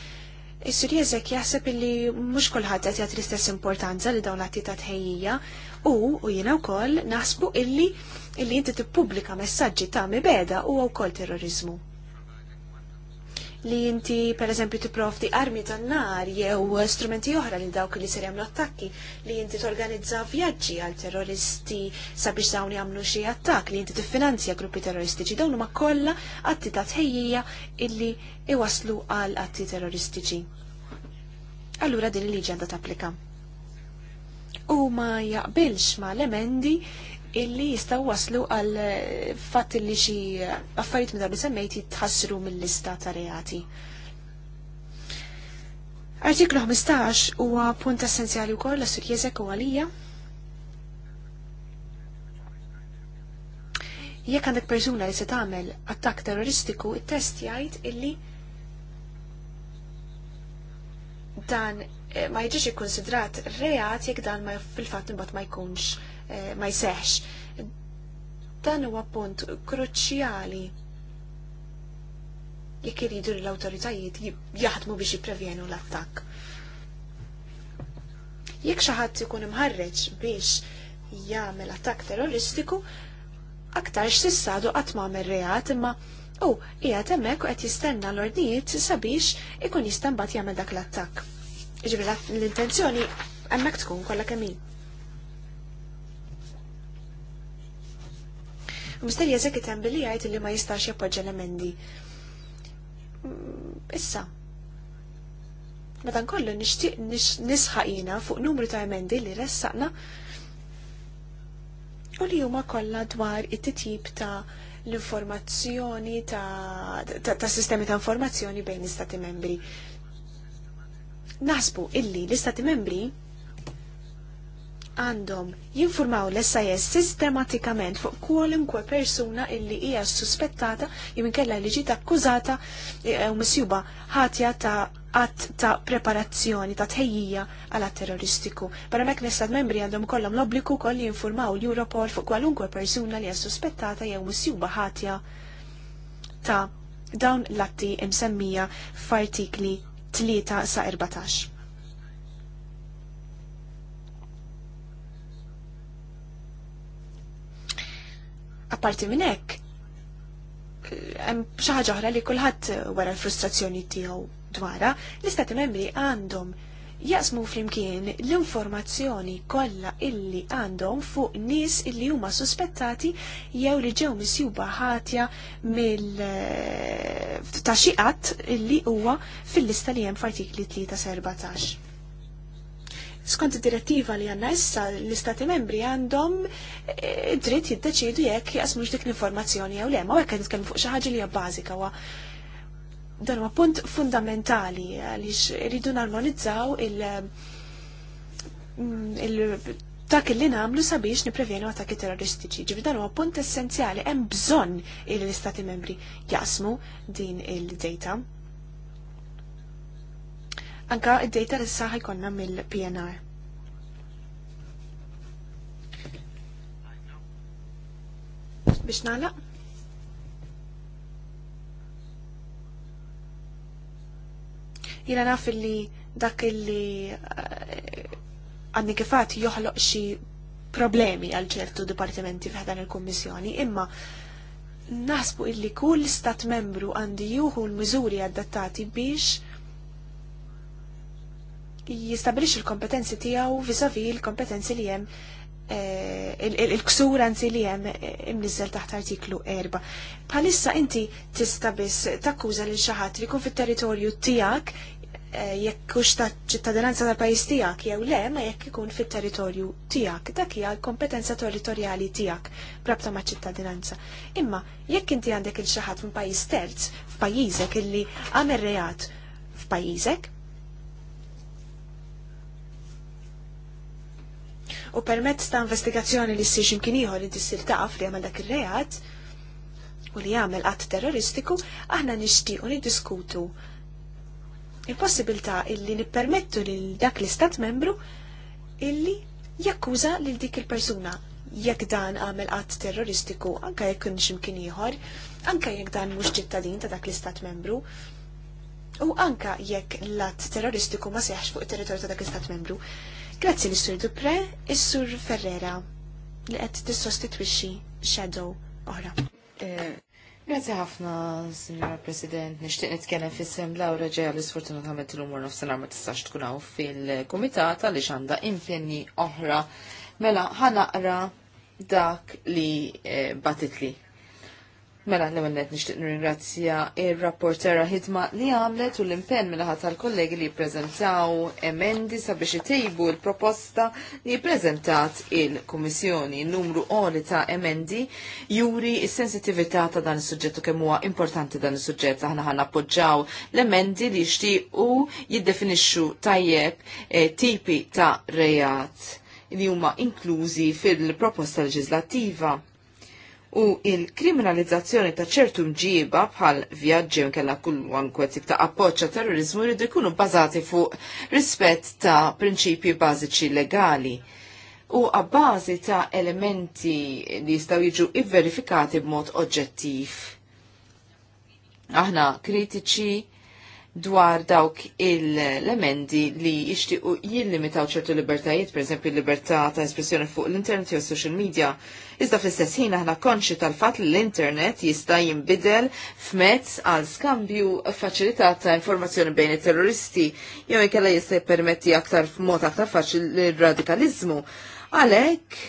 Is-sur jeżek jaħseb illi mhux kulħadd qed jagħti l-istess importanza li dawn l attita tħejjija u u jiena wkoll naħsbu illi illi inti tippubblika messaġġi ta' mibeda huwa wkoll terrorizmu li inti per eżempju tipprovdi armi tan-nar jew strumenti oħra lil dawk li ser jagħmlu attakki, li inti torganizza vjaġġi għal terroristi sabiex dawn jagħmlu xi attak, li inti tiffinanzja gruppi terroristiċi dawn huma kollha atti ta' tħejjija illi iwaslu għal atti terroristiċi. Allura din il-liġi għandha tapplika. U ma jaqbilx ma l-emendi illi jistaw waslu għal eh, fatt illi xi affarijiet minn li semmejt jitħassru mill-lista ta' reati. Artiklu 15 huwa punt essenzjali wkoll la sur jeżek u għalija jekk għandek persuna li se tagħmel attakk terroristiku, it-test jgħid illi dan eh, ma jiġix ikkonsidrat reat jekk dan ma fil-fatt imbagħad ma jkunx Eh, ma jseħx. Dan huwa punt kruċjali jekk iridu l-awtoritajiet jaħdmu biex jipprevjenu l-attakk. Jekk xi ħadd ikun imħarreġ biex jagħmel attakk terroristiku, aktar sissadu qatt m'għamel reat imma u qiegħed hemmhekk u qed jistenna l-ordnijiet sabiex ikun jista' jagħmel dak l-attakk. Ġifieri l-intenzjoni hemmhekk tkun kollha kemm Mister jazek item billi jgħid li ma jistax jappoġġa l-emendi. Issa. kollu nixtieq nisħaqina fuq numru ta' emendi li ressaqna u li huma kollha dwar it tip ta' l-informazzjoni ta', sistemi ta' informazzjoni bejn l-istati membri. Nasbu illi l-istati membri għandhom jinformaw l-SIS sistematikament fuq kwalunkwe persuna illi hija suspettata jew inkella li ġiet akkużata eh, u misjuba ħatja ta' għat ta' preparazzjoni ta' tħejjija għal terroristiku. Barra mek nestad membri għandhom kollom l-obbligu koll jinformaw l-Europol fuq kwalunkwe persuna li hija suspettata jew misjuba ħatja ta' dawn l-atti imsemmija f'artikli 3 sa' 14. Apparti minn hekk, hemm xi ħaġa oħra li kulħadd wara l-frustrazzjoni tiegħu dwarha, l-istati membri għandhom jaqsmu flimkien l-informazzjoni kollha illi għandhom fuq nies illi huma suspettati jew li ġew misjuba ħatja mill eh, ta' xi qatt illi huwa fil-lista li hemm f'artikli 3 14. Skont id-direttiva li għanna issa l-istati membri għandhom eh, dritt jiddeċidu jekk jaqsmux dik l-informazzjoni jew le, ma hekk nitkellmu fuq xi ħaġa li hija bażika wa dan huwa punt fundamentali għaliex iridu narmonizzaw il- ta' mm, kelli namlu sabiex niprevjenu attakki terroristiċi. Ġifi dan huwa punt essenzjali hemm bżonn il l-Istati membri jasmu din il-data anka id-data li s-saħi konna mill-PNR. biex nalaq? Jina naf li dak li eh, għanni kifat joħloq xi problemi għal ċertu dipartimenti f'ħdan il-Kommissjoni, imma nasbu illi kull stat membru għandi juhu l-miżuri adattati biex jistabilix il-kompetenzi tijaw vizavi il-kompetenzi li jem eh, il-ksur anzi li jem eh, imnizzel taħt artiklu 4. Bħalissa inti tista biss takkuża lil xi ħadd li jkun fit-territorju tiegħek eh, jekk hux ta' ċittadinanza ta' pajjiż tiegħek jew le ma jekk ikun fit-territorju tiegħek dak hija l-kompetenza territorjali tiegħek brabta ma' ċittadinanza. Imma jekk inti għandek il xi ħadd terz f'pajjiżek illi għamel reat f'pajjiżek, u permezz ta' investigazzjoni li s ximkien ieħor li tissir taf li għamel dak ir-reat u li jagħmel għat terroristiku, aħna nixtiequ niddiskutu il-possibilità illi nippermettu lil dak l-istat membru illi jakkuża lil dik il-persuna jekk dan għamel qatt terroristiku, anka jekk kun ximkien ieħor, anka jekk dan mhux ċittadin ta' dak l-istat membru, u anka jekk l-att terroristiku ma seħx fuq it-territorju ta' dak l-istat membru. Grazzi l-Sur Dupre, is-Sur Ferrera li qed tissostitwixxi shadow oħra. Eh, grazzi ħafna, Signora President, nixtieq nitkellem fis-sem Laura ġeja li sfortunatament l-umur nofsinhar ma tistax tkun hawn fil komitata għaliex għandha impjenni oħra. Mela ħanaqra dak li eh, batitli Mela, l-għennet nishtiq ringrazzja il-rapportera ħidma li għamlet u l impenn minna ħat tal-kollegi li prezentaw emendi sabiex itejbu il-proposta li prezentat il-Komissjoni. Numru għoli ta' emendi juri il-sensitivita ta' dan il-sujġettu kemm huwa importanti dan il-sujġett. Aħna ħan appoġġaw l-emendi li jixtiequ jiddefinixxu tajjeb eh, tipi ta' rejat li huma inklużi fil-proposta leġislattiva u il-kriminalizzazzjoni ta' ċertu mġiba bħal vjaġġi u kella kull tip ta' appoċċa terrorizmu jridu jkunu bbażati fuq rispett ta' prinċipji bażiċi legali u għabbażi ta' elementi li jistgħu jiġu iverifikati b'mod oġġettiv. Aħna kritiċi dwar dawk il-emendi li jixtiqu jillimitaw ċertu libertajiet, per eżempju libertà ta' espressjoni fuq l-internet jew social media. Iżda fl-istess ħin aħna konxi tal-fatt li l-internet jista' jinbidel f'mezz għal skambju faċilità ta' informazzjoni bejn it-terroristi jew ikella jista' jippermetti aktar f'mod aktar faċil radikalizmu. Għalhekk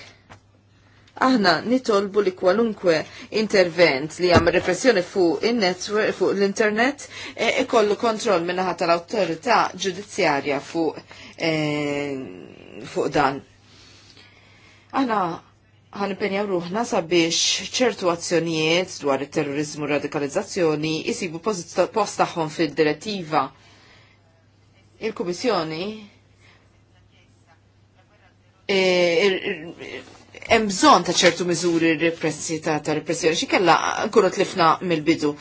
Aħna nitolbu li kwalunkwe intervent li għam repressjoni fuq l-internet, e, ikollu e, e kontrol minnaħa tal-autorità ġudizzjarja fuq e, dan. Aħna ħanipenjaw ruħna sabiex ċertu azzjonijiet dwar il-terrorizmu radikalizzazzjoni jisibu post fil-direttiva. Il-Kummissjoni e, hemm bżonn ta' ċertu miżuri repressi ta' repressjoni xi kellha nkunu tlifna mill-bidu.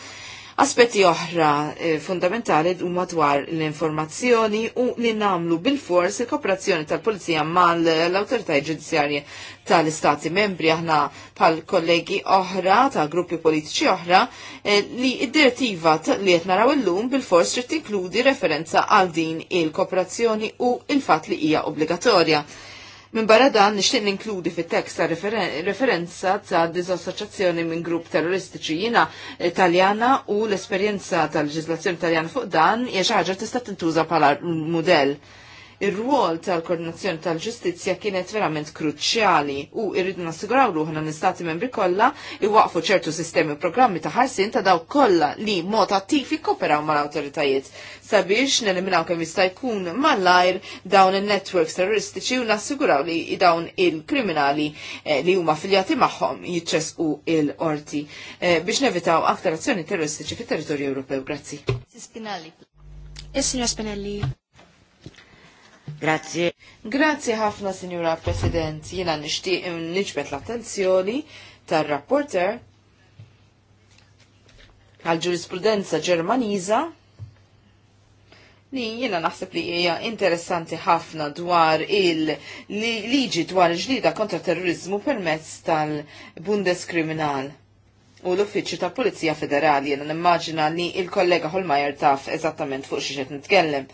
Aspetti oħra eh, fundamentali huma dwar l-informazzjoni u li namlu bil-fors il-kooperazzjoni tal-Polizija mal-Awtoritajiet Ġudizjarje tal-Istati Membri aħna pal kollegi oħra ta' gruppi politiċi oħra eh, li id-direttiva li qed naraw illum bil-fors trid tinkludi referenza għal din il-kooperazzjoni u il-fatt li hija obbligatorja. Min barra dan nixtieq ninkludi fit-tekst ta' referenza ta' disassoċjazzjoni minn grupp terroristiċi jiena Taljana u l-esperjenza tal leġislazzjoni Taljana fuq dan hija xi ħaġa tista' tintuża bħala mudell ir-rwol tal-koordinazzjoni tal-ġustizzja kienet verament kruċjali u irridu nassiguraw ruħna l-istati membri kollha iwaqfu ċertu sistemi u programmi ta' ħarsin ta' daw kollha li mod attiv jikkoperaw mal-awtoritajiet sabiex neliminaw kemm jista' jkun mal-lajr dawn il networks terroristiċi u nassiguraw li dawn il-kriminali eh, li huma affiljati magħhom jiċċesqu il-qorti eh, biex nevitaw aktar azzjoni terroristiċi fit-territorju Ewropew. Grazzi. Is-Sinjor eh, Spinelli. Grazie. Grazie ħafna, Signora President. Jena nishtiq nġbet l-attenzjoni tar-rapporter għal ġurisprudenza ġermaniża li jena naħseb li hija interessanti ħafna dwar il-liġi dwar ġlida kontra terrorizmu permezz tal-Bundeskriminal u l-Uffiċċju ta' Pulizija Federali jena nimmaġina li il-kollega Holmajer taf eżattament fuq xi qed nitkellem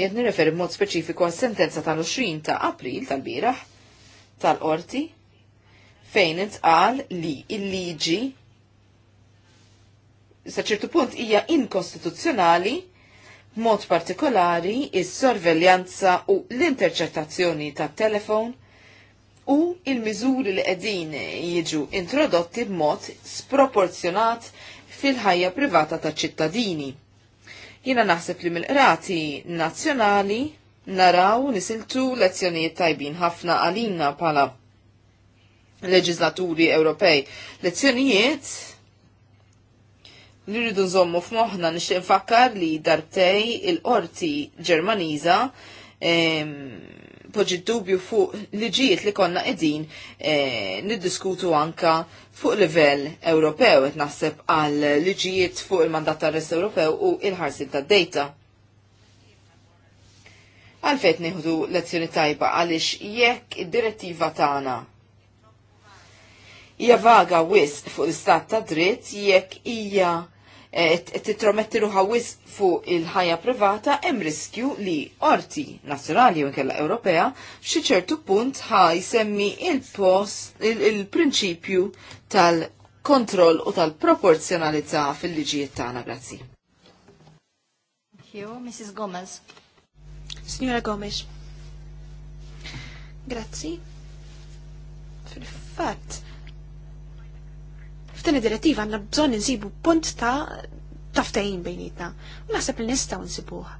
jedni nirreferi mod speċifiku għas sentenza tal-20 ta' april tal-biraħ tal-qorti fejn intqal li il-liġi sa ċertu punt hija inkostituzzjonali mod partikolari is-sorveljanza u l-interċettazzjoni tat-telefon u il-miżuri li qegħdin jiġu introdotti b'mod sproporzjonat fil-ħajja privata taċ-ċittadini Jina naħseb li mill-qrati nazzjonali naraw nisiltu lezzjonijiet tajbin ħafna għalina pala leġislaturi Ewropej. Lezzjonijiet li rridu nżommu f'moħħna nixtieq nfakkar li darbtej il-qorti Ġermaniża poġġi dubju fuq liġijiet li konna qegħdin eh, niddiskutu anka fuq livell Ewropew qed naħseb għal liġijiet fuq il-mandat tar-Rest Ewropew u il-ħarsin tad-dejta għalfet nieħdu lezzjoni tajba għaliex jekk id-direttiva tagħna hija vaga wis fuq l-istat ta' dritt jekk hija titrometti ruħa wisq fuq il-ħajja privata hemm riskju li orti nazzjonali u nkella Ewropea xi ċertu punt ħaj semmi il-post il-prinċipju tal-kontroll u tal-proporzjonalità fil-liġijiet tagħna. Grazzi. Thank you, Mrs. Gomez. Signora Gomez. Grazzi. Fil-fatt, F'din id-direttiva għanna bżonn insibu punt ta' taftajin bejnietna. U naħseb li nistgħu nsibuh.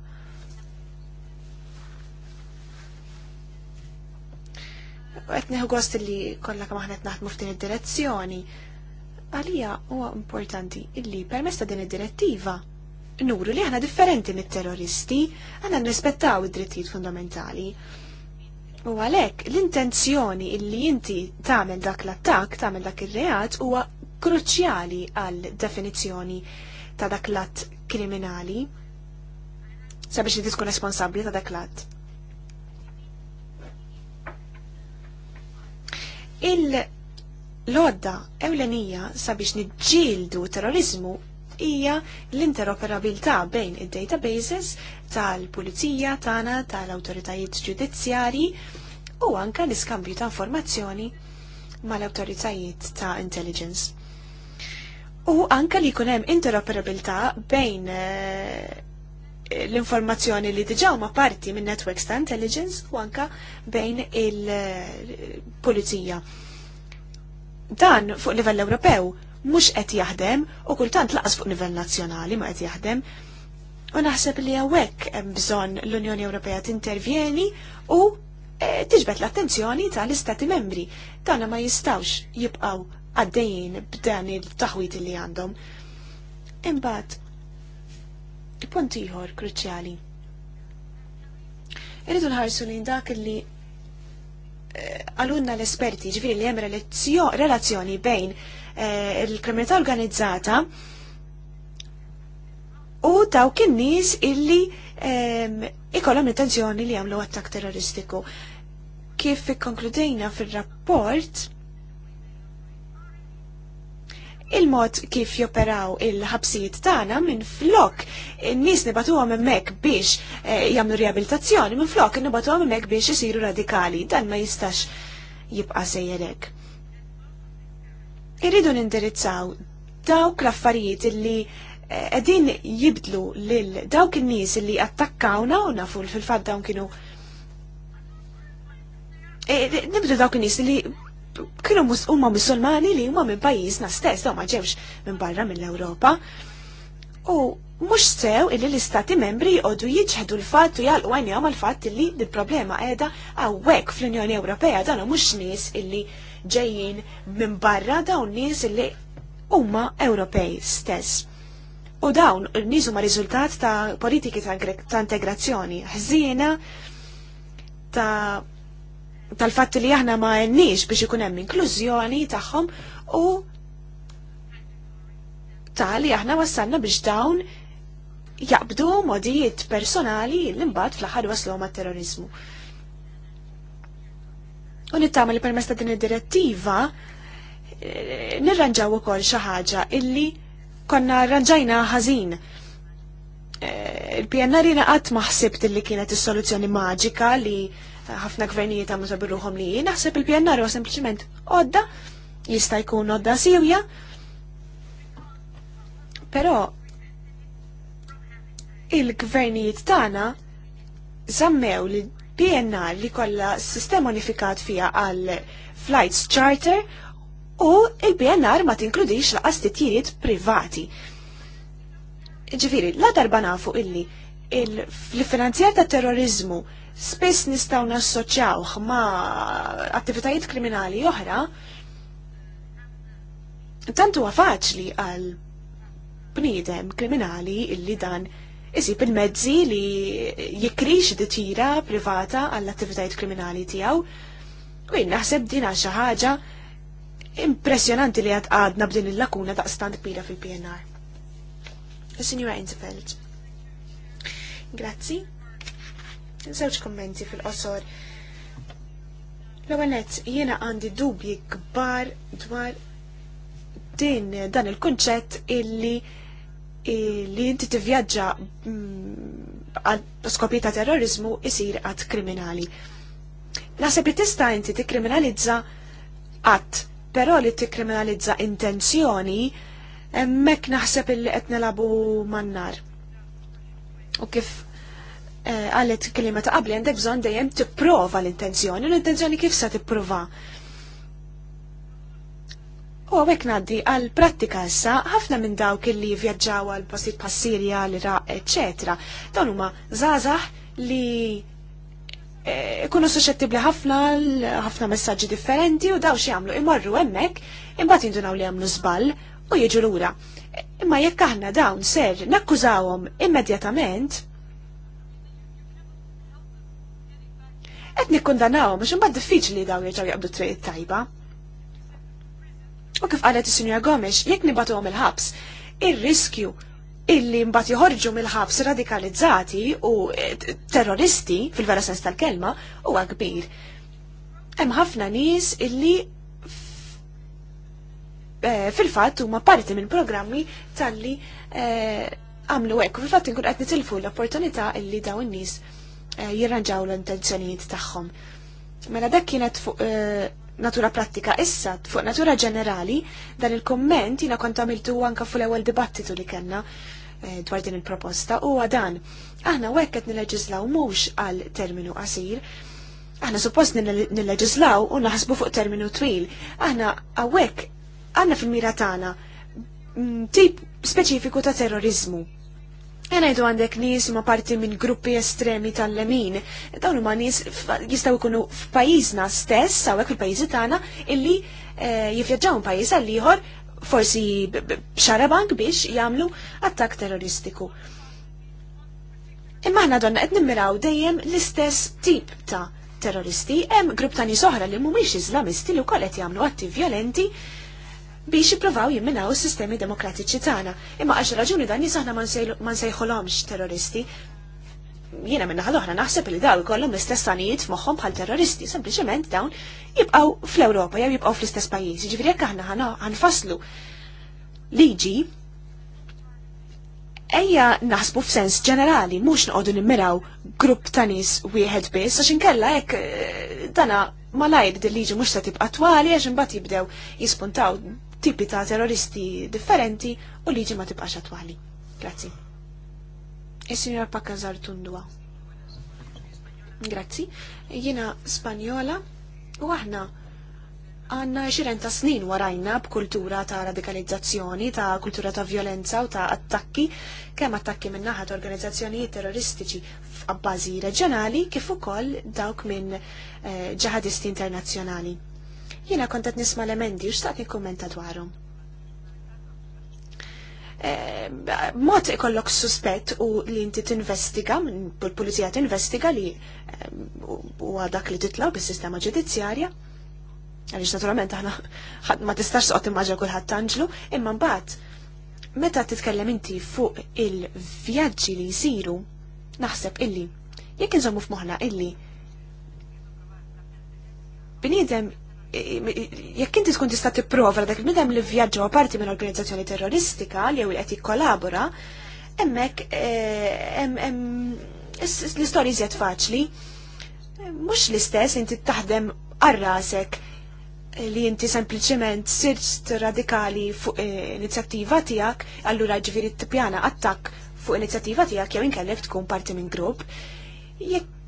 Qed neħu gost li kollha kemm aħna naħdmu f'din id-direzzjoni. Għalija huwa importanti illi permess ta' din id-direttiva nuru li aħna differenti mit-terroristi, aħna nrispettaw id-drittijiet fundamentali. U għalek, l-intenzjoni illi inti tagħmel dak l-attak, tagħmel dak ir-reat huwa kruċjali għal definizzjoni ta' dak lat kriminali sabiex li tkun responsabbli ta' dak l-att. Il-lodda ewlenija sabiex niġġieldu terrorizmu hija l-interoperabilità bejn id-databases tal-pulizija tagħna tal-awtoritajiet ġudizzjarji u anka l-iskambju ta' informazzjoni mal-awtoritajiet ta' intelligence. U anka li kunem interoperabilità bejn eh, l-informazzjoni li diġaw ma parti minn networks ta' intelligence u anka bejn il-pulizija. Eh, Dan fuq livell Ewropew mhux qed jaħdem u kultant laqas fuq livell nazzjonali ma qed jaħdem. U naħseb li hawnhekk hemm bżonn l-Unjoni Ewropea tintervjeni u eh, tiġbed l-attenzjoni tal-Istati membri. Dan ma jistawx jibqaw għaddejjin b'dan il-taħwit li għandhom. Imbagħad, punt ieħor kruċjali. Irridu nħarsu lejn dak li eh, għalunna l-esperti, ġifiri li hemm relazzjoni bejn eh, il-kriminalità organizzata u daw kien nies illi ehm, ikollhom intenzjoni li jagħmlu attak terroristiku. Kif ikkonkludejna fir-rapport, il-mod kif joperaw il-ħabsijiet tagħna minn flok n-nies nibatuhom hemmhekk biex eh, jagħmlu riabilitazzjoni, minn flok nibatuhom hemmhekk biex isiru radikali, dan ma jistax jibqa' sejjelek. Irridu nindirizzaw dawk l-affarijiet li eh, qegħdin jibdlu lil dawk in-nies li attakkawna u naful fil-fatt dawn kienu eh, nibdu dawk in-nies li kienu huma musulmani li huma minn pajjiżna stess, daw ma ġewx minn barra mill-Ewropa. U mhux sew illi l-istati membri jqogħdu jiġħedu l-fatt u jgħalqu għajnihom għall-fatt illi il-problema qiegħda hawnhekk fl-Unjoni Ewropea dan mhux nies illi ġejjin minn barra dawn nies illi huma Ewropej stess. U dawn nies huma riżultat ta' politiki ta' integrazzjoni ħżiena ta' tal-fatt li aħna ma għennix biex ikun hemm inklużjoni tagħhom u tali aħna wassalna biex dawn jaqbdu modijiet personali li mbagħad fl-aħħar waslu ma' terrorizmu. U nittama li permess ta' din id-direttiva eh, nirranġaw ukoll xi ħaġa illi konna rranġajna ħażin eh, il-PNR jina għat maħsibt li kienet is-soluzzjoni maġika li ħafna gvernijiet għamlu sabirruħom li naħseb il-PNR u sempliciment odda, jista' jkun odda siwja, pero il-gvernijiet tagħna zammew li PNR li kollha sistema unifikat fija għal flights charter u il-PNR ma tinkludix laqas titjiriet privati. Ġifiri, la darba nafu illi il-finanzjar ta' terrorizmu spess nistaw nassoċjawh ma' attivitajiet kriminali oħra, tant huwa faċli għal bniedem kriminali illi dan isib il-mezzi li jikrix d-tira privata għall attivitajiet kriminali tiegħu. U jien naħseb din għal xi ħaġa impressjonanti li għad għadna b'din il-lakuna daqstant kbira fil-PNR. Signora Insefeld. Grazzi. Żewġ kommenti fil-qosor. L-għanet, jiena għandi dubji kbar dwar din dan il kunċett illi li inti tivvjaġġa mm, għal skopi ta' terrorizmu isir għat kriminali. Nasib li tista' inti tikkriminalizza għat, però li tikkriminalizza intenzjoni, hemmhekk naħseb illi qed nelabu man-nar. U kif eh, għallet kelima ta' qabli għandek bżon dejjem tipprova l-intenzjoni, l-intenzjoni kif sa tipprova. U għek naddi għal prattika issa, ħafna minn dawk li vjaġġaw għal posit passirja, l-iraq, etc. Dawn huma zazax li eh, ikunu suscettibli ħafna ħafna messaġġi differenti u daw xi jagħmlu imorru hemmhekk imbagħad jindunaw li jagħmlu żball u jiġu lura. Imma jekk aħna dawn ser nakkużawhom immedjatament, qed nikkundanawhom biex imbagħad diffiċli dawn jerġgħu jaqbdu triq tajba. U kif qalet is-Sinjora Gomex, jekk nibatuhom il-ħabs, ir-riskju illi mbagħad joħorġu mill-ħabs radikalizzati u eh, terroristi fil-vera sens tal-kelma huwa kbir. Hemm ħafna nies illi Eh, fil-fatt huma parti minn programmi tal-li eh, għamlu hekk. Fil-fatt inkun qed nitilfu l-opportunità illi daw in-nies eh, jirranġaw l-intenzjonijiet tagħhom. Mela dak kienet fuq natura pratika issa fuq natura ġenerali dan il-komment jina kont għamiltu anka fuq l-ewwel dibattitu li kellna dwar din il-proposta u dan. Aħna wekk qed leġizlaw mhux għal terminu qasir, aħna suppost nil-leġizlaw u naħsbu fuq terminu twil. Aħna hawnhekk għanna fil-mira tagħna mm, tip speċifiku ta' terrorizmu. Għanajdu għandek nis ma parti minn gruppi estremi tal-lemin. Dawn huma nis jistaw ikunu f'pajjiżna stess, hawnhekk fil-pajjiżi tagħna, illi eh, jivvjaġġaw pajjiż għal ieħor forsi b'xarabank biex jagħmlu attak terroristiku. Imma aħna donna qed nimmiraw dejjem l-istess tip ta' terroristi, hemm grupp ta' nies oħra li mhumiex Iżlamisti li wkoll qed jagħmlu atti vjolenti biex jippruvaw jimminaw is-sistemi demokratiċi tagħna. Imma għax raġuni dan jisaħna ma nsejħolhomx terroristi. Jiena minna ħadoħra naħseb li daw ikollhom l-istess tanijiet bħal terroristi, sempliċement dawn jibqgħu fl-Ewropa jew jibqgħu fl-istess pajjiż. Jiġifieri jekk aħna ħanfaslu liġi Ejja naħsbu f'sens ġenerali, mhux noqogħdu nimmiraw grupp ta' nies wieħed biss, għax inkella hekk eh, dana malajr din liġi mhux se tibqa' twali għax imbagħad jibdew jispuntaw tipi ta' terroristi differenti u liġi ma tibqax attwali. Grazzi. Is-Sinjor Pakkazar Tundua. Grazzi. Jiena Spanjola u aħna għanna xiren ta' snin warajna b'kultura ta' radikalizzazzjoni, ta' kultura ta' violenza u ta' attakki, kemm attakki minn naħat organizzazzjonijiet terroristiċi f'abbażi reġjonali kif ukoll dawk minn eh, ġihadisti internazzjonali. Jiena kontet nisma' l-emendi u xtaqt kommenta dwarhom. Eh, mod ikollok suspett u li inti tinvestiga, l-pulizija tinvestiga li eh, huwa dak li titlaw bis-sistema ġudizzjarja, għaliex naturalment aħna *laughs* ma tistax soqgħod immaġa kulħadd tanġlu, imma mbagħad meta titkellem inti fuq il-vjaġġi li jsiru, naħseb illi jekk f-muħna illi bniedem jekk inti tkun tista' tipprova dak il-bnidem li vjaġġa parti minn organizzazzjoni terroristika li jew qed jikkolabora, hemmhekk eh, l-istorja iżjed faċli. Mhux l-istess inti taħdem għarrasek li inti sempliċement sirst radikali fuq eh, inizjattiva tiegħek, allura ġifieri tippjana attakk fuq inizjattiva tiegħek jew inkellek tkun parti minn grupp. Jekk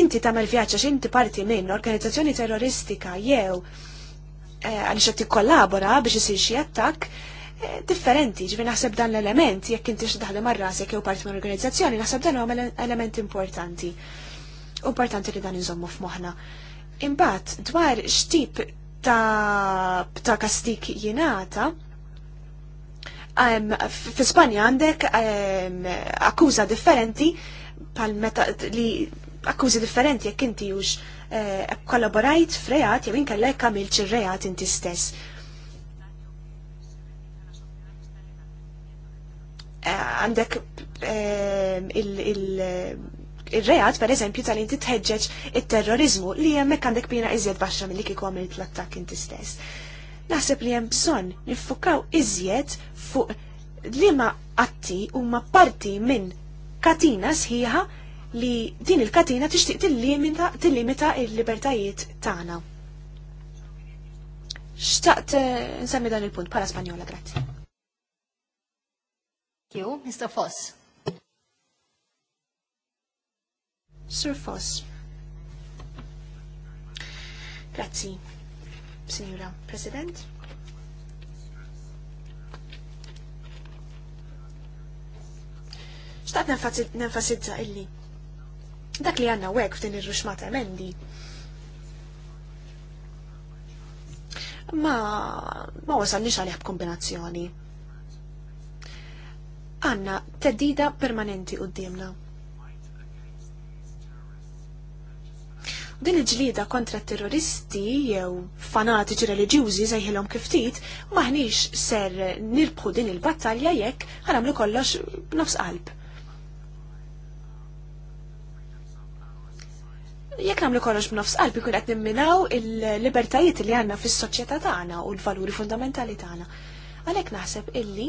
inti tagħmel vjaġġ għax inti parti minn organizzazzjoni terroristika jew eh, għaliex qed tikkollabora biex isir xi attakk, eh, differenti, ġifi naħseb dan l-element, jekk inti xtaħdem għarras, jekk jew parti minn organizzazzjoni, naħseb dan huwa element importanti. Importanti li dan nżommu f'moħħna. Imbagħad dwar x'tip ta' ta' kastik jingħata, fi Spanja għandek akkuża differenti pal meta li akkużi differenti jekk inti jux eh, kollaborajt f'rejat jew inkella jekk għamilt ir-rejat inti stess. Eh, għandek eh, il-rejat, per eżempju, tal inti tħeġġeġ il-terrorizmu li jemmek għandek pina iżjed baxxa mill-li kiku għamilt l-attak inti stess. Naħseb li jem bżon nifukaw iżjed fuq li ma għatti u ma parti minn katina sħiħa li din il-katina tixtieq tillimita il-libertajiet tagħna. Xtaqt eh, nsemmi dan il-punt bħala Spanjola, grazzi. Jew, Mr. Foss. Sir Foss. Grazzi, Signora President. Xtaqt nenfasizza illi Dak li għanna wek f'din ir ruxmata emendi. Ma ma wasalniex għalih b'kombinazzjoni. Għanna teddida permanenti qudiemna. din il-ġlida kontra terroristi jew fanatiċi reliġjużi kif kiftit maħniex ser nirbħu din il-battalja jekk ħanamlu kollox b'nofs qalb. jekk nagħmlu kollox b'nofs qalbi kun qed nimminaw il-libertajiet li għandna fis-soċjetà tagħna u l-valuri fundamentali tagħna. Għalhekk naħseb illi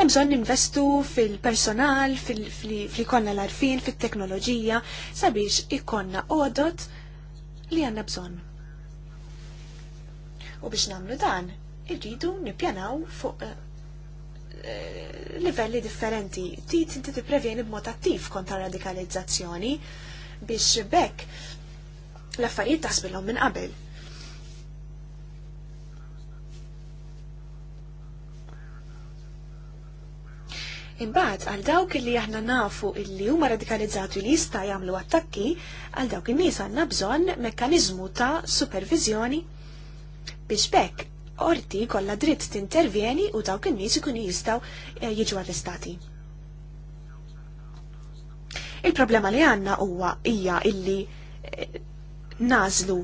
hemm bżonn ninvestu fil-personal, fil-konna l-arfin, fit-teknoloġija sabiex ikonna għodot li għandna bżonn. U biex nagħmlu dan, irridu nippjanaw fuq Eh, livelli differenti. Tit inti b b'mod attiv kontra radikalizzazzjoni biex bekk l-affarijiet tasbilhom minn qabel. Imbagħad għal dawk li aħna nafu illi huma radikalizzati li jista' jagħmlu attakki, għal dawk in-nies għandna bżonn mekkaniżmu ta' supervizjoni biex bekk Orti kolla kollha dritt intervjeni u dawk in-nies ikunu jistgħu eh, jiġu arrestati. Il-problema li għandna huwa hija illi eh, nażlu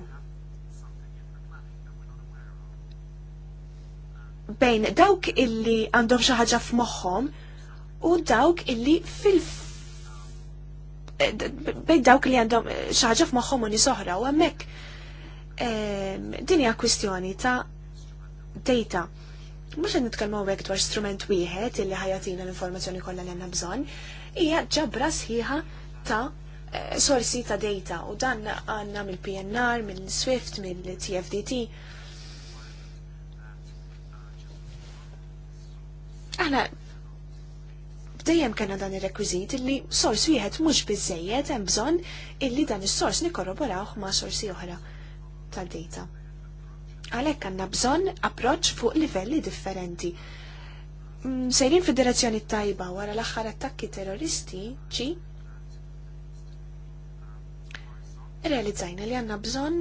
bejn dawk illi għandhom xi ħaġa f'moħħhom u dawk illi fil eh, bejn dawk li għandhom xi ħaġa f'moħħhom u oħra u hemmhekk ehm, din hija kwistjoni ta' data. Mux għan nitkalmaw għek dwar strument wieħed illi ħajatina l-informazzjoni kollha li għandna bżonn, hija ġabra sħiħa ta' eh, sorsi ta' data u dan għanna mill-PNR, mill-Swift, mill-TFDT. Aħna dejjem kena dan ir-rekwiżit illi sors wieħed mhux biżejjed hemm bżonn illi dan is-sors nikkorroboraw ma' sorsi oħra tad-data. Għalhekk għandna bżonn approċċ fuq livelli differenti. Mm, sejrin federazzjoni tajba wara l-aħħar attakki terroristi ċi realizzajna li għandna bżonn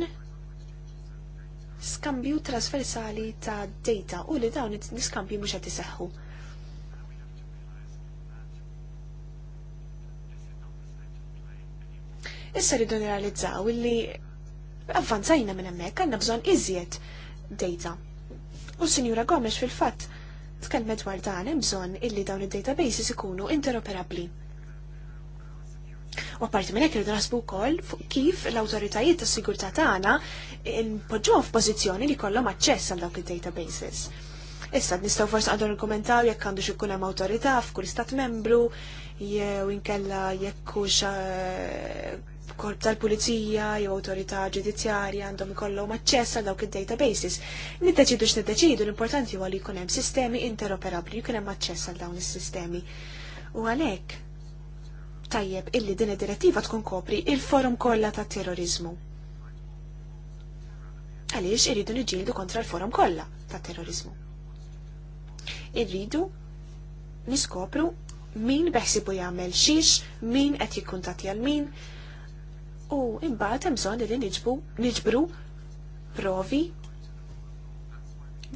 skambju trasversali ta' data u li dawn niskambju mhux qed iseħħu. Issa rridu nirrealizzaw illi avvanzajna minn hemmhekk għandna bżonn iżjed data. U Sinjura Gomes fil-fatt tkellmet dwar dan hemm bżonn illi dawn id-databases ikunu interoperabbli. U apparti minn hekk irridu naħsbu wkoll kif l-awtoritajiet tas-sigurtà tagħna npoġġuhom f'pożizzjoni li kollhom aċċess għal dawk id-databases. Issa nistgħu forsi għandhom nikkumentaw jekk għandu ikun hemm awtorità f'kull stat membru jew inkella jekk hux eh, korp tal-pulizija jew autorità ġudizzjarja għandhom ikollhom aċċess għal dawk id-databases. Niddeċidu x'niddeċidu l-importanti huwa li jkun hemm sistemi interoperabbli jkun hemm aċċess għal dawn is-sistemi. U għalhekk tajjeb illi din id-direttiva tkun kopri il-forum kollha ta' terrorizmu. Għaliex irridu niġildu kontra l-forum kollha ta' terrorizmu. Irridu niskopru min beħsibu jagħmel xiex, min qed jikkuntatja l-min, min u imbagħad hemm bżonn li niġbu niġbru provi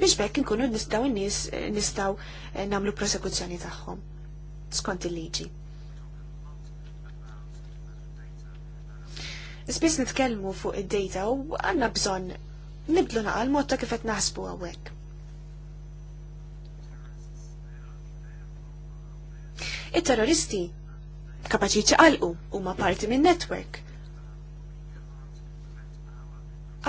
biex bekk inkunu nistgħu n-nies nistgħu eh, nagħmlu prosekuzzjoni tagħhom skont il-liġi. Spiss nitkellmu fuq id-data u għandna bżonn nibdlu naqal mod ta' kif qed naħsbu hawnhekk. it terroristi kapaċi ċaqalqu huma parti minn netwerk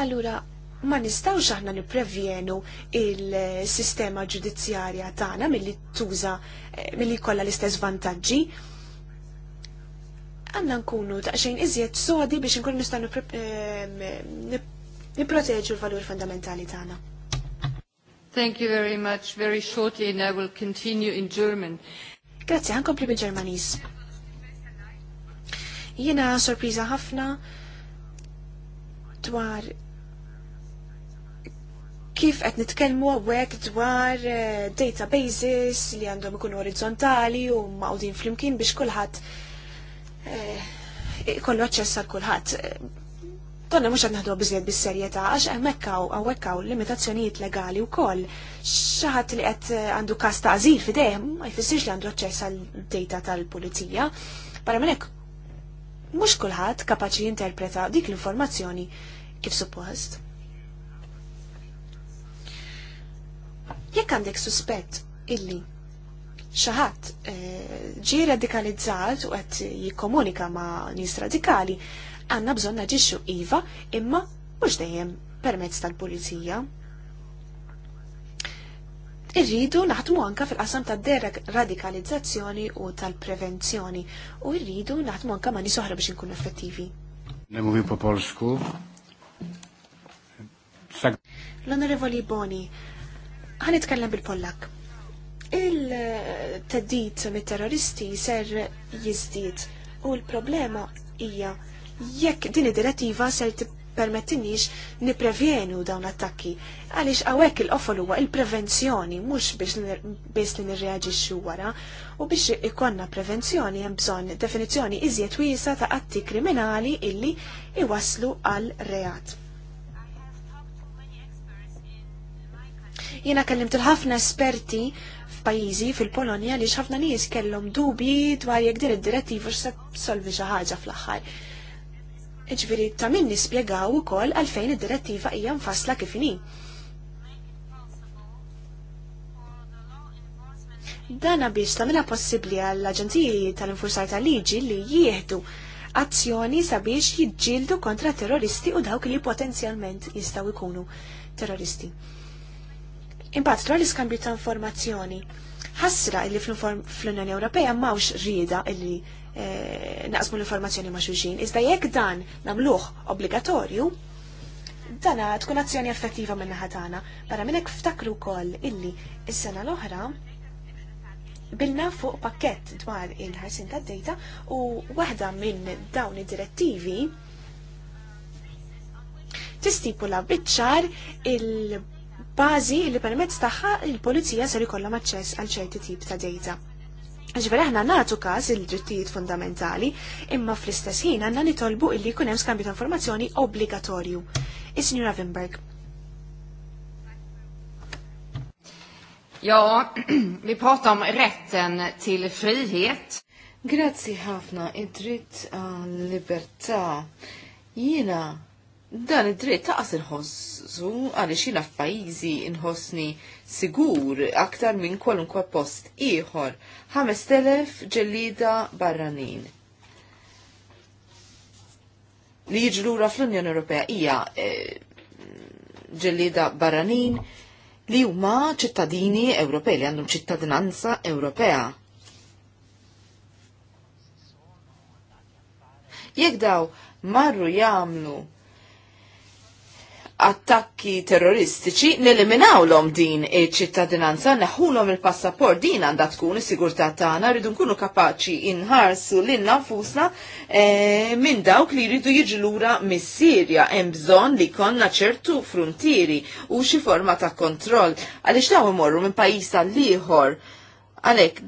Allura, ma nistawx aħna niprevjenu il-sistema ġudizzjarja tagħna milli tuża eh, milli jkollha l-istess vantaġġi. Għanna nkunu taqxejn iżjed sodi biex nkunu nistgħu ehm, nipproteġu l-valur fundamentali tagħna. Thank you very much. Very shortly and I will continue in German. Grazie, għankompli bil-Ġermanis. Jiena sorpriża ħafna dwar kif qed nitkellmu hawnhekk dwar eh, databases li għandhom ikunu orizzontali u mgħudin flimkien biex kulħadd eh, ikollu aċċess għal kulħadd. Donna mhux qed naħdu biżjed bis-serjetà għax hemmhekk hawn hawnhekk hawn limitazzjonijiet legali wkoll. Xi ħadd li qed eh, għandu każ ta' għażil f'idejh ma jfissirx li għandu aċċess għal data tal-pulizija. Barra minn hekk mhux kulħadd kapaċi jinterpreta dik l-informazzjoni kif suppost. Jekk għandek suspett illi xaħat eh, ġi radikalizzat u għet jikomunika ma' nis radikali, għanna bżon naġiċu Iva imma mux dejjem permezz tal-polizija. Irridu naħdmu anka fil-qasam ta' deradikalizzazzjoni u tal-prevenzjoni u irridu naħdmu anka ma' nisoħra biex nkunu effettivi. Nemmuvi po Polsku. L-Onorevoli Boni, Għan itkellem bil-Pollak. Il-teddit mit-terroristi ser jizdit u l-problema hija jekk din id-direttiva ser permettinix niprevjenu dawn attakki. Għalix għawek il-qofol huwa il-prevenzjoni, mux biex li nirreagġixxu wara, u biex ikonna prevenzjoni hemm bżonn definizzjoni iżjed wiesa ta' atti kriminali illi iwaslu għal reat. Jiena kellimt il-ħafna esperti f'pajjiżi fil-Polonja li xafna nies kellhom dubi dwar jekk din id-direttiva se solvi xi ħaġa fl-aħħar. Iġviri ta' min nispjegaw ukoll għalfejn id-direttiva hija mfassla kif inhi. Dana biex tagħmilha possibbli għall-Aġenziji tal-Infurzar tal-Liġi li jieħdu azzjoni sabiex jiġġieldu kontra terroristi u dawk li potenzjalment jistgħu jkunu terroristi. Imbagħad dwar l-iskambju ta' informazzjoni. Ħassra li fl-Unjoni Ewropea m'hawnx rieda illi eh, naqsmu l-informazzjoni ma' xulxin, iżda jekk dan nagħmluh obbligatorju, dana tkun azzjoni effettiva minn tagħna, Barra minn hekk ftakru wkoll illi is-sena l-oħra bilna fuq pakket dwar il-ħarsin ta' data u waħda minn dawn id-direttivi tistipula biċċar il bażi li permezz tagħha il-pulizija ser ikollhom aċċess għal ċerti tip ta' data. Ġveri ħna natu każ il-drittijiet fundamentali, imma fl-istess ħin għandna nitolbu illi jkun hemm skambju ta' informazzjoni obbligatorju. Is-Sinjura Wimberg. Ja, *clears throat* vi pratar om rätten till frihet. Grazzi ħafna, id-dritt għal libertà. Jiena dan id-dritt taqas inħossu għaliex jiena f'pajjiżi inħossni sigur aktar minn kwalunkwe post ieħor 5000 ġellida barranin. Li jiġlura fl-Unjoni Ewropea hija eh, ġellida barranin li huma ċittadini Ewropej li għandhom ċittadinanza Ewropea. Jekk daw marru jagħmlu attakki terroristiċi l-om din iċ-ċittadinanza, l-om il-passaport din għandha tkun is-sigurtà tagħna ridun nkunu kapaċi inħarsu l nafusna e, eh, minn dawk li jridu jiġu lura mis-Sirja hemm bżonn li konna ċertu fruntieri u xi forma ta' kontroll għaliex daw imorru minn pajjiż liħor, għalek,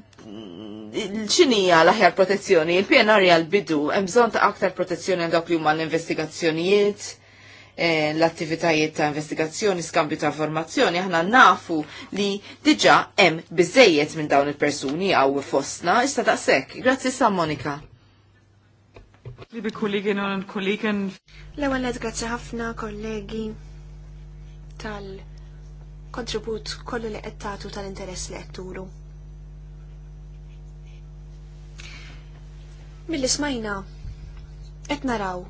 Għalhekk ċinija mm, l-aħjar protezzjoni, il-PNR bidu hemm bżonn ta' aktar protezzjoni għal dawk li huma l-investigazzjonijiet Eh, l-attivitajiet ta' investigazzjoni, skambju ta' informazzjoni, aħna nafu li diġa hemm biżejjed minn dawn il-persuni għaw fostna, issa ta' sekk. Grazzi sa' Monika. Liebe Kolleginnen und L-ewwel grazzi ħafna kollegi tal-kontribut kollu li qed tagħtu tal-interess li qed turu. Mill-ismajna qed naraw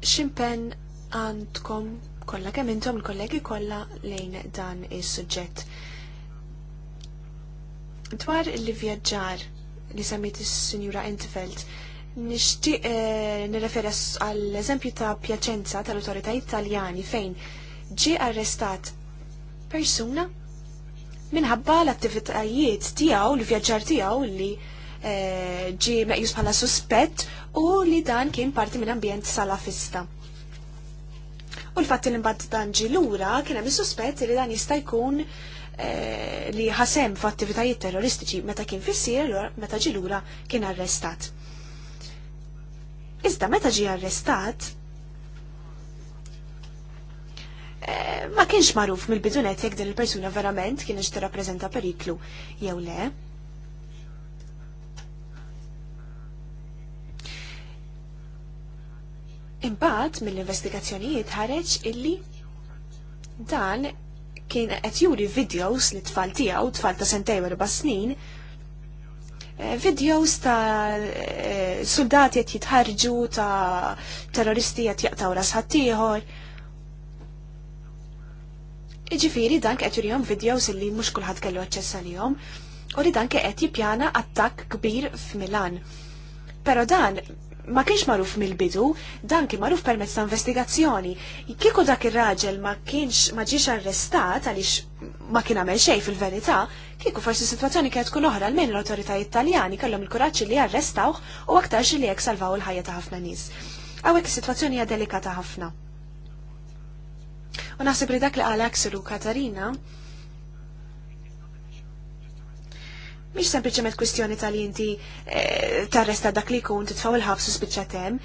ximpen għandkom kollha kemm intom il-kollegi kollha lejn dan is-suġġett. Dwar il-vjaġġar li semmit is-Sinjura Entfeld, nixtieq eh, nirrefera għall-eżempju ta' Pjaċenza tal autoritajiet Taljani fejn ġie arrestat persuna minħabba l-attivitajiet tiegħu, l-vjaġġar tiegħu li eh, ġi meqjus bħala suspett u li dan kien parti minn ambjent salafista. U l-fatt li mbagħad dan ġi lura kien hemm is-suspett li dan jista' jkun eh, li ħasem f'attivitajiet terroristiċi meta kien fissir meta ġi lura kien arrestat. Iżda meta ġi arrestat, eh, ma kienx magħruf mill-bidunet jekk din il-persuna verament kienx tirrappreżenta periklu jew le. Imbagħad mill-investigazzjonijiet ħareġ illi dan kien qed juri videos li tfal tiegħu tfal ta' sentej erba' snin eh, videos ta' eh, soldati qed jitħarġu ta' terroristi qed jaqtaw rasħat tieħor. Iġifieri dan qed jurihom videos illi mhux kulħadd kellu aċċess għalihom u li dan qed jippjana attakk kbir f'Milan. Però dan ma kienx maruf mill-bidu, dan kien maruf permezz ta' investigazzjoni. Kieku dak ir-raġel ma kienx ma ġiex arrestat għaliex ma kien għamel xejn fil-verità, kieku forsi situazzjoni kienet tkun oħra l-min l-autoritajiet Taljani kellhom il-kuraġġ li arrestawh u aktar li jekk salvaw il-ħajja ta' ħafna nies. Għawek is-sitwazzjoni hija delikata ħafna. U naħseb li dak li għal Katarina Mhix sempliċement kwistjoni tal jinti eh, tarresta dak li jkun titfaw il-ħabs suspiċċat hemm,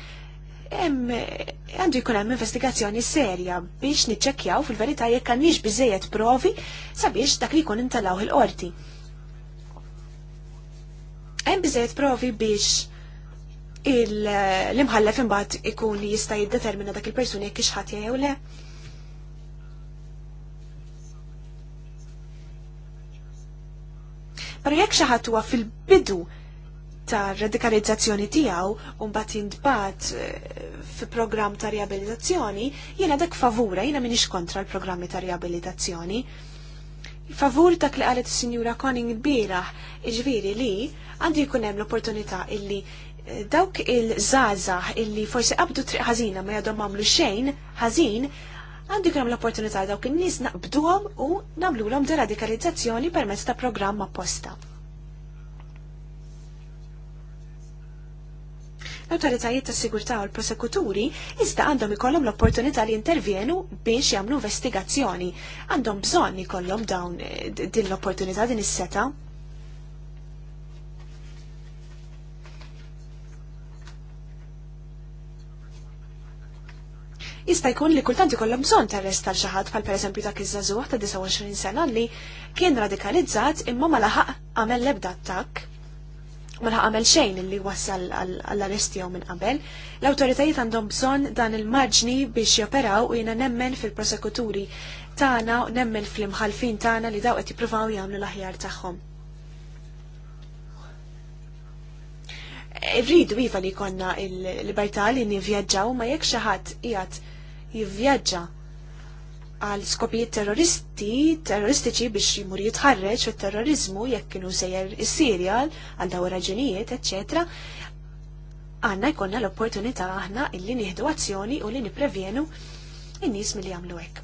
hemm eh, għandu jkun hemm investigazzjoni serja biex niċċekkjaw fil-verità jekk għandniex biżejjed provi sabiex dak li jkun intalaw il-qorti. Hemm biżejjed provi biex l-imħallef imbagħad ikun jista' jiddetermina dak il-persuni jekk ixħat jew le. Pero jekk xi ħadd huwa fil-bidu ta' radikalizzazzjoni tiegħu u mbagħad jintbagħat eh, fi programm ta' riabilitazzjoni, jiena dak favura, jiena minix kontra l-programmi ta' riabilitazzjoni. Favur dak li qalet is-Sinjura Conning il-bieraħ, iġviri li għandu jkun hemm l-opportunità illi eh, dawk il-żaza illi forsi qabdu triq ħażina ma jadhom għamlu xejn ħażin għandu jkun l-opportunità dawk in-nies naqbduhom u nagħmluhom deradikalizzazzjoni permezz ta' programm apposta. l-autoritajiet ta' sigurtà u l-prosekuturi iżda għandhom ikollhom l-opportunità li intervjenu biex jagħmlu investigazzjoni. Għandhom bżonn ikollhom dawn eh, din l-opportunità din is-seta. jista' jkun li kultant ikollhom bżonn tal-rest tal xi ħadd bħal pereżempju dak iż-żagħżugħ ta' 29 sena li kien radikalizzat imma ma laħaq għamel l-ebda attakk. Ma laħaq għamel xejn li wassal għall-arrest jew minn qabel. L-awtoritajiet għandhom bżonn dan il-marġni biex joperaw u jiena nemmen fil-prosekuturi tagħna u nemmen fl-imħalfin tagħna li daw qed jippruvaw jagħmlu l-aħjar tagħhom. Irridu iva li konna il-libertà li nivvjaġġaw ma jekk xi ħadd qiegħed jivvjaġġa għal skopijiet terroristi, terroristiċi biex jimur jitħarreġ u terrorizmu jekk kienu sejjer is-Sirjal għal daw raġunijiet, etc. Għanna jkollna l-opportunità aħna illi nieħdu azzjoni u li nipprevjenu in-nies milli jagħmlu hekk.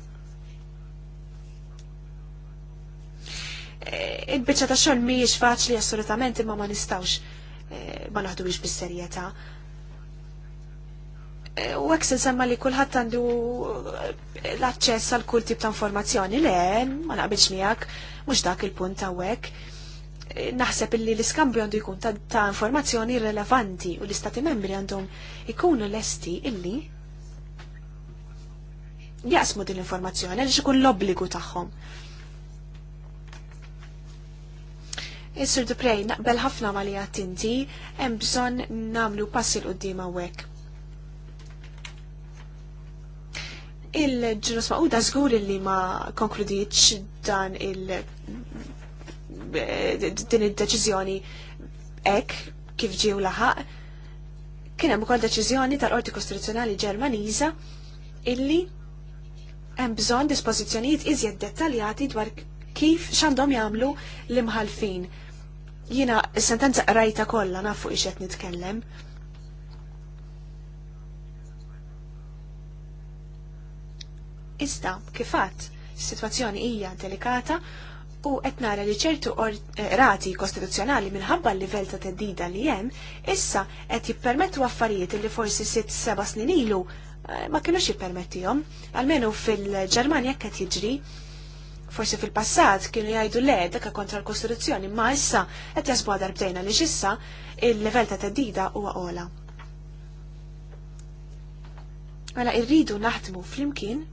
Eh, il-biċċa ta' xogħol mhijiex faċli assolutament imma ma nistgħux eh, ma biex bis-serjetà U għek semma li kullħat għandu eh, l-access għal kull tip ta' informazzjoni, le, ma naqbilx miegħek, mhux dak il-punt ta' għek. Eh, naħseb li l-iskambju għandu jkun ta' informazzjoni rilevanti u l-istati membri għandhom ikunu lesti illi jaqsmu din l-informazzjoni għaliex ikun l-obbligu tagħhom. Is-Sur eh, Duprej, naqbel ħafna ma li għattinti, hemm bżonn nagħmlu passi l-qudiem għek. Il-ġurus maquda żgur li ma konkludiċ dan il- din id-deċiżjoni ek kif ġiew laħaq. Kien hemm ukoll deċiżjoni tal-Qorti Kostituzzjonali Ġermaniża illi hemm bżonn dispożizzjonijiet iżjed dettaljati dwar kif x'għandhom jagħmlu l-imħalfin. Jiena s-sentenza rajta kollha naf fuq ix nitkellem. Iżda, kifat, situazzjoni hija delikata u qed nara li ċertu eh, rati kostituzzjonali minħabba l-livell ta' teddida li hemm, issa qed jippermettu affarijiet li forsi sitt seba' snin ilu eh, ma kienux jippermettihom, almenu fil-Ġermanja qed jiġri. Forsi fil-passat kienu jgħidu le dak kontra l-Kostituzzjoni, ma issa qed jasbu bdejna li xissa il-livell ta' teddida huwa ola. Mela irridu naħdmu flimkien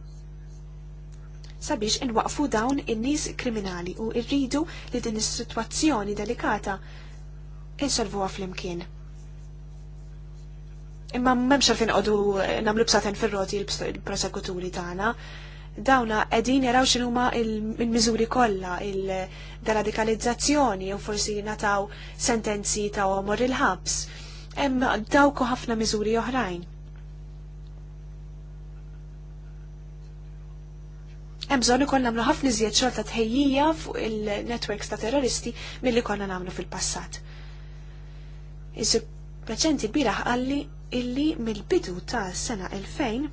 sabiex inwaqfu dawn in-nies kriminali u rridu li din is-sitwazzjoni delikata insolvuha flimkien. Imma m'hemmx għalfejn qogħdu eh, nagħmlu bsaten fir-roti l-prosekuturi tagħna. Dawna qegħdin jaraw x'inhuma il-miżuri kollha il-deradikalizzazzjoni u forsi nataw sentenzi ta' omor il-ħabs. Hemm dawk ħafna miżuri oħrajn hemm bżonn ikoll nagħmlu ħafna iżjed xorta tħejjija fuq il-networks ta' terroristi milli konna nagħmlu fil-passat. Iżu reċenti kbira għalli illi mill-bidu ta' sena 2000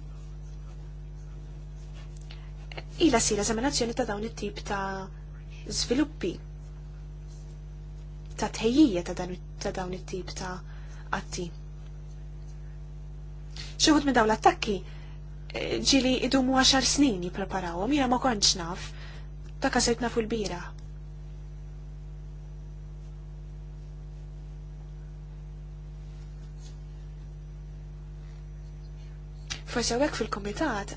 ila sira zamenazzjoni ta' dawn it-tip ta' żviluppi ta' tħejjija ta' dawn it-tip ta' atti. Xi wħud minn dawn l-attakki ġili idumu għaxar snin jipreparawhom, jiena ma kontx naf, ta' kasajt nafu l-bira. Forse għek fil-komitat,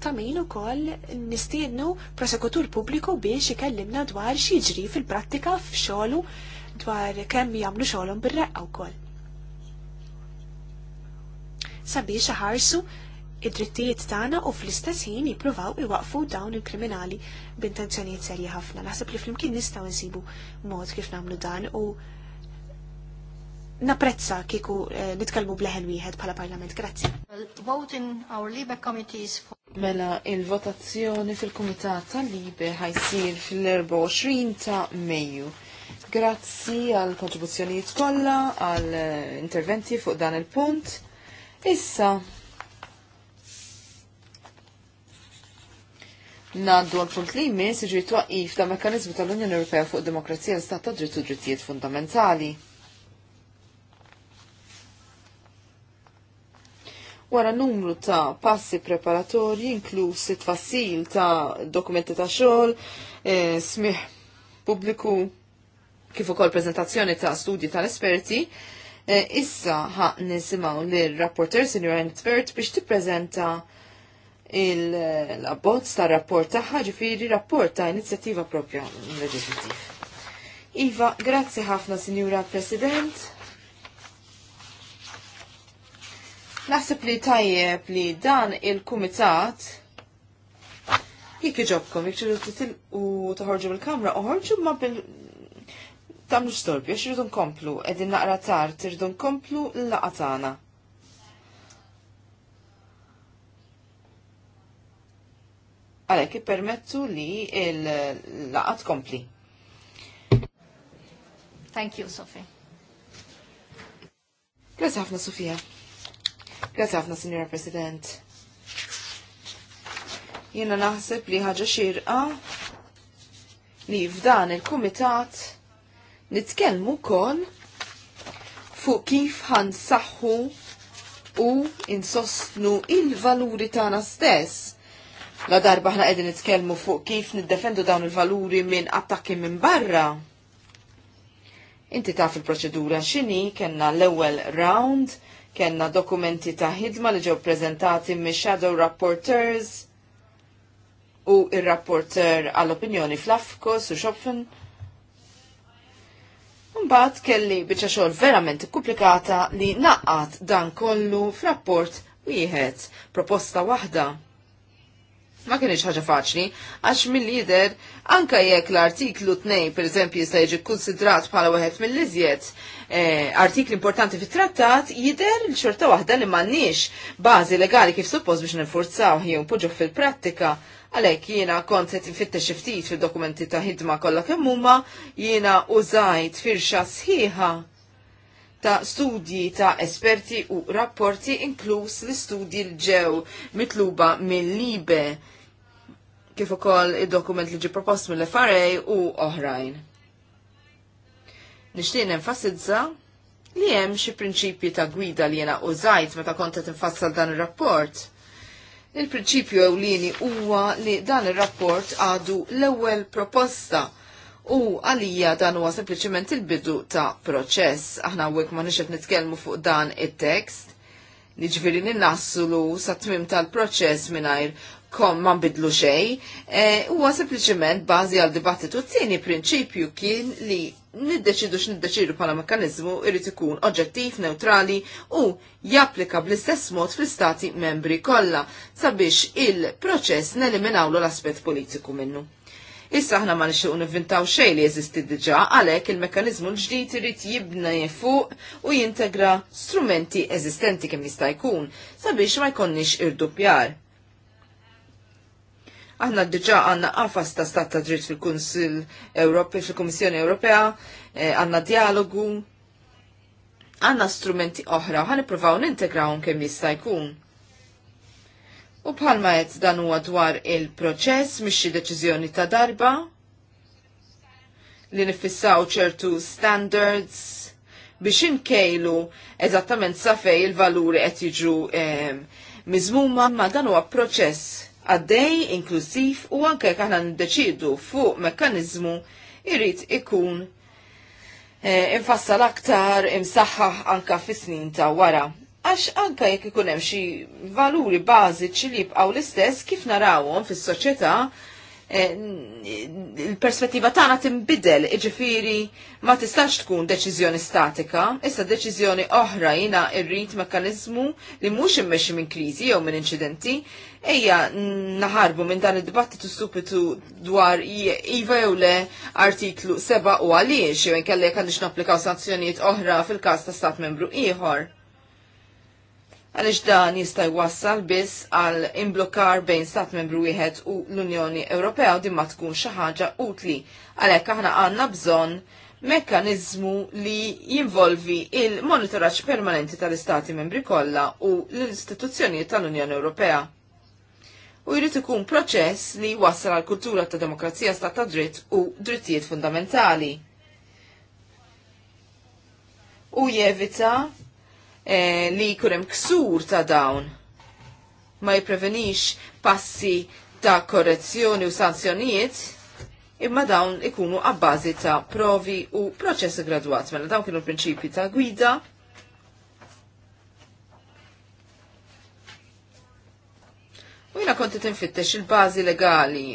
ta' min ukoll nistiednu prosekutur pubbliku biex ikellimna dwar x'jiġri fil-prattika f'xogħlu dwar kemm jagħmlu xogħolhom bir-reqqa wkoll. Sabiex ħarsu id-drittijiet tagħna u fl-istess ħin jippruvaw iwaqfu dawn il-kriminali b'intenzjonijiet serji ħafna. Naħseb li flimkien nistgħu nsibu mod kif nagħmlu dan u napprezza kieku eh, nitkellmu bleħen wieħed bħala Parlament. Grazzi. Mela il-votazzjoni fil-Kumitat tal-Libe ħajsir fil-24 ta' Mejju. Grazzi għal kontribuzzjonijiet kollha, għal eh, interventi fuq dan il-punt. Issa, Naddu għal-punt li jmiss iġri twaqif ta' mekanizmu tal-Unjoni Ewropea fuq demokrazija l-istat ta' dritt u drittijiet fundamentali. Wara numru ta' passi preparatorji inkluż it-tfassil ta' dokumenti ta' xogħol, e, smih pubbliku kif ukoll prezentazzjoni ta' studji tal-esperti, e, issa ħaq nisimgħu lir rapporter Senior Expert biex tippreżenta il-abbozz ta' rapport ħagġi firri rapport ta' inizjattiva propja leġislativ. Iva, grazzi ħafna, Sinjura President. Naħseb li tajjeb li dan il-kumitat jek iġobkom, jek ċirru titil u taħorġu bil-kamra, uħorġu ma bil tamlu nkomplu, edin naqra tar, tirudun nkomplu l-laqatana. għalhekk ippermettu li l-laqgħa tkompli. Thank you, Sophie. Grazie ħafna, Sofija. Grazie ħafna, Signora President. Jena naħseb li ħaġa xirqa li f'dan il-Kumitat nitkellmu kol fuq kif ħansaħħu u insostnu il-valuri tagħna stess La darba ħna qegħdin nitkellmu fuq kif niddefendu dawn il-valuri minn attakki minn barra. Inti taf il-proċedura x'inhi kellna l-ewwel round, kellna dokumenti ta' ħidma li ġew preżentati minn shadow rapporteurs u ir-rapporter għall-opinjoni fl-Afko su xopfen. Mbagħad kelli biċċa xogħol verament komplikata li naqqat dan kollu f'rapport wieħed proposta waħda ma kienx ħaġa faċli, għax mill-lider, anka jekk l-artiklu 2 per eżempju jista' jiġi konsidrat bħala wieħed mill-iżjed eh, artikli importanti fit-trattat, jider l-xorta waħda li m'għandniex bażi legali kif suppost biex ninfurzaw jew poġġu fil-prattika. Għalek jiena kont qed infittex ftit fil-dokumenti ta' ħidma kollha kemm huma, jiena użajt firxa sħiħa ta' studji ta' esperti u rapporti inkluż l-istudji l-ġew mitluba mill-libe kif ukoll id-dokument li ġi propost mill-FRA u oħrajn. Nixtieq nenfasizza li hemm xi prinċipji ta' gwida li jena użajt meta kont qed infassal dan ir-rapport. Il-prinċipju ewlieni huwa li dan ir-rapport għadu l-ewwel proposta u għalija dan huwa sempliċement il-bidu ta' proċess. Aħna hawnhekk ma nixet nitkellmu fuq dan it-tekst li ninnassulu sa' tmim tal-proċess minajr kom ma bidlu xej, e, huwa sempliċement bażi għal dibattitu t-tieni prinċipju kien li niddeċidu x'niddeċidu bħala mekkaniżmu irid ikun oġġettiv, neutrali u japplika bl-istess mod fl-istati membri kollha sabiex il-proċess neliminawlu l-aspett politiku minnu. Issa aħna ma un nivvintaw xejn li jeżisti diġà għalhekk il-mekkaniżmu l-ġdid irid jibna fuq u jintegra strumenti eżistenti kemm jista' jkun sabiex ma jkollniex irduppjar. Aħna diġa għanna qafas ta' stat ta' dritt fil-Kunsil Ewropej, fil-Kummissjoni Ewropea, eh, għanna dialogu, għanna strumenti oħra u n-integraw kemm jista' jkun. U bħalma qed dan huwa dwar il-proċess mhix xi deċiżjoni ta' darba li nifissaw ċertu standards biex inkejlu eżattament sa fej il-valuri qed jiġu eh, miżmuma ma dan huwa proċess għaddej, inklusiv u anke jekk aħna niddeċidu fuq mekkaniżmu irrit ikun e, infassal aktar imsaħħaħ anka fis-snin ta' wara. Għax anka jekk ikun hemm xi valuri bażiċi li jibqgħu l-istess kif narawhom fis-soċjetà Eh, il-perspettiva tagħna timbidel, iġifiri ma tistax tkun deċiżjoni statika, issa deċiżjoni oħra jina irrid mekkaniżmu li mhux immexxi minn kriżi jew minn inċidenti, ejja naħarbu minn dan id-dibattitu stupitu dwar iva jew le artiklu seba' u għaliex jew inkella jekk għandix napplikaw sanzjonijiet oħra fil-każ ta' stat membru ieħor għaliex dan jista' jwassal biss għal imblokkar bejn stat membru wieħed u l-Unjoni Ewropea u din ma tkun xi ħaġa utli. Għalhekk aħna għandna bżonn mekkaniżmu li jinvolvi il-monitoraġġ permanenti tal-Istati membri kollha u l-istituzzjonijiet tal-Unjoni Ewropea. U jrid ikun proċess li wassal għal kultura ta' demokrazija stat ta' dritt u drittijiet fundamentali. U jevita Eh, li jkun hemm ksur ta' dawn ma jipprevenix passi ta' korrezzjoni u sanzjonijiet imma dawn ikunu għabbażi ta' provi u proċessi gradwat. Mela dawn kienu prinċipi ta' gwida. U jina konti tinfittex il-bazi legali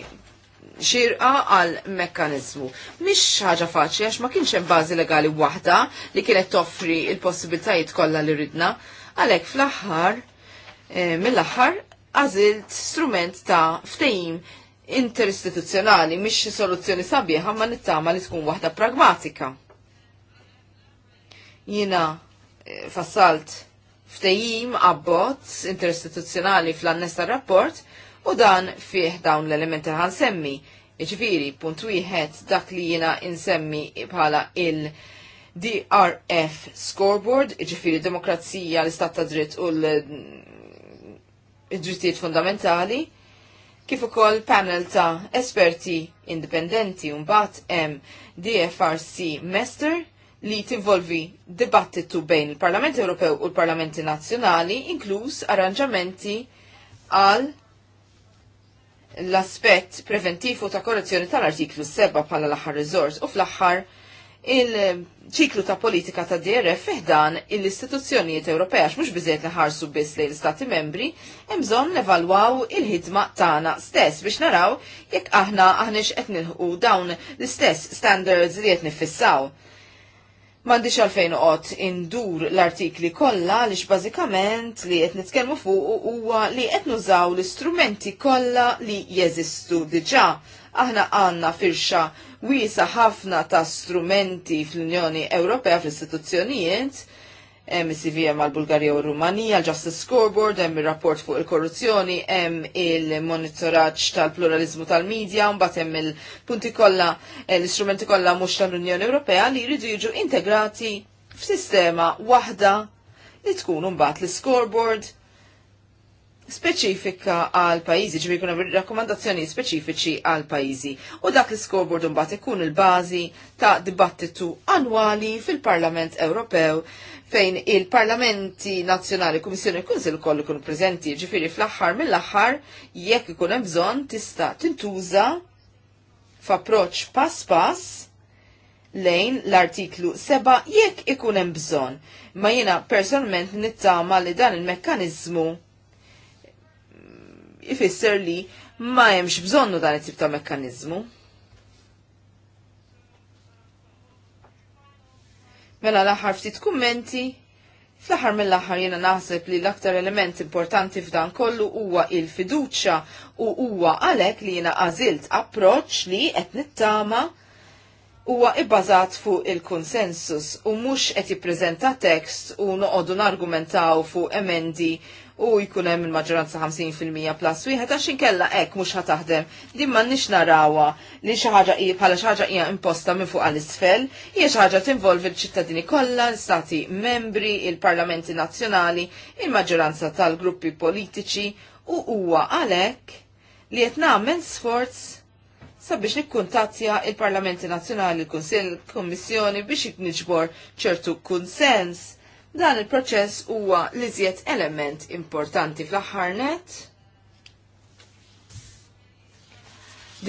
xirqa għal mekkanizmu. Mhix ħaġa faċli għax ma kienx hemm bażi legali waħda li kienet toffri il-possibilitajiet kollha li ridna, għalhekk fl-aħħar eh, mill-aħħar għażilt strument ta' ftehim interistituzzjonali mhix soluzzjoni sabiħa ma nittama li tkun waħda pragmatika. Jina eh, fassalt ftehim abbozz interistituzzjonali fl-annesta rapport u dan fih dawn l-elementi ħan semmi. Iġviri, punt wieħed dak li jina insemmi bħala il- DRF Scoreboard, ġifiri demokrazija, l-istat ta' dritt u l-drittijiet fundamentali, kif ukoll panel ta' esperti indipendenti mbagħad hemm DFRC Master li tinvolvi dibattitu bejn il-Parlament Ewropew u l-Parlamenti Nazzjonali, inkluż arranġamenti għal l-aspett preventiv u ta' korrezzjoni tal-artiklu 7 bħala l-aħħar rizors, u fl-aħħar il-ċiklu ta' politika ta' DRF fiħdan l-istituzzjonijiet Ewropea mhux biżejt ħarsu biss lejn l-Stati membri, hemm bżonn nevalwaw il-ħidma tagħna stess biex naraw jekk aħna aħniex qed nilħu dawn l-istess standards li qed nifissaw. Mandiċ għalfejn uqot indur l-artikli kolla li xbazikament li qed nitkellmu fuq huwa li qed nużaw l-istrumenti kolla li jeżistu diġà. Aħna għanna firxa wiesa ħafna ta' strumenti fl-Unjoni Ewropea fl-istituzzjonijiet hemm CVM għal Bulgarija u Rumanija, l Justice Scoreboard, hemm ir-rapport fuq il-korruzzjoni, hemm il-monitoraġġ tal-pluralizmu tal-medja, mbagħad hemm il-punti kollha eh, l-istrumenti kollha mhux tal-Unjoni Ewropea li jridu jiġu integrati f'sistema waħda li tkun mbagħad l-scoreboard speċifika għal pajizi, ġivi kuna rakkomandazzjoni speċifiċi għal pajizi. U dak l scoreboard mbagħad ikun il-bażi ta' dibattitu annwali fil-Parlament Ewropew fejn il-parlamenti nazjonali, kummissjoni u kunsil koll kun prezenti, ġifiri fl-axħar mill-axħar, jekk ikun hemm bżonn tista' tintuża f'approċċ pass pass lejn l-artiklu 7 jekk ikun hemm bżonn. Ma jiena personalment nittama li dan il-mekkaniżmu ifisser li ma hemmx bżonnu dan it-tip ta' mekkaniżmu. Mela l-aħħar ftit kummenti, fl-aħħar mill-aħħar jiena naħseb li l-aktar element importanti f'dan kollu huwa il-fiduċja u huwa għalek li jiena għażilt approċċ li qed nittama huwa ibbażat fuq il-konsensus u mhux qed jippreżenta tekst u noqogħdu nargumentaw fuq emendi u jkun hemm il-maġġoranza 50% plus wieħed għax inkella hekk mhux ħataħdem. Din m'għandniex narawha li xi ħaġa bħala xi ħaġa hija imposta minn fuq għall-isfel, hija xi ħaġa tinvolvi l-ċittadini kollha, l-stati membri, il-parlamenti nazzjonali, il-maġġoranza tal-gruppi politiċi u huwa għalhekk li qed nagħmel sforz sabiex nikkuntazzja il-Parlamenti Nazzjonali, il-Kunsill, il-Kommissjoni biex nikniġbor ċertu konsens. Dan il-proċess huwa li żjed element importanti fl-aħħar net.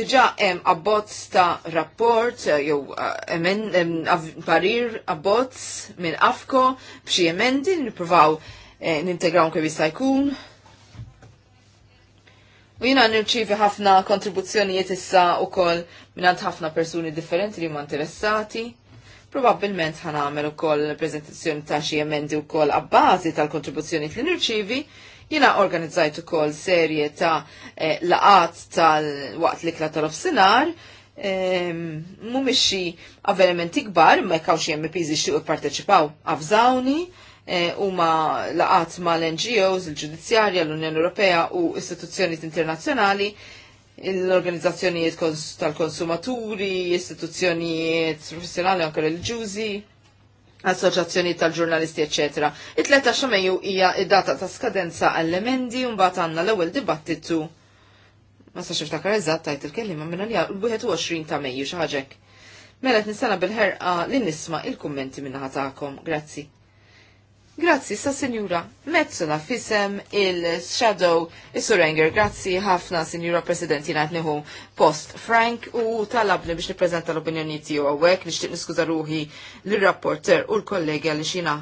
Diġà hemm abbozz ta' rapport eh, jew eh, parir abbozz minn Afko b'xi emendi nippruvaw eh, nintegraw kif jista' jkun U jina nirċivi ħafna kontribuzzjonijiet issa u koll minnant ħafna persuni differenti li ma interessati. Probabbilment ħan għamel koll prezentazzjoni ta' xi emendi wkoll abbażi tal-kontribuzzjoni li nirċivi. Jina organizzajt ukoll serje ta' eh, laqat tal-waqt li kla tal-ofsinar mumiex xi avvenimenti kbar, ma jkaw xi xie u parteċipaw għafżawni, eh, huma laqat mal-NGOs, il-Ġudizzjarja, l-Unjoni Ewropea u istituzzjoni internazzjonali l-organizzazzjonijiet tal-konsumaturi, istituzzjonijiet professjonali anke reliġjużi, assoċjazzjonijiet tal-ġurnalisti, ecc. It-13 Mejju hija id-data ta' skadenza għall-emendi u mbagħad għandna l-ewwel dibattitu. Ma sa xiftakar eżatt tajt il ma minn għalija l-21 ta' Mejju xi Mela qed nistana bil-ħerqa li nisma' il-kummenti minnaħa tagħkom. Grazzi. Grazzi, sa Sinjura. Mezzola fisem il-Shadow Surenger. Grazzi ħafna, Sinjura President, jina għetniħu post Frank u talabni biex niprezenta l-opinjoni tiju għawek, nishtiq niskuza ruħi l-rapporter u l kollegi li xina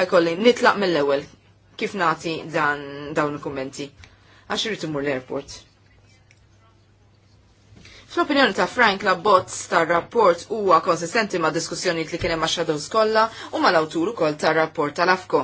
ħajkolli nitlaq mill-ewel kif nati dan dawn il-kommenti. Għax irritu l-airport. Fl-opinjoni ta' Frank la bozz tar rapport huwa konsistenti ma' diskussjonijiet li kienem ma' Shadows kollha u mal-awtur ukoll tar rapport tal-Afko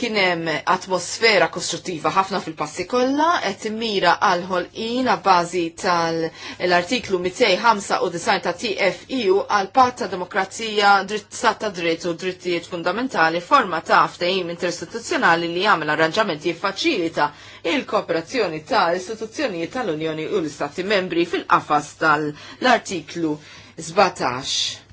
kienem atmosfera kostruttiva ħafna fil-passi kollha qed immira għal ħolqien bażi tal-artiklu 295 ta' TFEU għal pat ta' demokrazija dritt ta' dritt u drittijiet fundamentali forma ta' ftehim interistituzzjonali li jagħmel arranġamenti faċilita il-kooperazzjoni ta' istituzzjonijiet tal-Unjoni u l-Istati membri fil-qafas tal-artiklu 17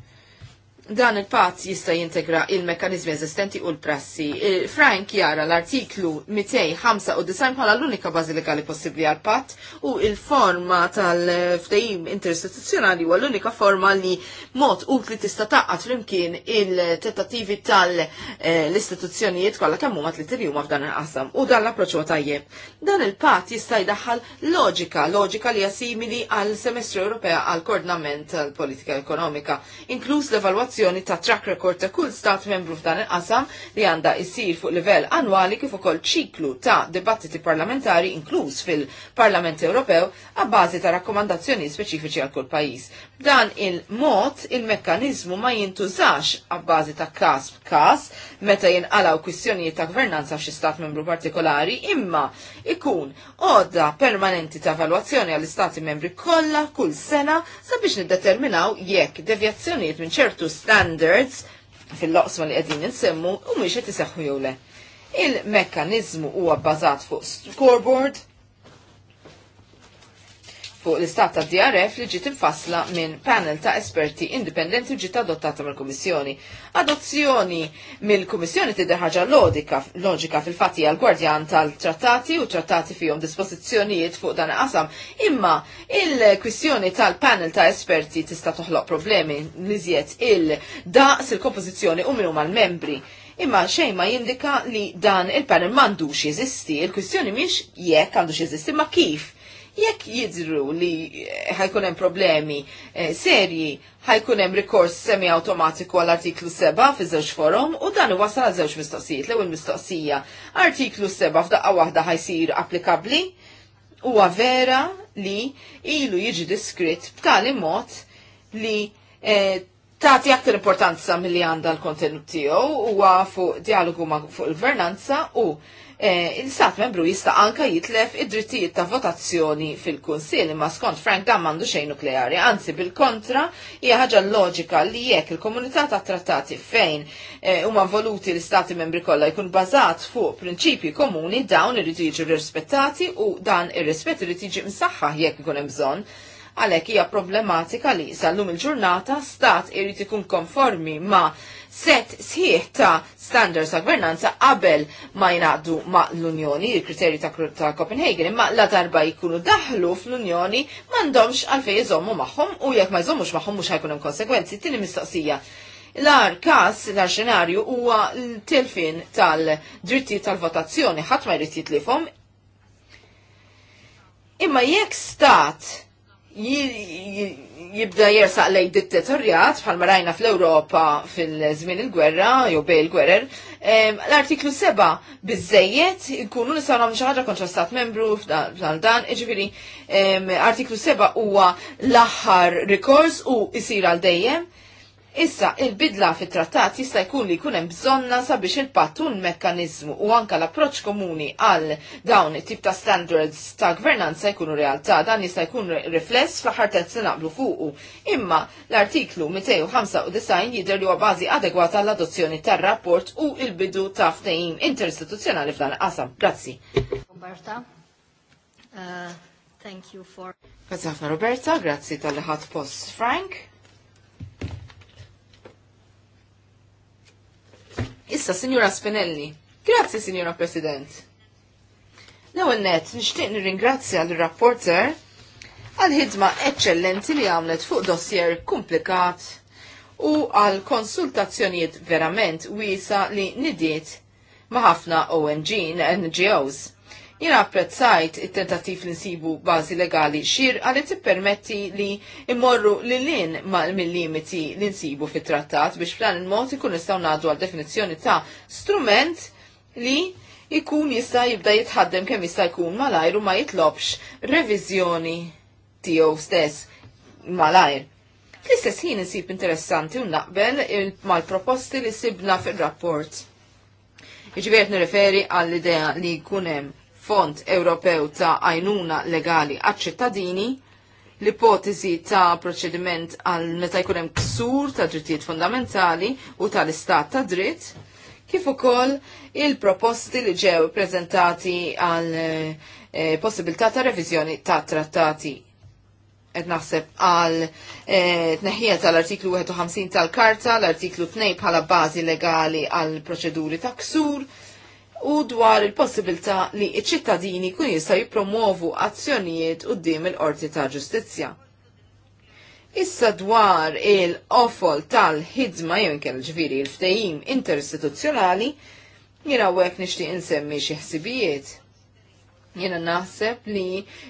dan il-pazz jista' jintegra il mekanizmi eżistenti u l-prassi. E, Frank jara l-artiklu 295 bħala l-unika bażi legali possibbli għal patt u il-forma tal-ftehim interistituzjonali huwa l-unika forma li mod utli tista' taqqat flimkien il-tentattivi tal-istituzzjonijiet kollha kemm huma tliet ma' f'dan il-qasam u dan l-approċċ huwa tajjeb. Dan il-patt jista' jdaħħal loġika, loġika li jasimili simili għal semestru Ewropea għal koordinament tal-politika ekonomika, inkluż l-evalwazzjoni evalwazzjoni ta' track record ta' kull stat membru f'dan il-qasam li għanda jisir fuq livell annwali kif ukoll ċiklu ta' dibattiti parlamentari inkluż fil-Parlament Ewropew għabbażi ta' rakkomandazzjoni speċifiċi għal kull pajjiż. Dan il-mod il-mekkanizmu ma jintużax għabbażi ta' kas kas meta jinqalaw kwistjonijiet ta' gvernanza f'xi stat membru partikolari imma ikun għodda permanenti ta' evalwazzjoni għall-istati membri kollha kull sena sabiex niddeterminaw jekk devjazzjonijiet minn ċertu standards fil-loqsma li għedin nsemmu u mux għet jisaxħu jew le. il mekanizmu huwa bbażat fuq scoreboard fuq l-istat ta' DRF li ġiet infassla minn panel ta' esperti indipendenti ġiet adottata mill-Kummissjoni. Adozzjoni mill-Kummissjoni tidher ħaġa loġika fil-fatti għal gwardjan tal-trattati u trattati fihom dispożizzjonijiet fuq dan qasam, imma il-kwistjoni tal-panel ta' esperti tista' toħloq problemi li żjed il-daqs il-kompożizzjoni u minnu mal-membri imma xejn ma jindika li dan il-panel m'għandux jeżisti, il-kwistjoni mhix jekk għandux jeżisti ma kif Jekk jidru li eh, ħajkun hemm problemi eh, serji, ħajkun hemm rikors semi awtomatiku għall artiklu 7 fi żewġ forum u dan iwasal għal żewġ mistoqsijiet. L-ewwel mistoqsija, artiklu 7 f'daqqa waħda ħajsir applikabbli huwa vera li ilu jiġi diskrit b'tali mod li eh, tagħti Tati aktar importanza mill-li għanda l-kontenut tiegħu huwa fuq dialogu fuq il-gvernanza u Eh, il-stat membru jista' anka jitlef id-drittijiet ta' votazzjoni fil-Kunsill imma skont Frank dan m'għandu xejn nukleari, anzi bil-kontra hija ħaġa loġika li jekk il-komunità ta' trattati fejn eh, huma voluti l-istati membri kollha jkun bażat fuq prinċipji komuni dawn irid jiġu rispettati u dan ir-rispett irid jiġi msaħħaħ jekk ikun hemm bżonn Għalhekk hija problematika li sal-lum il-ġurnata stat irid ikun konformi ma' set sħiħ ta' standards ta' gvernanza qabel ma jnaqdu ma' l-Unjoni, il-kriterji ta', ta Copenhagen, imma la darba jkunu daħlu fl-Unjoni mandomx għalfej jżommu magħhom u jekk ma jżommux magħhom mhux ħajkun hemm konsekwenzi. Tieni mistoqsija. L-ar kas, l-ar xenarju huwa l-tilfin tal-dritti tal-votazzjoni, ħadd ma jrid jitlifhom. Imma jekk stat jibda jersaq lej dittatorjat bħal marajna fl-Europa fil-żmien il-gwerra jew bej il-gwerer. L-artiklu 7 biżejjed ikunu nistgħu nagħmlu xi ħaġa kontra stat membru f'dan dan, jiġifieri artiklu 7 huwa l-aħħar rikors u jsir għal dejjem. Issa, il-bidla fit trattat jista' jkun li jkun hemm bżonna sabiex il patt un mekkanizmu u anka l-approċ komuni għal dawn it-tip ta' standards ta' gvernanza jkunu realtà dan jista' jkun rifless fl-aħħar tezz naqblu fuqu. Imma l-artiklu 295 jidher li huwa bażi adegwata għall-adozzjoni tar-rapport u il-bidu ta' ftehim interistituzzjonali f'dan qasam. Grazzi. Roberta, uh, thank you for... Grazie ħafna Roberta, grazzi tal-ħat post Frank. Issa, Signora Spinelli. Grazie, Signora President. L-ewwel net, nixtieq nirringrazzja l-rapporter għal ħidma eċċellenti li għamlet fuq dossier komplikat u għal konsultazzjonijiet verament wiesa li nidiet ma' ħafna ONG, NGOs. Jina apprezzajt il-tentativ li nsibu bazi legali xir għalli tippermetti li immorru li lin mill-limiti li nsibu fit trattat biex flan il-mod ikun nistaw nadu għal definizjoni ta' strument li ikun jista' jibda jitħaddem kemm jista' jkun malajr u ma jitlobx reviżjoni tiegħu stess malajr. Fl-istess ħin insib interessanti u naqbel mal-proposti li sibna fil-rapport. Iġvert nirreferi għall-idea li kunem Fond Ewropew ta' għajnuna legali għal ċittadini l-ipotezi ta' proċediment għal meta jkun hemm ksur ta' drittijiet fundamentali u tal-istat ta' dritt, kif ukoll il-proposti li ġew prezentati għal eh, possibilità ta' reviżjoni ta' trattati. Qed naħseb għal eh, tneħħija tal-artiklu 51 tal-Karta, l-artiklu 2 bħala bażi legali għal proċeduri ta' ksur, u dwar il-possibilità li iċ-ċittadini kun jista' jippromovu azzjonijiet quddiem il-Qorti ta' Ġustizzja. Issa dwar il-ofol tal-ħidma jew inkella ġviri il-ftehim interistituzzjonali, jina hawnhekk nixtieq insemmi xi ħsibijiet. Jiena naħseb li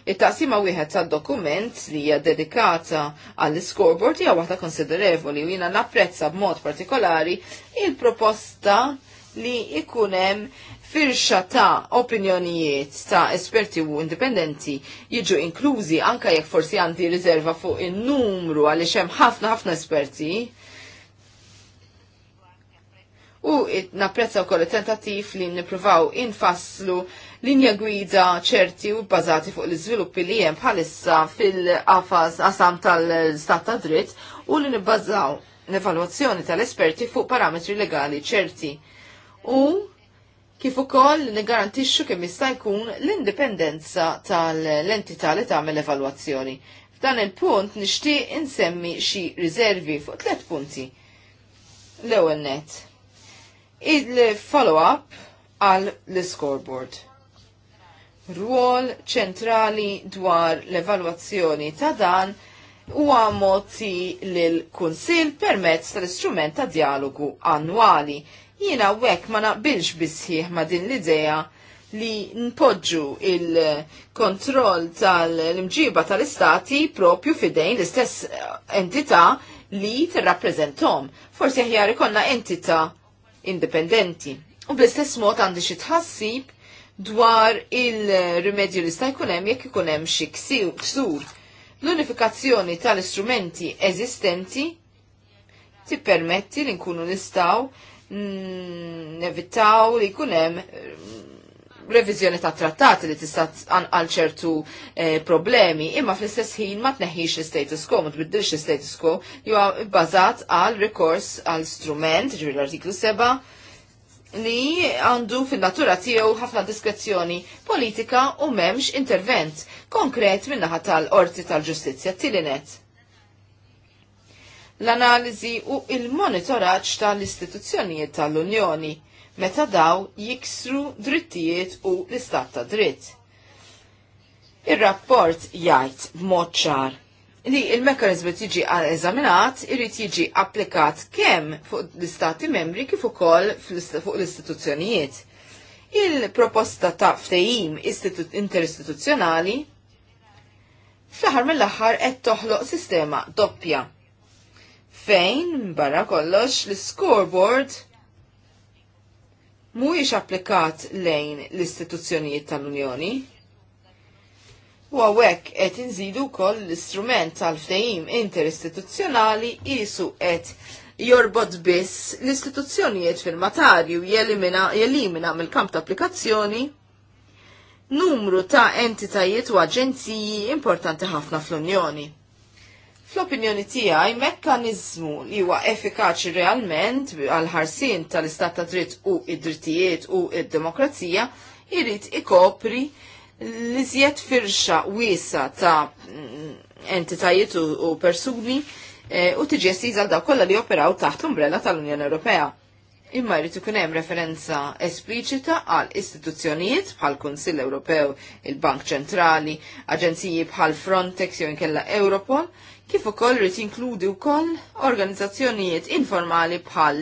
il taqsima wieħed tad dokument li hija dedikata għall scoreboard hija waħda konsiderevoli u jiena napprezza b'mod partikolari il-proposta li ikunem firxa ta' opinjonijiet ta' esperti u indipendenti jiġu inklużi anka jekk forsi għandi riserva fuq in-numru għaliex hemm ħafna ħafna esperti. U napprezza wkoll it-tentattiv li nippruvaw infasslu linja gwida ċerti u bbażati fuq l-iżviluppi li hemm bħalissa fil-qafas qasam tal-Stat ta' Dritt u li nibbażaw l-evalwazzjoni tal-esperti fuq parametri legali ċerti. U kif ukoll nigarantixxu kemm jista' jkun l-indipendenza tal-entità li tagħmel evalwazzjoni. F'dan il-punt nixtieq insemmi xi riservi fuq tliet punti. L-ewwel net. Il-follow-up għal l-scoreboard. Rwol ċentrali dwar l-evalwazzjoni ta' dan huwa moti l kunsil permezz tal-istrument ta' dialogu annwali Jiena wek ma naqbilx bisħieħ ma din l-idea li npoġġu il-kontroll tal-imġiba tal-istati propju fidejn l-istess eh, entità li t-rapprezentom. Forsi ħjar ikonna entità indipendenti. U bl-istess mod għandi xi tħassib dwar il-rimedju li sta' jkun hemm jekk ikun hemm xi ksur. L-unifikazzjoni tal-istrumenti eżistenti tippermetti li nkunu nistgħu nevitaw li kunem eh, revizjoni ta' trattati li tista' għal ċertu eh, problemi, imma fl-istess ħin ma tneħħix l-status quo, ma tbiddilx l-status quo, jew bbażat għal rekors għal strument, ġifieri l-artiklu 7, li għandu fil-natura tiegħu ħafna diskrezzjoni politika u memx intervent konkret minnaħa tal-orti tal-ġustizzja tilinet l-analiżi u il-monitoraġġ tal-istituzzjonijiet tal-Unjoni meta daw jiksru drittijiet u l-istat ta' dritt. Ir-rapport jgħid b'mod ċar li il mekanizmi tiġi eżaminat irrit jiġi applikat kemm fuq l-istati membri kif ukoll fuq l-istituzzjonijiet. Il-proposta ta' ftehim interistituzzjonali fl-aħħar mill-aħħar qed toħloq sistema doppja fejn barra kollox l-scoreboard mhuwiex applikat lejn l-istituzzjonijiet tal-Unjoni. U għawek qed inżidu wkoll l-istrument tal-ftehim interistituzzjonali jisu et jorbot biss l-istituzzjonijiet firmatarju jelimina, jelimina mill-kamp ta' applikazzjoni numru ta' entitajiet u aġenziji importanti ħafna fl-Unjoni. Fl-opinjoni tiegħi mekkaniżmu li huwa effikaċi realment għal ħarsien tal-istat ta' dritt u id-drittijiet u id-demokrazija jrid ikopri li żjed firxa wiesa ta' mm, entitajiet u persuni e, u tiġi estiża da' dawk li operaw taħt l-umbrella tal-Unjoni Ewropea. Imma jrid ikun hemm referenza espliċita għal istituzzjonijiet bħal Kunsill Ewropew, il-Bank Ċentrali, aġenziji bħal Frontex jew inkella Europol kif ukoll rrid jinkludi wkoll organizzazzjonijiet informali bħal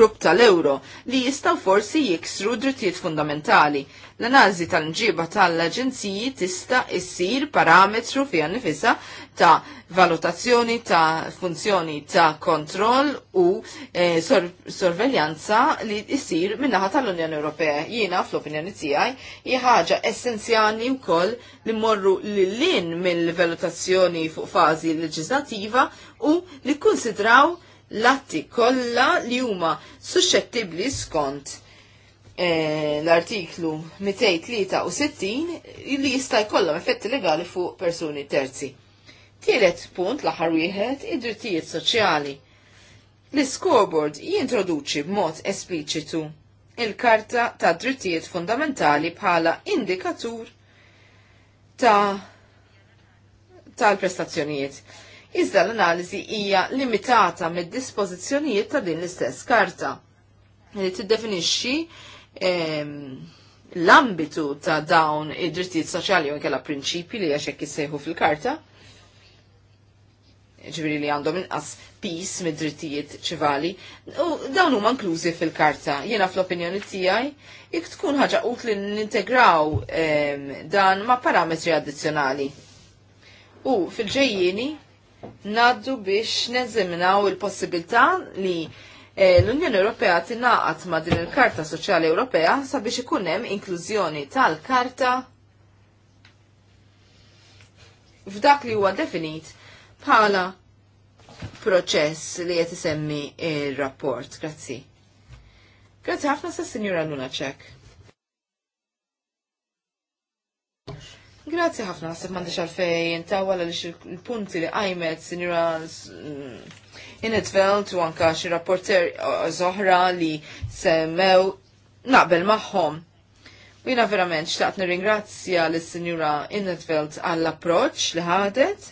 grupp tal-Euro li jistgħu forsi jiksru drittijiet fundamentali. L-analiżi tal-nġiba tal-aġenziji tista' issir parametru fiha nifisha ta' valutazzjoni ta' funzjoni ta' kontroll u e, sor sorveljanza li jisir minnaħa tal-Unjoni Ewropea. Jiena fl-opinjoni tiegħi hija ħaġa essenzjali wkoll li morru lil-lin mill-valutazzjoni fuq fażi leġislattiva u li konsidraw l-atti kollha li huma suscettibbli skont E, l-artiklu 263 li jista' jkollhom effetti legali fuq persuni terzi. Tielet punt l-aħħar wieħed id-drittijiet soċjali. L-scoreboard jintroduċi b'mod espliċitu il-Karta ta' Drittijiet Fundamentali bħala indikatur ta' tal-prestazzjonijiet. Iżda l-analiżi hija limitata mid-dispożizzjonijiet ta' din l-istess karta li tiddefinixxi ehm, l-ambitu ta' dawn id-drittijiet soċjali u kella prinċipji li għaxek jissejħu fil-karta ġviri li għandhom inqas pis mid-drittijiet ċivali, u dawn huma inklużi fil-karta. Jiena fl-opinjoni tiegħi jekk tkun ħaġa utli nintegraw dan ma' parametri addizzjonali. U fil-ġejjieni naddu biex neżeminaw il-possibilità li eh, l-Unjoni Ewropea tingħaqad ma' din il-Karta Soċjali Ewropea sabiex ikun hemm inklużjoni tal-karta f'dak li huwa definit bħala proċess li qed isemmi il rapport Grazzi. Grazzi ħafna sa' Luna ċek. Grazzi ħafna, naħseb m'għandix għalfej intawa li il punti li għajmet Sinjura mm, Inetveld u anka xi rapporter zoħra li semmew naqbel magħhom. U jina verament xtaqt nirringrazzja l-Sinjura Inetveld għall-approċ li ħadet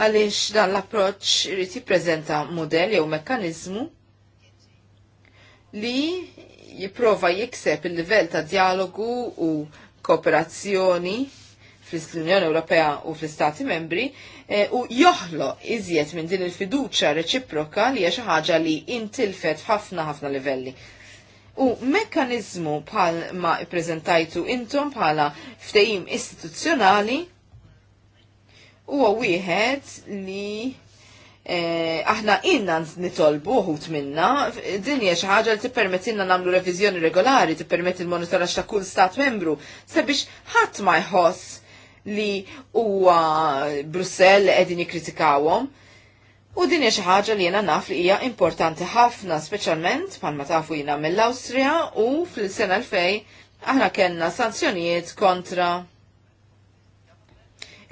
għaliex dan l-approċ rriti jippreżenta model jew mekkaniżmu li jipprova jikseb il-livell ta' dialogu u kooperazzjoni fl-Unjoni Ewropea u fl-Istati Membri e, u joħlo iżjed minn din il-fiduċa reċiproka li hija xi ħaġa li intilfet ħafna ħafna livelli. U mekkanizmu bħal ma prezentajtu intom bħala ftehim istituzzjonali huwa wieħed li eh, aħna inna nitolbu uħut minna, din hija xi ħaġa li tippermettilna nagħmlu reviżjoni regolari, tippermetti l-monitoraġġ ta' kull stat membru sabiex ħadd ma jħoss li huwa Brussell qegħdin jikkritikawhom. U din hija xi ħaġa li jiena naf li hija importanti ħafna, speċjalment bħalma tafu jiena mill-Awstrija u fil-sena l fej aħna kellna sanzjonijiet kontra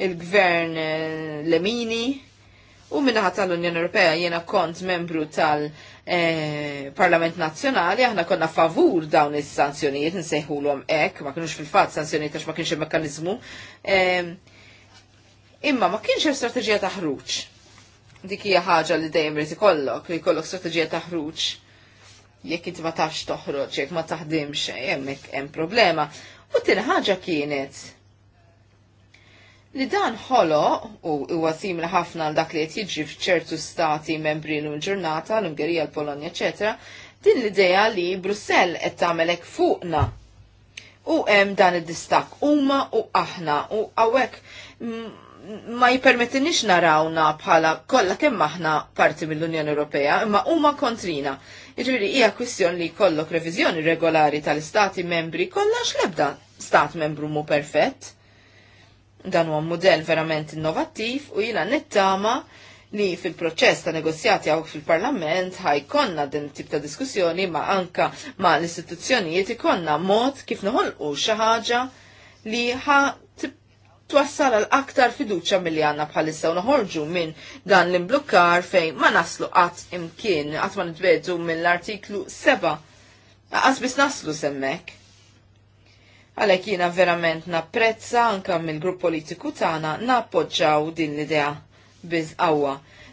il-gvern eh, Lemini u minnaħat tal-Unjoni Ewropea jiena kont membru tal-Parlament eh, Nazzjonali aħna konna favur dawn is-sanzjonijiet nsejħulhom hekk, ma kinux fil-fatt sanzjonijiet għax ma kienx il-mekkaniżmu. Eh, imma ma kienx hemm strateġija ta' ħruġ. Dik hija ħaġa li dejjem rid ikollok, li jkollok strateġija ta' ħruġ jekk inti ma tax toħroġ, jekk ma taħdimx, hemmhekk hemm problema. U tin ħaġa kienet li dan ħolo u huwa simil ħafna għal dak li qed jiġri f'ċertu stati membri l ġurnata l-Ungerija, l-Polonja, eċetera, din l-idea li Brussell qed tagħmel hekk fuqna. U hemm dan id-distak huma u aħna u hawnhekk ma jipermettinix narawna bħala kollha kemm aħna parti mill-Unjoni Ewropea, imma huma kontrina. Jiġifieri hija kwistjoni li jkollok reviżjoni regolari tal-istati membri kollha x'lebda stat membru mu perfett Dan huwa mudell verament innovattiv u jina nittama li fil-proċess ta' negozjati għaw fil-parlament ħajkonna din tip ta' diskussjoni ma' anka ma' l-istituzzjonijiet ikonna mod kif noħolqu xi ħaġa li ħa twassal għal aktar fiduċa mill-li għanna bħalissa u noħorġu minn dan l-imblukkar fejn ma naslu qatt imkien, qatt ma nitbedu mill-artiklu 7. Għas bis naslu semmek. Għalhekk jiena verament napprezza anke mill-grupp politiku tagħna nappoġġaw din l-idea biz għawa.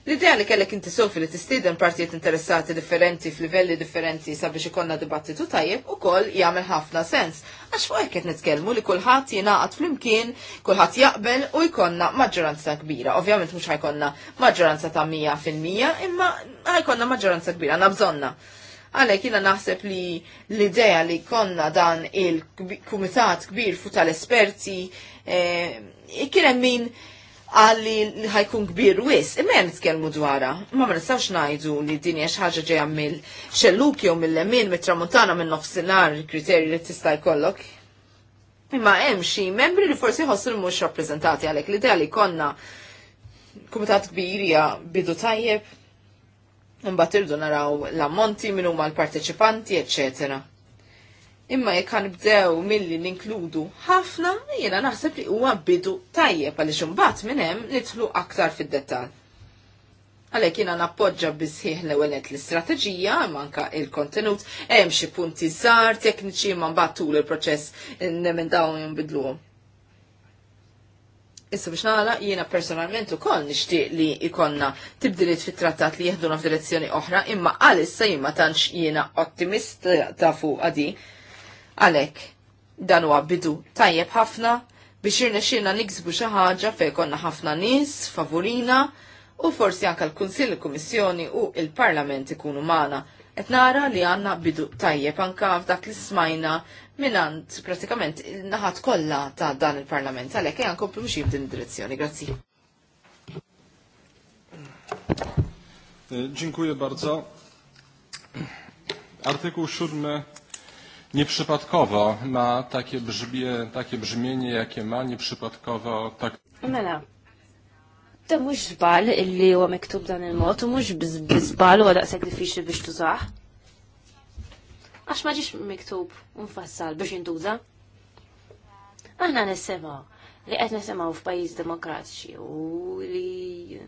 L-idea li kellek inti sofi li tistieden partijiet interessati differenti f'livelli differenti sabiex ikonna dibattitu tajjeb ukoll jagħmel ħafna sens. Għax fuq hekk qed nitkellmu li kulħadd jingħaqad flimkien, kulħadd jaqbel u jkollna maġġoranza kbira. Ovvjament mhux ħajkollna maġġoranza ta' mija fil-mija, imma ħajkollna maġġoranza kbira, nabżonna. bżonna. Għalhekk jiena naħseb li l-idea li konna dan il-kumitat kbir fu tal-esperti eh, kien hemm min għalli ħajkun kbir wis, imma nitkellmu dwarha. Ma ma nistgħux ngħidu li din hija xi ħaġa ġejja mill-xelluk jew mill-lemin mit-tramuntana minn nofsinhar il-kriterji li tista' jkollok. Imma hemm xi membri li forsi ħossu mhux rappreżentati għalhekk l-idea li konna kumitat kbir hija bidu tajjeb Mbagħad irdu naraw l-ammonti minn huma l-parteċipanti, etc. Imma jekk ħanibdew milli ninkludu ħafna, jiena naħseb li huwa bidu tajjeb għaliex imbagħad minn hemm nidħlu aktar fid-dettall. Għalhekk jiena nappoġġa bisħieħ l l-istrateġija manka il-kontenut hemm xi punti żgħar tekniċi ma mbagħad tul il-proċess dawn jinbidluhom. Issa biex nara, jiena personalment ukoll nixtieq li ikonna tibdiliet fit-trattat li jeħduna f'direzzjoni oħra, imma għalissa jien ma tantx jiena ottimist eh, ta' fuq għadi. Għalhekk, dan huwa bidu tajjeb ħafna biex irnexxielna xirna xi ħaġa fejn konna ħafna nies favorina u forsi anke l-Kunsill, il-Kummissjoni u il-Parlament ikunu magħna. Et nara li għandna bidu tajjeb anke f'dak li smajna minant pratikament il-naħat kolla ta' dan il-Parlament għalek jgħan nkomplu mxi f'din direzzjoni Grazzi. E, dziękuję bardzo. Artykuł siódmy nieprzypadkowo ma takie, brzmie, takie brzmienie, jakie ma nieprzypadkowo tak. Mela. to mux żbal illi huwa miktub dan il-mod u mhux biżbal huwa daqshekk diffiċli biex tużaħ għax ma ġiex miktub unfassal biex jintuża. Aħna nissema li qed nisimgħu f'pajjiż demokratiċi u li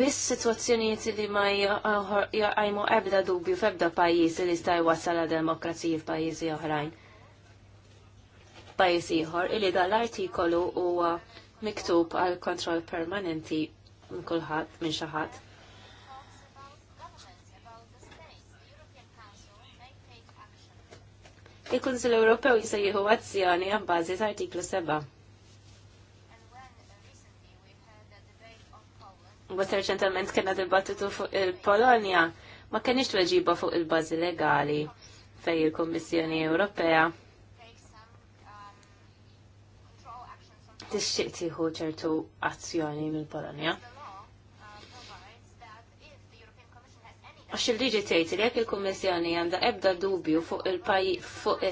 biss situazzjonijiet li ma jgħajmu ebda dubju f'ebda pajjiż li jista' jwassal għal demokrazija f'pajjiżi oħrajn. Pajjiż ieħor illi dal-artikolu huwa uh, miktub għal kontroll permanenti minn kulħadd minn xi ħadd. Il-Kunsil Ewropew jista' jieħu azzjoni għan bażi ta' artiklu 7. Mbagħad reċentament kellna dibattitu fuq il-Polonja ma kenniex tweġiba fuq il-bażi legali fej il-Kummissjoni Ewropea tixtieq tieħu ċertu azzjoni mill-Polonja. Għax il-liġi tgħid li jekk il-Kummissjoni għandha ebda dubju fuq il-pajji fuq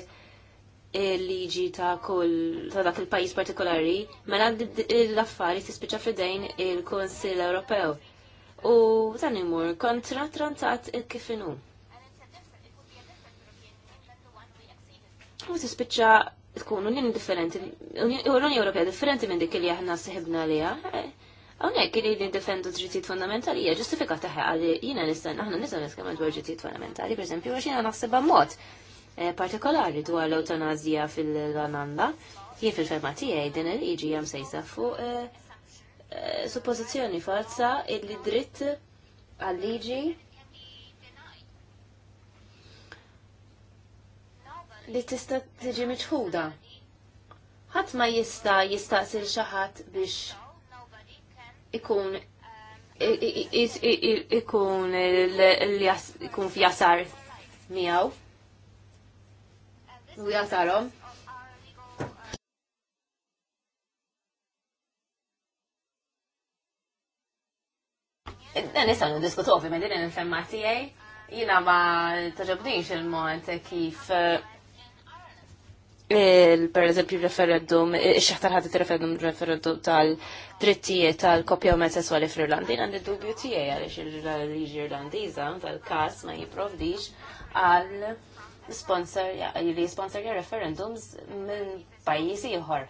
il-liġi ta' kull ta' dak il-pajjiż partikolari, mela l-affari tispiċċa fidejn il-Kunsill Ewropew. U dan imur kontra trantat kif inhu. U tispiċċa tkun Unjoni differenti, Unjoni Ewropea differenti minn dik li aħna seħibna liha. Eh, hawnhekk li li defendu drittijiet fundamentali hija ġustifikata ħeqa jiena nistan aħna nistgħu nitkellmu dwar drittijiet fundamentali, pereżempju għax jiena naħsebha mod eh, partikolari dwar l-eutanazija fil-Olanda. Jien fil-ferma tiegħi din il-liġi jam sejsa fuq eh, suppożizzjoni forza li dritt għal-liġi li tista' tiġi miċħuda. Ħadd ma jista' jistaqsil xi ħadd biex ikun ikun ikun f'jasar miegħu. U jasarhom. Nista' diskutu ovvijament din il-femma tiegħi. Jina ma taġobnix il-mod kif per eżempju referendum, xaħtar ħadet referendum referendum tal-drittijiet tal-kopja u sessuali fl-Irlandi, għandi dubju tijie għalix il-liġi irlandiza tal-kas ma jiprovdix għal sponsor, li sponsor referendums minn pajjiżi ieħor.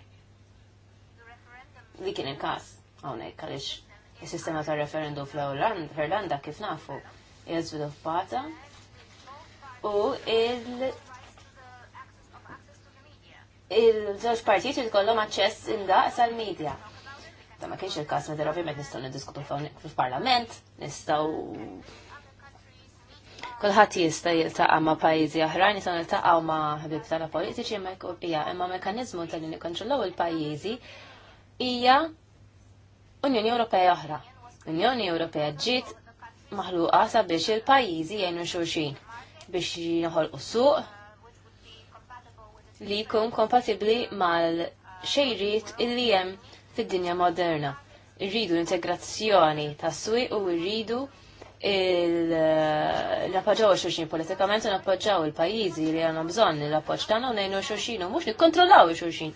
Li kien il-kas, hawnhekk għaliex is-sistema tal-referendum fl-Irlanda kif nafu f żvilupata u il- il-żewġ partijiet jitkollhom aċċess indaqs għal media Ta' ma kienx il-każ meta ovvjament nistgħu niddiskutu fil-Parlament, nistgħu kulħadd jista' jiltaqa' ma' pajjiżi oħrajn, jistgħu niltaqgħu ma' ħbib tagħna politiċi hija imma mekkaniżmu tal nikkontrollaw il-pajjiżi hija Unjoni Ewropea oħra. Unjoni Ewropea ġiet maħluqa sabiex il-pajjiżi jgħinu xulxin biex jinħolqu suq, li jkun kompatibbli mal-xejriet illi hemm fid-dinja moderna. Irridu l-integrazzjoni tas swieq u rridu l-appoġġaw xulxin politikament u nappoġġaw il-pajjiżi li għandhom bżonn l-appoġġ tagħna u ngħinu xulxin u mhux nikkontrollaw xulxin.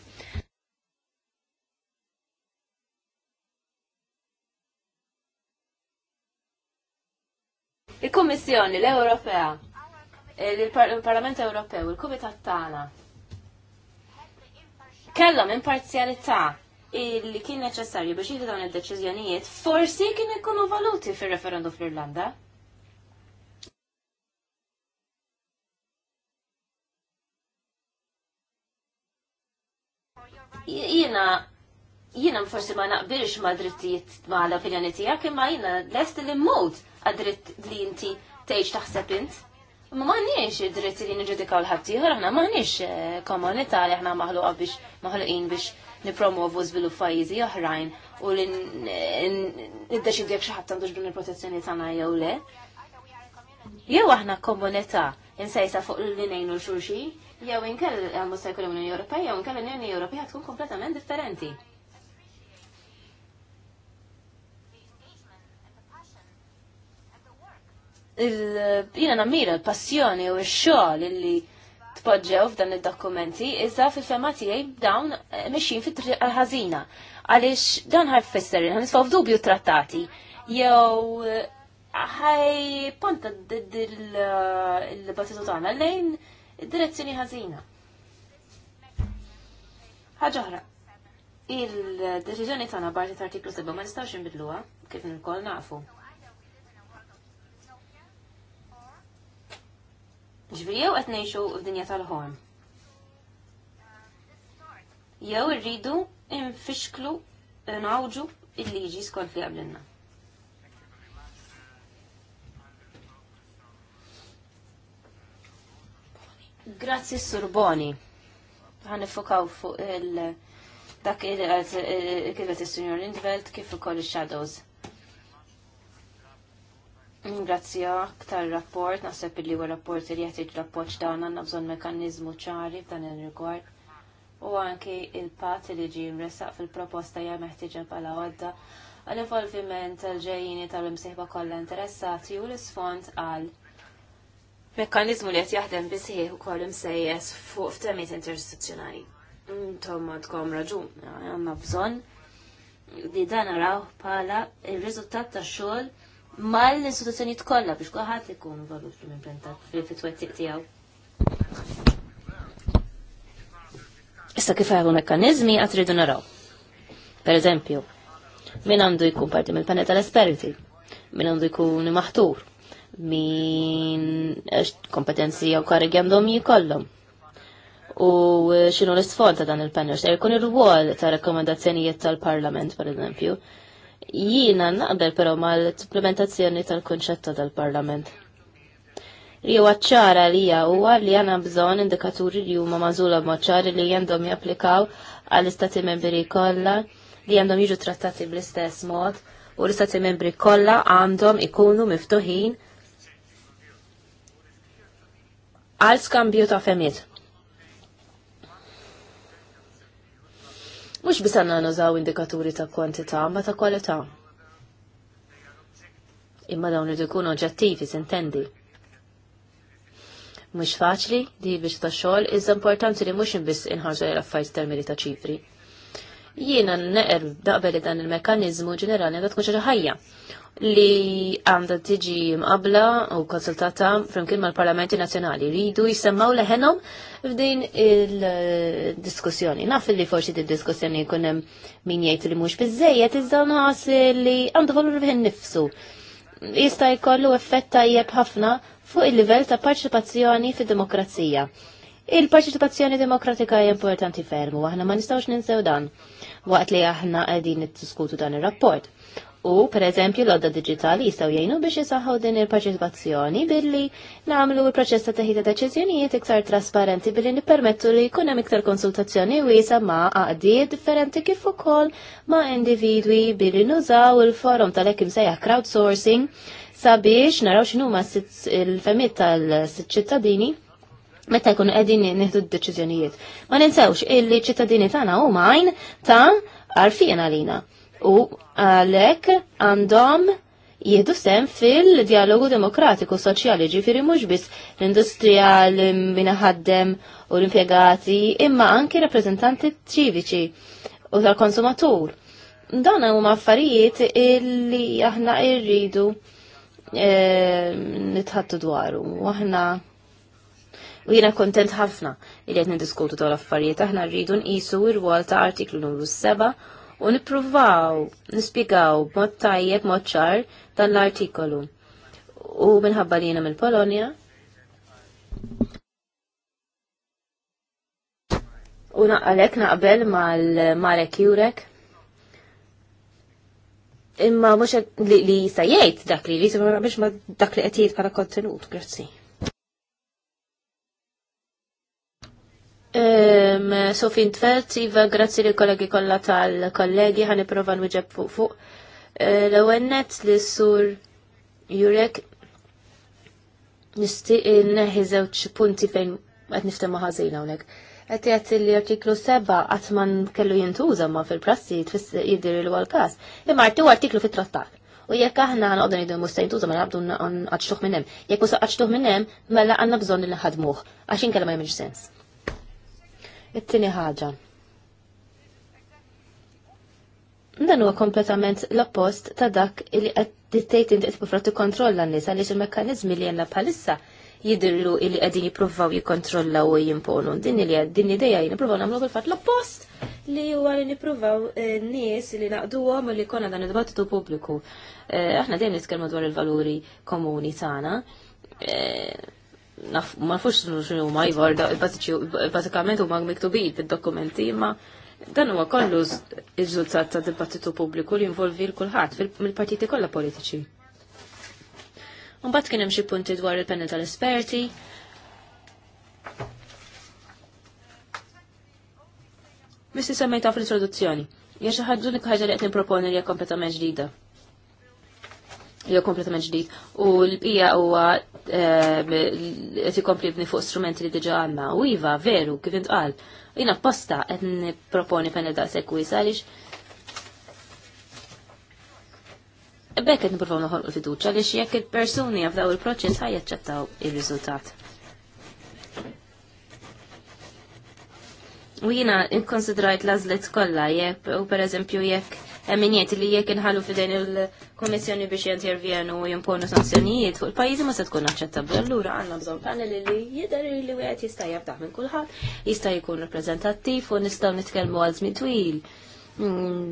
Il-Kummissjoni l-Ewropea, il-Parlament Ewropew, il-Kumitat tagħna kellhom imparzjalità illi kien neċessarju biex jieħdu dawn id-deċiżjonijiet forsi kien ikunu valuti fir-referendum fl-Irlanda. Jiena jiena forsi ma naqbilx ma drittijiet ma l-opinjoni tiegħek imma jiena lest li mod għad-dritt li inti tgħix taħseb int. Ma maħniex id-dritt li nġudikaw l-ħattijħor, aħna maħniex eh, komunità li aħna maħluqa biex maħluqin biex nipromovu zbilu pajjiżi oħrajn u li n jekk xi ħadd għandux din il-protezzjoni tagħna jew le. Jew aħna komunità insejsa fuq li ngħinu l xulxin, jew inkell għammu eh, se jkun l jew inkell l-Unjoni Ewropea tkun kompletament differenti. jina namira l-passjoni u x-xogħol illi tpoġġew f'dan id-dokumenti, iżda fil-fema tiegħi dawn eh, meċin fit ħazina ħażina. Għaliex dan fisserin ħan nisfaw f'dubju trattati jew eh, ħaj ponta il-battitu tagħna lejn id-direzzjoni ħażina. Ħaġa il-deċiżjoni tagħna barti artiklu 7 ma nistgħux inbidluha kif nkoll nafu Ġviri jew qed ngħixu f'dinja tal-ħorm. Jew irridu infixklu nawġu il-liġi skont li qablilna. Grazzi Surboni. Għan nifukaw fuq il- dak il-kif qed is-Sinjor Lindvelt kif ukoll ix-Shadows. Ringrazzja aktar rapport, naħseb li huwa rapport li jeħtieġ l-appoġġ tagħna għandna bżonn mekkaniżmu ċari f'dan ir-rigward. U anki il-pat li ġie mresaq fil-proposta hija meħtieġa bħala għodda għal-involviment tal-ġejjini tal-imsieħba kollha interessati u l-isfond għal Mekkanizmu li qed jaħdem bisih ukoll imsejjes fuq f'temijiet interistituzzjonali. Intom għadkom raġun, għandna bżonn li dan naraw bħala ir-riżultat tax-xogħol mal-istituzzjonijiet l kollha biex li ikun valut fl-imprentat fil-fitwettiq tiegħu. Issa kif għavu mekkanizmi għat ridu naraw. Per eżempju, min għandu jkun parti mill panel tal-esperti, min għandu jkun maħtur, minn kompetenzi jew karigi għandhom jikollhom. U xinu l-isfond ta' dan il-panel, xta' jkun ir wol ta' rekomendazzjonijiet tal-parlament, per eżempju, Jiena naqbel però mal-implementazzjoni tal-konċetta tal-Parlament. Jew ċara li hija huwa li għandna bżonn indikaturi li huma magħżula b'maċċari li għandhom japplikaw għall-istati membri kollha li għandhom jiġu trattati bl-istess mod u l-istati membri kollha għandhom ikunu miftuħin għal skambju ta' femiet. mhux bisanna għandna nużaw indikaturi ta' kwantità ma ta' kwalità. Imma dawn irid ikunu oġġettivi s'intendi. Mhux faċli di biex ta' xogħol iżda importanti li mhux inbiss inħarġu l affarijiet termini ta' ċifri jiena neqer daqbeli dan il-mekanizmu ġenerali għandha tkun xi ħajja li għandha tiġi mqabla u konsultata flimkien mal-Parlamenti Nazzjonali ridu jisemmaw leħenhom f'din il-diskussjoni. Naf li forsi di diskussjoni jkun hemm min jgħid li mhux biżejjed iżda naqas li għandu valur fih nifsu. Jista' jkollu effett tajjeb ħafna fuq il-livell ta' parċipazzjoni fid-demokrazija. Il-parċipazzjoni demokratika hija importanti fermu, aħna ma nistgħux ninsew dan waqt li aħna qegħdin niddiskutu dan ir-rapport. U pereżempju l-odda diġitali jistgħu jgħinu biex jisaħħu din il-parċipazzjoni billi nagħmlu l-proċess ta' teħita deċiżjonijiet iktar trasparenti billi nippermettu li jkun hemm iktar konsultazzjoni wiesa ma' għaqdiet differenti kif ukoll ma' individwi billi nużaw il-forum tal-ekim sejjaħ crowdsourcing sabiex naraw x'inhuma il-femiet tal-ċittadini meta jkunu qegħdin nieħdu d-deċiżjonijiet. Ma ninsewx illi ċittadini tagħna huma għajn ta' għarfien għalina u għalhekk għandhom jieħdu sem fil-dialogu demokratiku soċjali ġifiri mhux biss l-industrija l-minaħaddem u l-impjegati imma anki rappreżentanti ċiviċi u tal-konsumatur. Dan huma affarijiet illi aħna irridu eh, nitħattu dwaru. Aħna u jiena kontent ħafna li qed nidiskutu ta' l-affarijiet aħna rridu nqisu r-rwol ta' artiklu numru 7 u nippruvaw nispjegaw mod tajjeb mod ċar dan l-artikolu. U minħabba li jiena mill-Polonja, U naqalek naqbel mal-Marek Jurek. Imma mux li, li sajjajt dak li li, biex ma dak li għetijiet bħala kontenut, grazzi. Um Sofin tfelt, Iva, grazzi li kollegi kolla tal-kollegi, ħan provan nwiġeb fuq fuq. l li sur Jurek nistiq neħi zewċ punti fejn għet niftem' ħazina unek. Għet jgħat li artiklu 7 man kellu jintuża ma fil-prassi jidir il-għal-kas. Imma għartu artiklu fit-trattat. U jekk aħna id nidu mustajn tuża ma nabdu għadxtuħ minnem. Jekk u għadxtuħ minnem, mela għanna bżon il-ħadmuħ. Għaxin kellu ma jemġ sens. It-tieni ħaġa. Dan huwa kompletament l-oppost ta' dak li qed tgħid inti qed tikkontrolla n-nies għaliex il-mekkaniżmi li għandna bħalissa jidirru li qegħdin jippruvaw jikkontrollaw u jimponu. Din li din l-idea nippruvaw nagħmlu bil-fatt l-oppost li huwa li nippruvaw eh, n-nies li naqduhom li jkollna dan id-dibattitu pubbliku. Eh, aħna dejjem nitkellmu dwar il-valuri komuni tagħna eh, ma nafux xinu ma jivor, basikament u ma miktubin fil-dokumenti, ma dan huwa kollu ż żultat ta' dibattitu pubbliku li involvi l-kulħadd mill-partiti kollha politiċi. Mbagħad kien hemm xi punti dwar il-panel tal-esperti. Missi semmejta fl-introduzzjoni. Ja xi ħaġa li qed nipproponi li hija kompletament ġdida. Hija kompletament ġdid. U l-bqija huwa għet ikompli bni fuq strumenti li diġa għanna. U iva, veru, kif intqal, jina posta qed nipproponi fenni da' sekwi għaliex. Bekk qed nippruvaw noħolqu l-fiduċja li jekk il-persuni f'daw il-proċess ħajjaċċettaw ir-riżultat. U jina inkonsidrajt lażlet kollha jekk u pereżempju jekk eminiet li jek nħallu f'din il-Komissjoni biex jintervjenu u jimponu sanzjonijiet fuq il-pajjiżi ma se tkun aċċettabbli. Allura għandna bżonn panel li jidher li wieħed jista' jabtaħ minn kulħadd, jista' jkun rappreżentattiv u nistgħu nitkellmu għal żmien twil mm,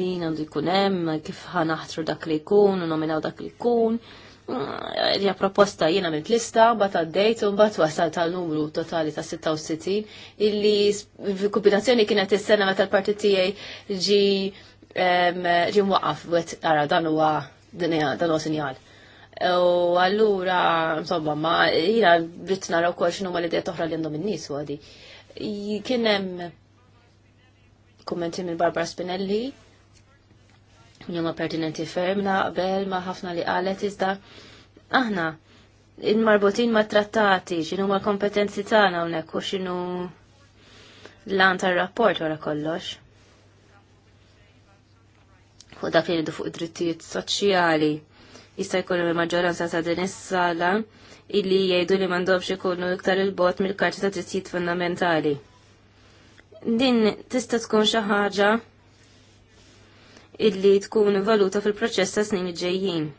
min għandu jkun hemm, kif ħanaħtru dak li jkun u nominaw dak li jkun mm, hija proposta jiena mill lista bat għaddejt u mbagħad wasal tal-numru totali ta' 66 illi kombinazzjoni kienet is-sena meta l-partit tiegħi ġi ġim waqaf, għet għara dan huwa dan huwa sinjal. U allura, insomma, ma jina rrit nara u kol xinu ma l toħra li għandhom il-nis u għadi. Kienem kommenti minn Barbara Spinelli, njoma pertinenti fermna qabel ma ħafna li għalet iżda. Aħna, il-marbutin ma trattati, xinu ma kompetenzi tagħna unek u xinu l-għan tar-rapport wara kollox fuq dak li fuq id-drittijiet soċjali. Jista' jkun il-maġġoranza ta' din is-sala illi jgħidu li m'għandhomx ikunu iktar il-bot mill-karti ta' drittijiet fundamentali. Din tista' tkun xi ħaġa illi tkun valuta fil-proċess ta' snin ġejjin.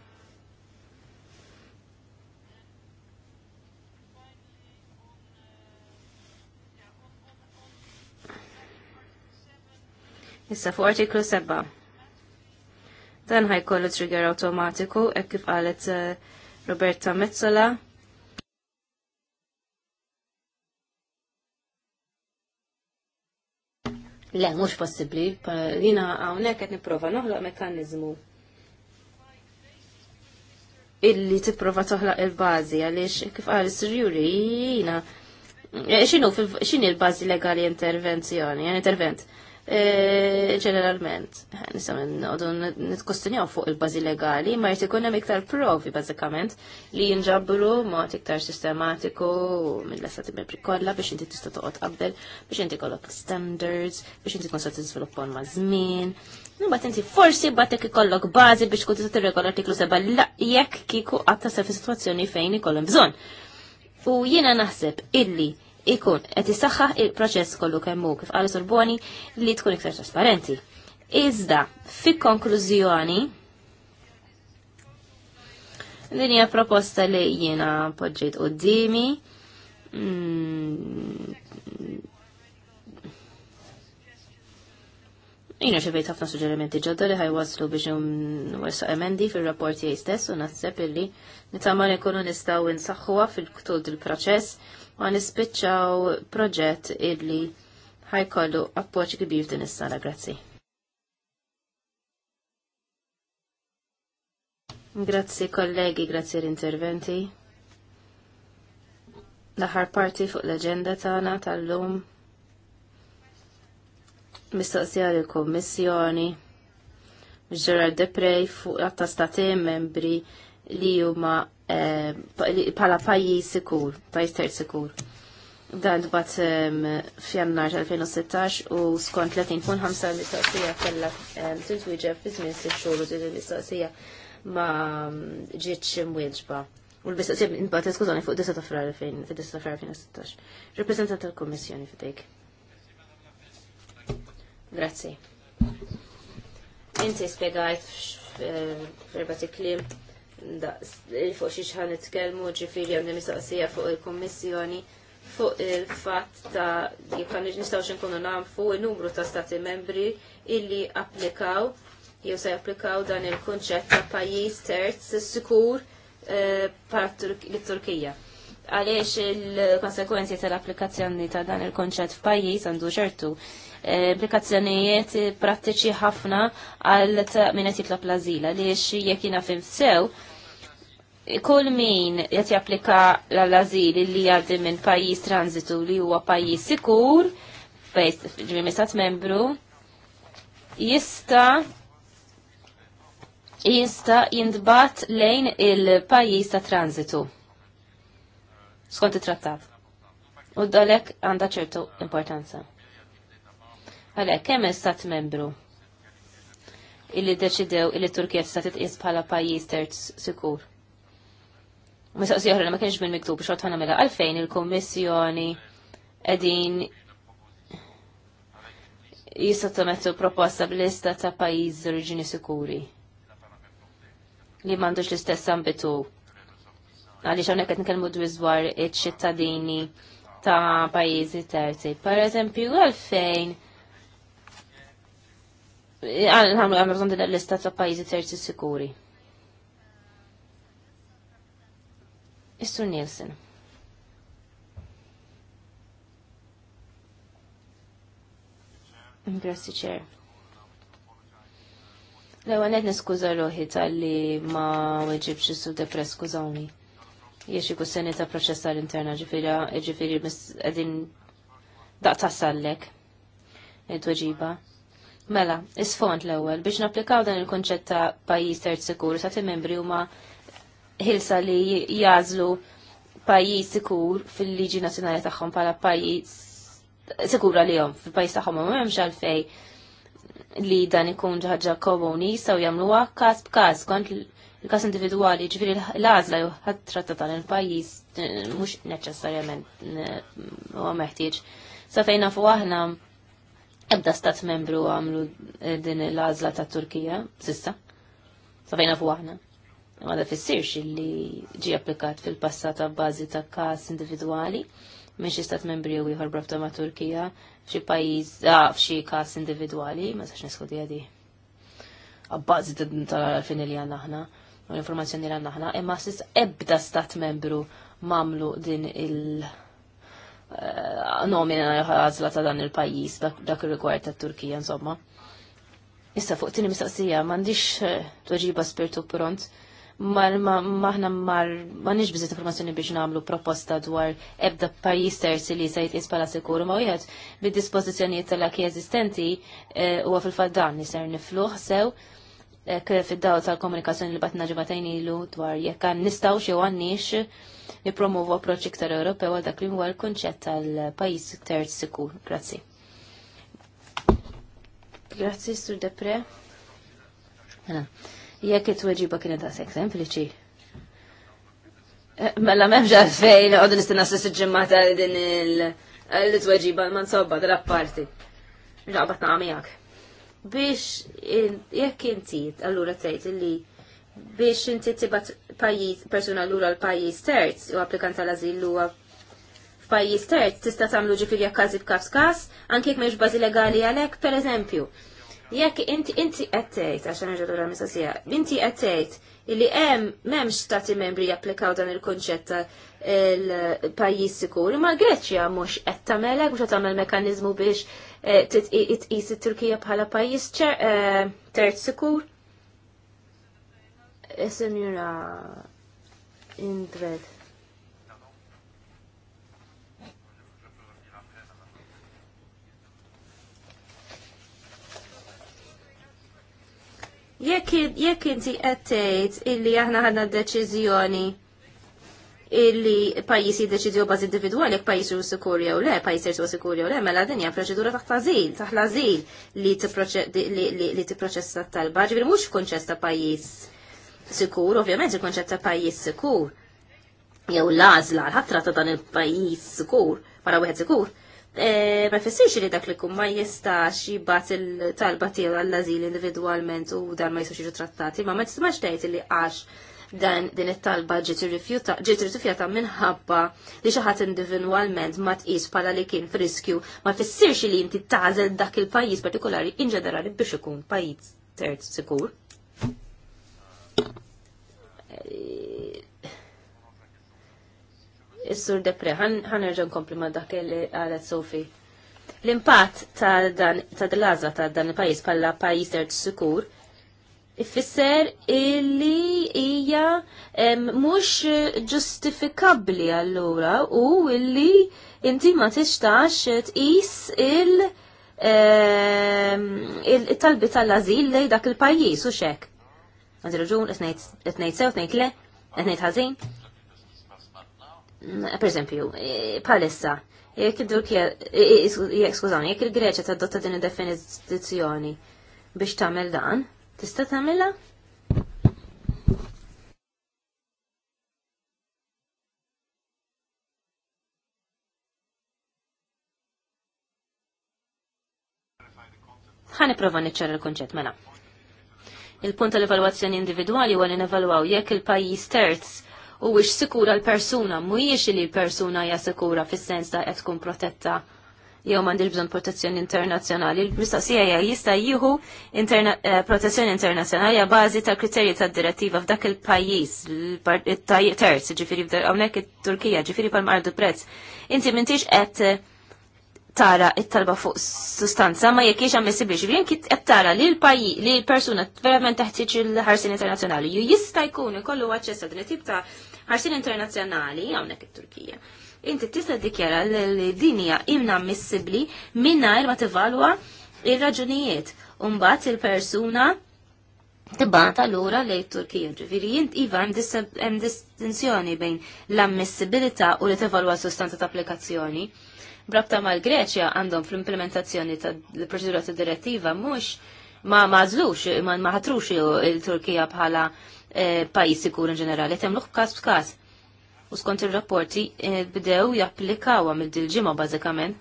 Issa fuq artiklu 7. Dan ħajkollu trigger automatiku, ek kif qalet eh, Roberta Mezzola. Le, mux possibli, jina għawnek għet niprofa noħloq mekanizmu illi tipprova toħlaq il-bazi għaliex kif għalis is jina eh, xinu, x'inhi l-bażi legali intervenzjoni, intervent. E, ġeneralment, nisam n-għodu nitkustinjaw fuq il-bazi legali, ma jt hemm iktar provi, bazzikament, li jinġabru mod iktar sistematiku mill-lessati membri kolla biex inti tista toqgħod qabel, biex inti kollok standards, biex inti tkun t tiżviluppon ma' żmien. Imbagħad inti forsi batek ikollok bażi biex kun t tirregola artiklu seba' jekk kieku qatta se fi sitwazzjoni fejn ikollhom bżonn. U jiena naħseb illi ikun qed isaħħaħ il-proċess kollu kemm hu kif qal Sorboni li tkun iktar trasparenti. Iżda, fi konklużjoni, din hija proposta li jiena poġġejt qudiemi. Mm. Jina xebejt ħafna suġġerimenti ġodda li ħajwaslu biex um, n-wessu emendi fil-rapport jistess stess u naħseb li nitama ikunu kunu nistaw insaxħuwa fil-ktul il-proċess ma nispiċċaw proġett illi ħajkollu appoċ kbir din is-sala, grazzi. Grazzi kollegi, grazzi l-interventi. L-aħħar parti fuq l-aġenda tagħna tal-lum mistoqsija l kommissjoni Gerard Deprej fuq għatta membri li huma Eh, pala pajji sikur, pajjiż ter sikur. Dan bat f'jannar 2016 u skont 30.5 mistoqsija kella tintwieġeb fi żmien s xhur u t din mistoqsija ma ġietx imwieġba. U l-mistoqsija imbagħad eskużani fuq 10 ta' frar 2016. Rappreżentant tal-Kummissjoni fidejk. Grazie. Inti spiegajt eh, f'erba' klim fuq xi xħan nitkellmu ġifieri għandi mistoqsija fuq il-Kummissjoni fuq il-fatt ta' jekk xi nkunu nafu n-numru ta' stati membri illi applikaw jew se japplikaw dan il-kunċett ta' pajjiż terz sikur eh, lit Turkija. Għaliex il-konsekwenzi tal-applikazzjoni ta' dan il-konċett f'pajjiż għandu ċertu eh, implikazzjonijiet prattiċi ħafna għal minn qed jitlob l-azila li jekk jina sew kull min jett japplika l-azil li għaddi minn pajis transitu li huwa pajis sikur, ġmimi stat membru, jista jista jindbat lejn il-pajis ta' transitu. Skont it-trattat. U dalek għanda ċertu importanza. Għalek, kemm stat membru illi deċidew illi Turkija tista' titqis bħala pajjiż terz sikur? Mistaqsi oħra ma kienx bil miktub xort ħana mela għalfejn il-Kommissjoni qegħdin jissottomettu proposta b'lista ta' pajjiż oriġini sikuri li m'għandux l-istess ambitu għaliex hawnhekk qed nitkellmu dwar iċ-ċittadini ta' pajjiżi terzi. Per eżempju, għalfejn għal għamlu għamlu għamlu għamlu għamlu lista ta' pajjiżi terzi sikuri. Mr. Nielsen. Grazie, ċer. Lewa, net niskuza l-ohi tal-li ma weġibx su depres skużawni. Jiex iku seni ta' l interna ġifiri, ġifiri għedin daqta sallek. Id-weġiba. Mela, isfond l-ewel biex naplikaw dan il konċetta ta' pajis terz sikur sa' membri u ma' Hilsa li jazlu pajjiż sikur fil-liġi nazzjonali tagħhom bħala pajjiż sikura li jom fil-pajjiż tagħhom ma memx għalfej li dan ikun ħaġa komuni saw jamlu għakas b'każ kont il-każ individwali ġifiri l-għażla jew ħattratta tal-pajjiż eh, mhux neċessarjament eh, huwa meħtieġ. Sa fejna nafu aħna ebda stat membru għamlu eh, din l-għażla tat-Turkija sissa. Sa fejna nafu aħna ma da fissirx li ġi applikat fil-passat bażi ta' kas individwali minn xi stat membri u ieħor brafta ma' Turkija f'xi pajjiż ah, f'xi kas individwali ma sax niskuti għadi. Abbażi ta' fin li għanna ħna, u l-informazzjoni li għandna ħna, imma sis ebda stat membru mamlu din il- eh, nomina ħazla ta' dan il-pajis dak il-rigward ta' Turkija, insomma. Issa fuq tini mistaqsija, mandiċ eh, tweġiba spirtu pront, maħna mar manix bizzit informazzjoni biex namlu proposta dwar ebda pajjiż terzi li se jitqis bħala sikur ma wieħed bid-dispożizzjonijiet tal-aki eżistenti eh, huwa fil-fatt dan ser nifluħ sew eh, fid id-daw tal-komunikazzjoni li batna ġibatajn ilu dwar jekk nistaw xew għannix nipromovu approċ iktar Ewropew għal dak li huwa l-kunċett tal-pajjiż terz sikur. Grazzi. Grazzi, Sur Depre. Mela jekk it-tweġiba kienet ta' sempliċi. Eh, mela memx għalfejn, għodin istina s ġemmata din il-tweġiba man sobba dal-apparti. Ġabat namijak. Biex jekk inti, allura tgħid li biex inti tibat pajjiż persuna lura l-pajjiż terz u applikant tal-azil huwa f'pajjiż terz tista' tagħmlu ġifieri jekk każi b'każ anke jekk m'hemmx bażi legali għalhekk pereżempju jekk inti inti qed tgħid għax nerġa' lura mistoqsija, inti qed tgħid illi hemm m'hemmx stati membri japplikaw dan il-kunċett ta' il-pajjiż sikur, ma Greċja mhux qed tagħmel hekk mhux qed tagħmel mekkaniżmu biex eh, tqis it-Turkija bħala pajjiż eh, terz sikur. Eh, Sinjura Indred. jekk inti qed tgħid illi aħna ħadna deċiżjoni illi pajjiż jiddeċidju baż individwali jekk pajjiż hu sikur jew le, pajjiż irsu sikur jew le, mela din hija proċedura taħt ażil, taħt l li tipproċessa t-talba, ġifieri mhux f'kunċess ta' pajjiż sikur, ovvjament il konċetta ta' pajjiż sikur jew l-għażla l-ħatra ta' dan il-pajjiż sikur, para wieħed sikur E, ma jfessirx li dak li kum ma jistax jibat il-talba tiegħu għall-azil individwalment u dan ma jistax trattati, ma ma tistax tgħid li għax dan din it-talba ġiet irrifjuta minħabba li xi ħadd individwalment ma tqis bħala li kien friskju ma jfissirx li inti tażel dak il-pajjiż partikolari in ġenerali biex ikun pajjiż terz sikur. E, Is-sur Depre, ħanerġa' nkompli ma' dak li qalet Sofi. L-impatt ta' dan ta' ta' dan il-pajjiż bħala pajjiż tert sikur ifisser illi hija mhux ġustifikabbli allura u illi inti ma tixtax tqis il- il-talbi tal-azil lej dak il-pajjiż u xek. Għandi raġun, etnejt sew, etnejt le, etnejt ħażin per esempio, e, palessa, jek id jek il-Greċa t-adotta din id-definizjoni biex tagħmel dan, tista' tagħmilha? ħani prova niċċar il konċet mela. Il-punt tal-evalwazzjoni individwali huwa li nevalwaw jekk il-pajjiż terz u wix sikura l-persuna, mujiex li l-persuna hija sikura fis-sens ta' qed tkun protetta jew m'għandix bżonn protezzjoni internazzjonali. Il-mistoqsija hija jista' jieħu interna eh, protezzjoni internazzjonali hija bażi ta' kriterji tad direttiva f'dak il-pajjiż terz, ġifieri hawnhekk it-Turkija, ġifieri pal mardu prezz. Inti m'intix qed eh, tara it-talba fuq sustanza ma jekk hiex ammissibbli ġifieri jien qed tara li l-pajjiż li l-persuna verament teħtieġ il-ħarsin internazzjonali. Ju jista' jkun ikollu aċċess għal din tip ta' ħarsin internazzjonali hawnhekk it-Turkija. Inti tista' ddikjara li din hija missibli mingħajr ma tivalwa il raġunijiet u mbagħad il-persuna tibata l-ura il Turkija. Ġifiri, jint iva hemm distinzjoni bejn l-ammissibilità u li tevalwa sostanza ta' applikazzjoni. Brabta mal-Greċja għandhom fl-implementazzjoni ta' proċedura ta' direttiva mhux ma mażlux, ma ħatrux il-Turkija bħala Eh, pajis sikur in ġenerali, temluħ kas b'kas. U skont il-rapporti eh, bdew japplikawa mill-dilġima bażikament.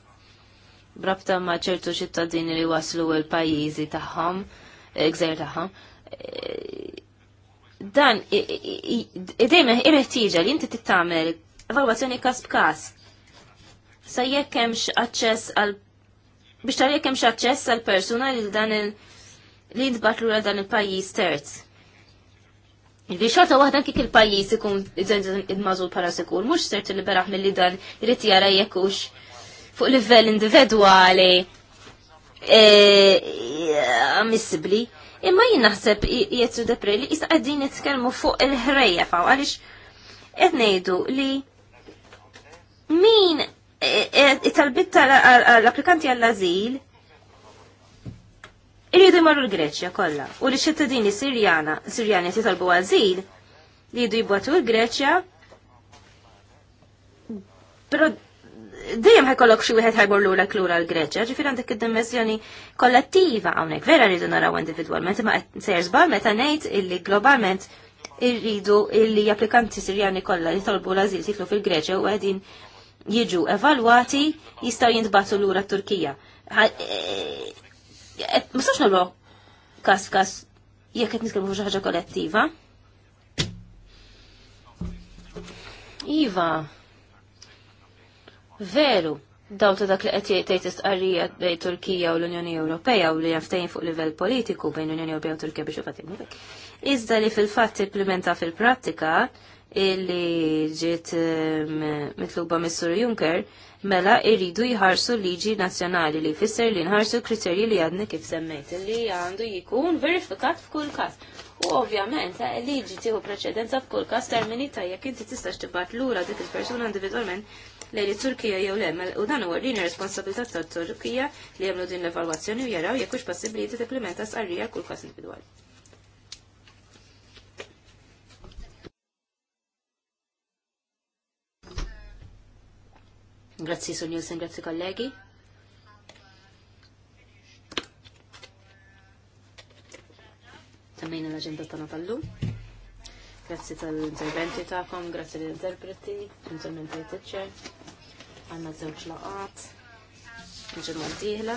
Brabta ma' ċertu ċittadini li waslu il-pajizi tagħhom, eh, gżer tagħhom, dan dejjem irħtieġa li inti t-tamer evalwazzjoni kas b'kas. Sa jekk hemmx aċċess għal biex tara jekk hemmx aċċess għal persuna li dan il li jintbatlu għal dan il-pajjiż terz. Li xorta waħda kik il-pajis ikun id mazul para sikur, mux sert li beraħ mill-li dan irrit jara jekux fuq livell individuali e, ammissibli. Imma jien naħseb jettu li jista' qegħdin jitkelmu fuq il-ħrejja faw għaliex qed ngħidu li min e, e, it talbitta l applikanti għall-azil irridu jmorru l-Greċja kollha u li ċittadini Sirjana, Sirjani qed jitolbu għażil li jridu jibbatu l-Greċja però dejjem ħajkollok xi wieħed ħajmur lura klura l-Greċja, ġifier għandek id-dimensjoni kollettiva hawnhekk vera rridu naraw individwalment imma qed sejr żball meta ngħid illi globalment irridu illi applikanti Sirjani kollha li jitolbu l-għażil sitlu fil-Greċja u qegħdin jiġu evalwati jistgħu jintbatu lura t Turkija e- ma sax nagħmlu każ każ jekk qed nitkellmu xi ħaġa kollettiva. Iva, veru, daw ta' dak li qed jgħid istqarrija bejn Turkija u l-Unjoni Ewropea u li jaftejn fuq livell politiku bejn l-Unjoni Ewropea u Turkija biex ifatimu dak. Iżda li fil-fatt implementa fil-prattika illi ġiet eh, mitluba mis-Sur Juncker mela irridu jħarsu liġi nazzjonali li jfisser li nħarsu kriterji li għadni kif semmejt li għandu jkun verifikat f'kull każ. U ovvjament liġi tieħu preċedenza f'kull każ termini ta' jekk inti tistax tibgħat lura dik il-persuna individwalment lejn it-Turkija jew le, mela, u dan huwa din responsabilità tat-Turkija li jagħmlu din l-evalwazzjoni u jaraw jekk hux possibbli tipplementa sqarrija kull każ individwali. Grazzi Sur Nielsen, grazzi kollegi. Tammina l-agenda tagħna tal-lum. Grazzi tal-interventi tagħkom, grazzi l-interpreti, interventi teacher. Għandna żewġ laqat. Ġimgħa d-dieħla.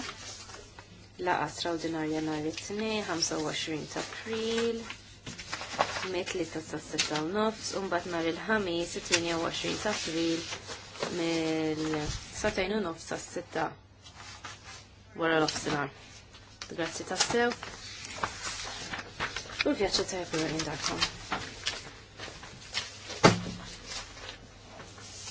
Laqa straordinarja nhar it-tnejn 25 ta' April mitli ta' s-sassaw nofs, un nar il-ħamis 28 ta' april mill-satajn u sitta wara l-ofsinar. Grazzi tassew. U għin